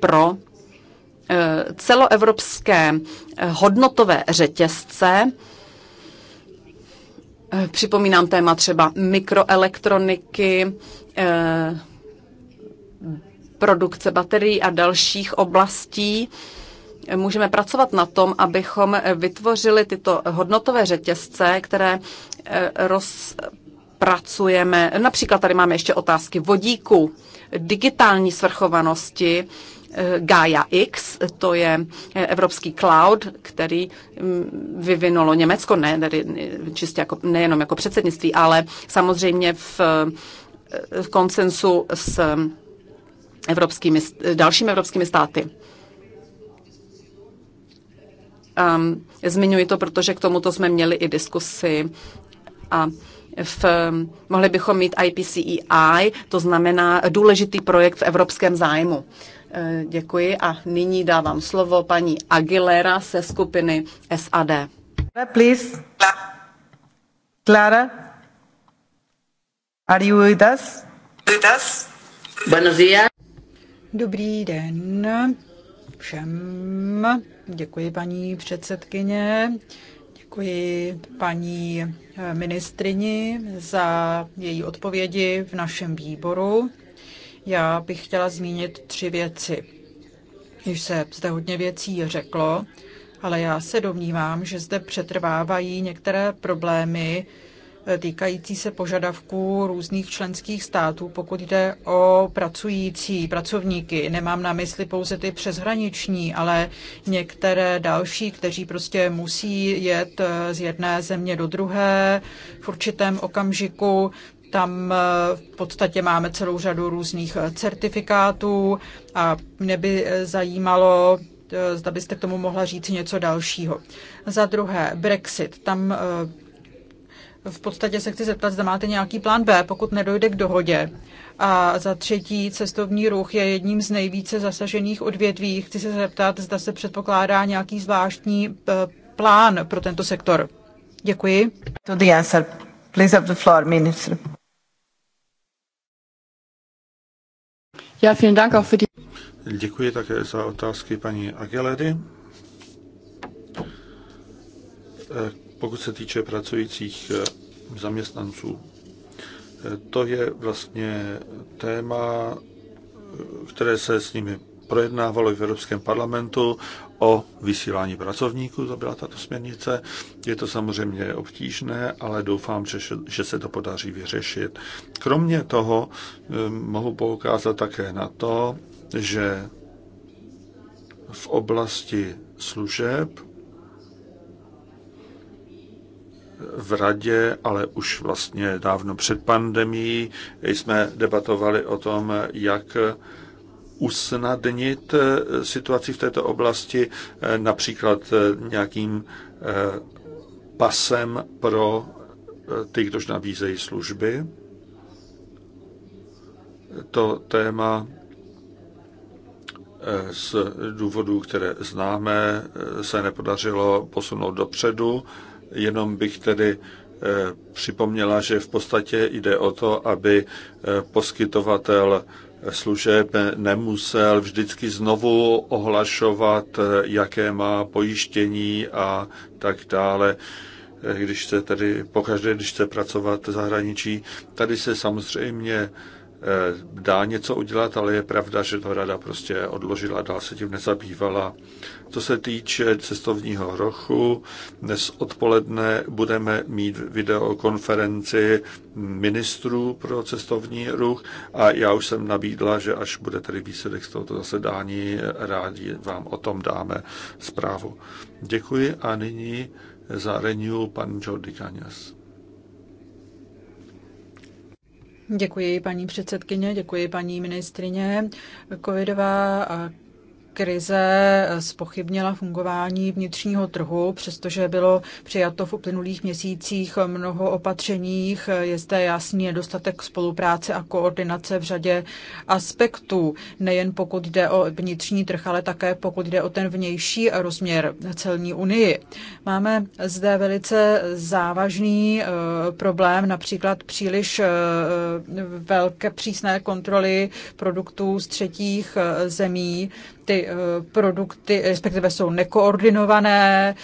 pro eh, celoevropské hodnotové řetězce, Eh, připomínám téma třeba mikroelektroniky, eh, produkce baterií a dalších oblastí. Můžeme pracovat na tom, abychom vytvořili tyto hodnotové řetězce, které eh, rozpracujeme. Například tady máme ještě otázky vodíku, digitální svrchovanosti, Eh, Gaia X, to je eh, evropský cloud, který mm, vyvinulo Německo, ne tady čistě jako, nejenom jako předsednictví, ale samozřejmě v, eh, v konsensu s mm, evropskými, dalšími evropskými státy. Um, zmiňuji to, protože k tomuto jsme měli i diskusy a v, mm, mohli bychom mít IPCEI, e to znamená důležitý projekt v evropském zájmu. Eh, děkuji a nyní dávám slovo paní Aguilera ze skupiny SAD. Please. Clara, are you with us? With us? Buenos días. Dobrý den všem. Děkuji paní předsedkyně. Děkuji paní eh, ministrini za její odpovědi v našem výboru. Já bych chtěla zmínit tři věci. Již se zde hodně věcí řeklo, ale já se domnívám, že zde přetrvávají některé problémy eh, týkající se požadavků různých členských států, pokud jde o pracující pracovníky. Nemám na mysli pouze ty přeshraniční, ale některé další, kteří prostě musí jet eh, z jedné země do druhé v určitém okamžiku. Tam eh, v podstatě máme celou řadu různých eh, certifikátů a mě by eh, zajímalo, zda byste k tomu mohla říct něco dalšího. Za druhé, Brexit. Tam v podstatě se chci zeptat, zda máte nějaký plán B, pokud nedojde k dohodě. A za třetí, cestovní ruch je jedním z nejvíce zasažených odvětví. Chci se zeptat, zda se předpokládá nějaký zvláštní plán pro tento sektor. Děkuji. To the answer. Please have the floor, minister. Ja, vielen Dank auch für die... Děkuji také za otázky paní Ageledy. Eh, pokud se týče pracujících eh, zaměstnanců, eh, to je vlastně téma, které se s nimi projednávalo i v Evropském parlamentu o vysílání pracovníků, to byla tato směrnice. Je to samozřejmě obtížné, ale doufám, že, že se to podaří vyřešit. Kromě toho eh, mohu poukázat také na to, že v oblasti služeb v radě, ale už vlastně dávno před pandemí jsme debatovali o tom, jak usnadnit eh, situaci v této oblasti eh, například eh, nějakým pasem pro ty, kdož nabízejí služby. To téma z důvodů, které známe, se nepodařilo posunout dopředu. Jenom bych tedy připomněla, že v podstatě jde o to, aby poskytovatel služeb nemusel vždycky znovu ohlašovat, jaké má pojištění a tak dále když se tedy pokaždé, když chce pracovat v zahraničí. Tady se samozřejmě eh, dá něco udělat, ale je pravda, že to rada prostě odložila, dál se tím nezabývala. Co se týče cestovního rochu, dnes odpoledne budeme mít videokonferenci ministrů pro cestovní ruch a já už jsem nabídla, že až bude tedy výsledek z tohoto zasedání, rádi vám o tom dáme zprávu. Děkuji a nyní za Renew pan Jordi Cañas. Děkuji, paní předsedkyně, děkuji, paní ministrině. Covidová a krize spochybnila fungování vnitřního trhu, přestože bylo přijato v uplynulých měsících mnoho opatřeních. Je zde jasný nedostatek spolupráce a koordinace v řadě aspektů, nejen pokud jde o vnitřní trh, ale také pokud jde o ten vnější rozměr celní unii. Máme zde velice závažný eh, problém, například příliš eh, velké přísné kontroly produktů z třetích eh, zemí, ty eh, produkty, respektive jsou nekoordinované,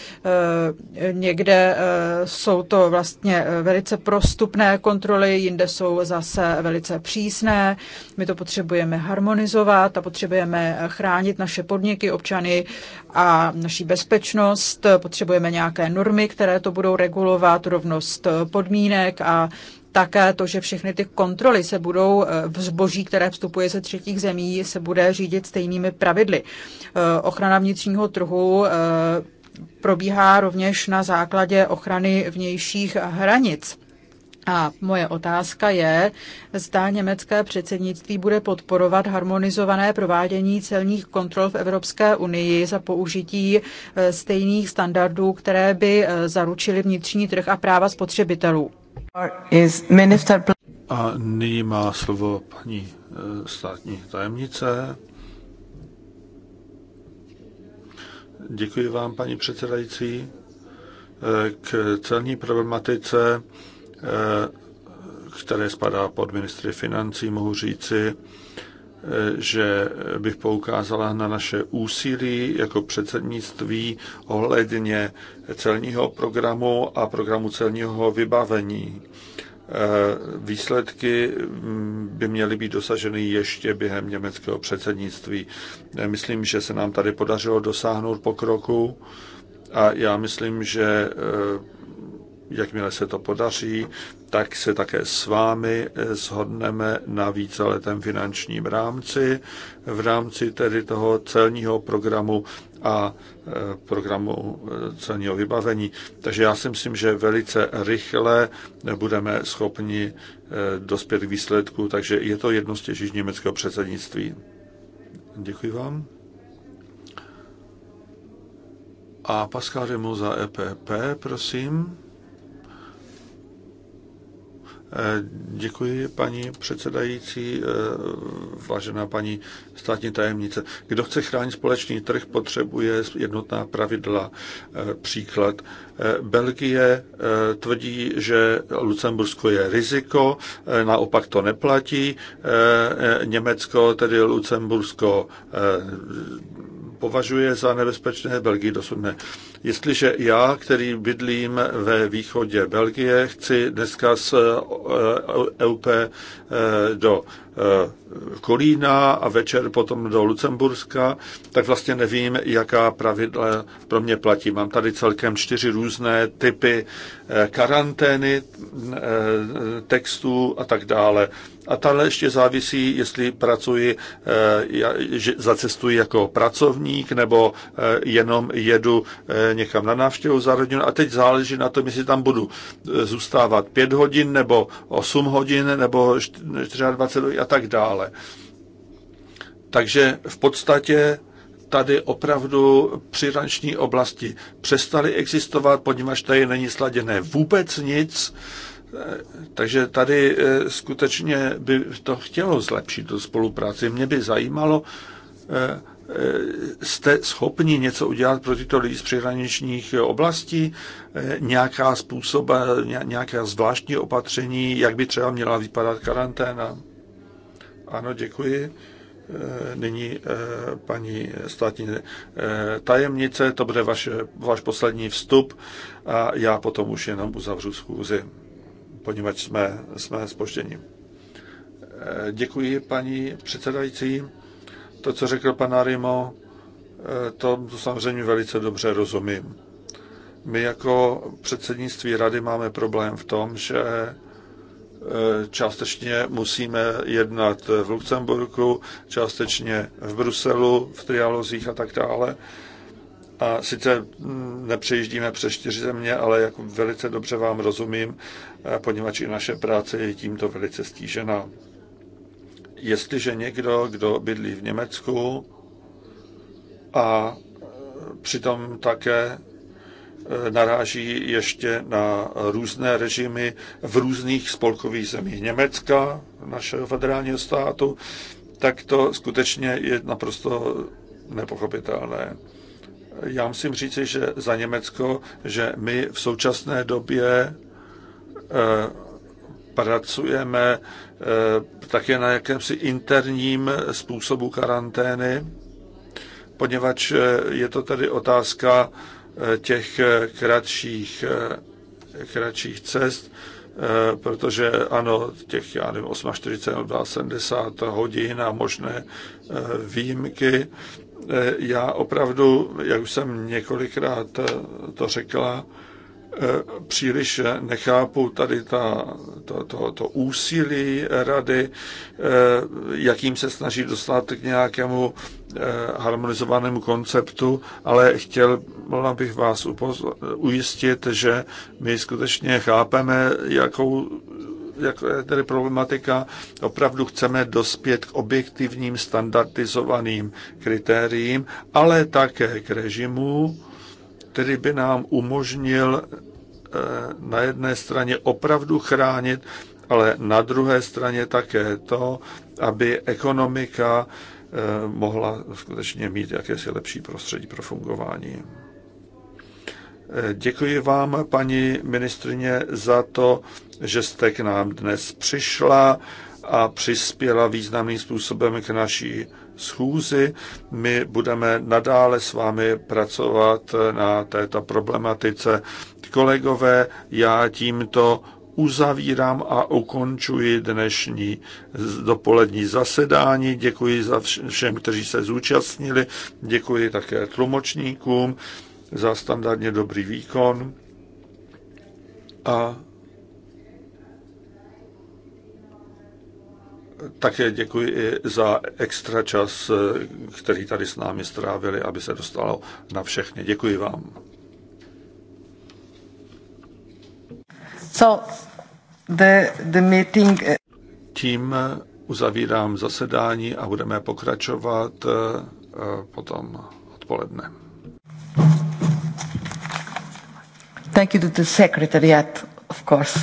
eh, někde eh, jsou to vlastně velice prostupné kontroly, jinde jsou zase velice přísné. My to potřebujeme harmonizovat a potřebujeme chránit naše podniky, občany a naší bezpečnost. Potřebujeme nějaké normy, které to budou regulovat, rovnost podmínek a také to, že všechny ty kontroly se budou eh, v zboží, které vstupuje ze třetích zemí, se bude řídit stejnými pravidly. Eh, ochrana vnitřního trhu eh, probíhá rovněž na základě ochrany vnějších hranic. A moje otázka je, zda německé předsednictví bude podporovat harmonizované provádění celních kontrol v Evropské unii za použití stejných standardů, které by zaručily vnitřní trh a práva spotřebitelů. A nyní má slovo paní eh, státní tajemnice. Děkuji vám, paní předsedající. Eh, k celní problematice, eh, které spadá pod ministry financí, mohu říci, že bych poukázala na naše úsilí jako předsednictví ohledně celního programu a programu celního vybavení. Eh, výsledky mm, by měly být dosaženy ještě během německého předsednictví. Eh, myslím, že se nám tady podařilo dosáhnout pokroku a já myslím, že eh, jakmile se to podaří, tak se také s vámi eh, shodneme na víceletém finančním rámci, v rámci tedy toho celního programu a eh, programu eh, celního vybavení. Takže já si myslím, že velice rychle budeme schopni dospět k výsledku, takže je to jedno z těžíž německého předsednictví. Děkuji vám. A Pascal Remo za EPP, prosím. Eh, děkuji, paní předsedající, eh, vážená paní státní tajemnice. Kdo chce chránit společný trh, potřebuje jednotná pravidla. Eh, příklad. Belgie tvrdí, že Lucembursko je riziko, naopak to neplatí. Německo, tedy Lucembursko, považuje za nebezpečné, Belgii dosud ne. Jestliže já, který bydlím ve východě Belgie, chci dneska z EUP eh, eh, do eh, Kolína a večer potom do Lucemburska, tak vlastně nevím, jaká pravidla pro mě platí. Mám tady celkem čtyři různé typy karantény, textů a tak dále a tahle ještě závisí, jestli pracuji, eh, že zacestuji jako pracovník nebo eh, jenom jedu eh, někam na návštěvu za rodinu. A teď záleží na tom, jestli tam budu zůstávat 5 hodin nebo 8 hodin nebo 24 hodin a tak dále. Takže v podstatě tady opravdu přiranční oblasti přestaly existovat, poněvadž tady není sladěné vůbec nic takže tady eh, skutečně by to chtělo zlepšit tu spolupráci. Mě by zajímalo, eh, eh, jste schopni něco udělat pro tyto lidi z přihraničních oblastí, nějaká způsob, nějaká zvláštní opatření, jak by třeba měla vypadat karanténa? Ano, děkuji. Nyní paní státní tajemnice, to bude vaš, váš poslední vstup a já potom už jenom uzavřu schůzi poněvadž jsme, jsme spožděni. Eh, děkuji, paní předsedající. To, co řekl pan Arimo, eh, to samozřejmě velice dobře rozumím. My jako předsednictví rady máme problém v tom, že eh, částečně musíme jednat v Lucemburku, částečně v Bruselu, v trialozích a tak dále. A sice nepřejíždíme přes čtyři země, ale jak velice dobře vám rozumím, eh, poněvadž i naše práce je tímto velice stížena. Jestliže někdo, kdo bydlí v Německu a eh, přitom také eh, naráží ještě na různé režimy v různých spolkových zemích Německa, našeho federálního státu, tak to skutečně je naprosto nepochopitelné já musím říci, že za Německo, že my v současné době eh, pracujeme eh, také na jakémsi interním způsobu karantény, poněvadž eh, je to tedy otázka těch kratších, kratších cest, protože ano, těch, já nevím, 48 nebo 72 hodin a možné výjimky, Eh, já opravdu, jak už jsem několikrát eh, to řekla, eh, příliš nechápu tady ta, to, to, to úsilí rady, jakým se snaží dostat k nějakému harmonizovanému konceptu, ale chtěl bych vás upozor, ujistit, že my skutečně chápeme, jakou jak je tedy problematika, opravdu chceme dospět k objektivním standardizovaným kritériím, ale také k režimu, který by nám umožnil eh, na jedné straně opravdu chránit, ale na druhé straně také to, aby ekonomika eh, mohla skutečně mít jakési lepší prostředí pro fungování. Děkuji vám, paní ministrině, za to, že jste k nám dnes přišla a přispěla významným způsobem k naší schůzi. My budeme nadále s vámi pracovat na této problematice. Kolegové, já tímto uzavírám a ukončuji dnešní dopolední zasedání. Děkuji za všem, kteří se zúčastnili, děkuji také tlumočníkům za standardně dobrý výkon a také děkuji i za extra čas, který tady s námi strávili, aby se dostalo na všechny. Děkuji vám. So, the, the meeting... Eh, Tím uzavírám zasedání a budeme pokračovat eh, potom odpoledne. Thank you to the Secretariat, of course.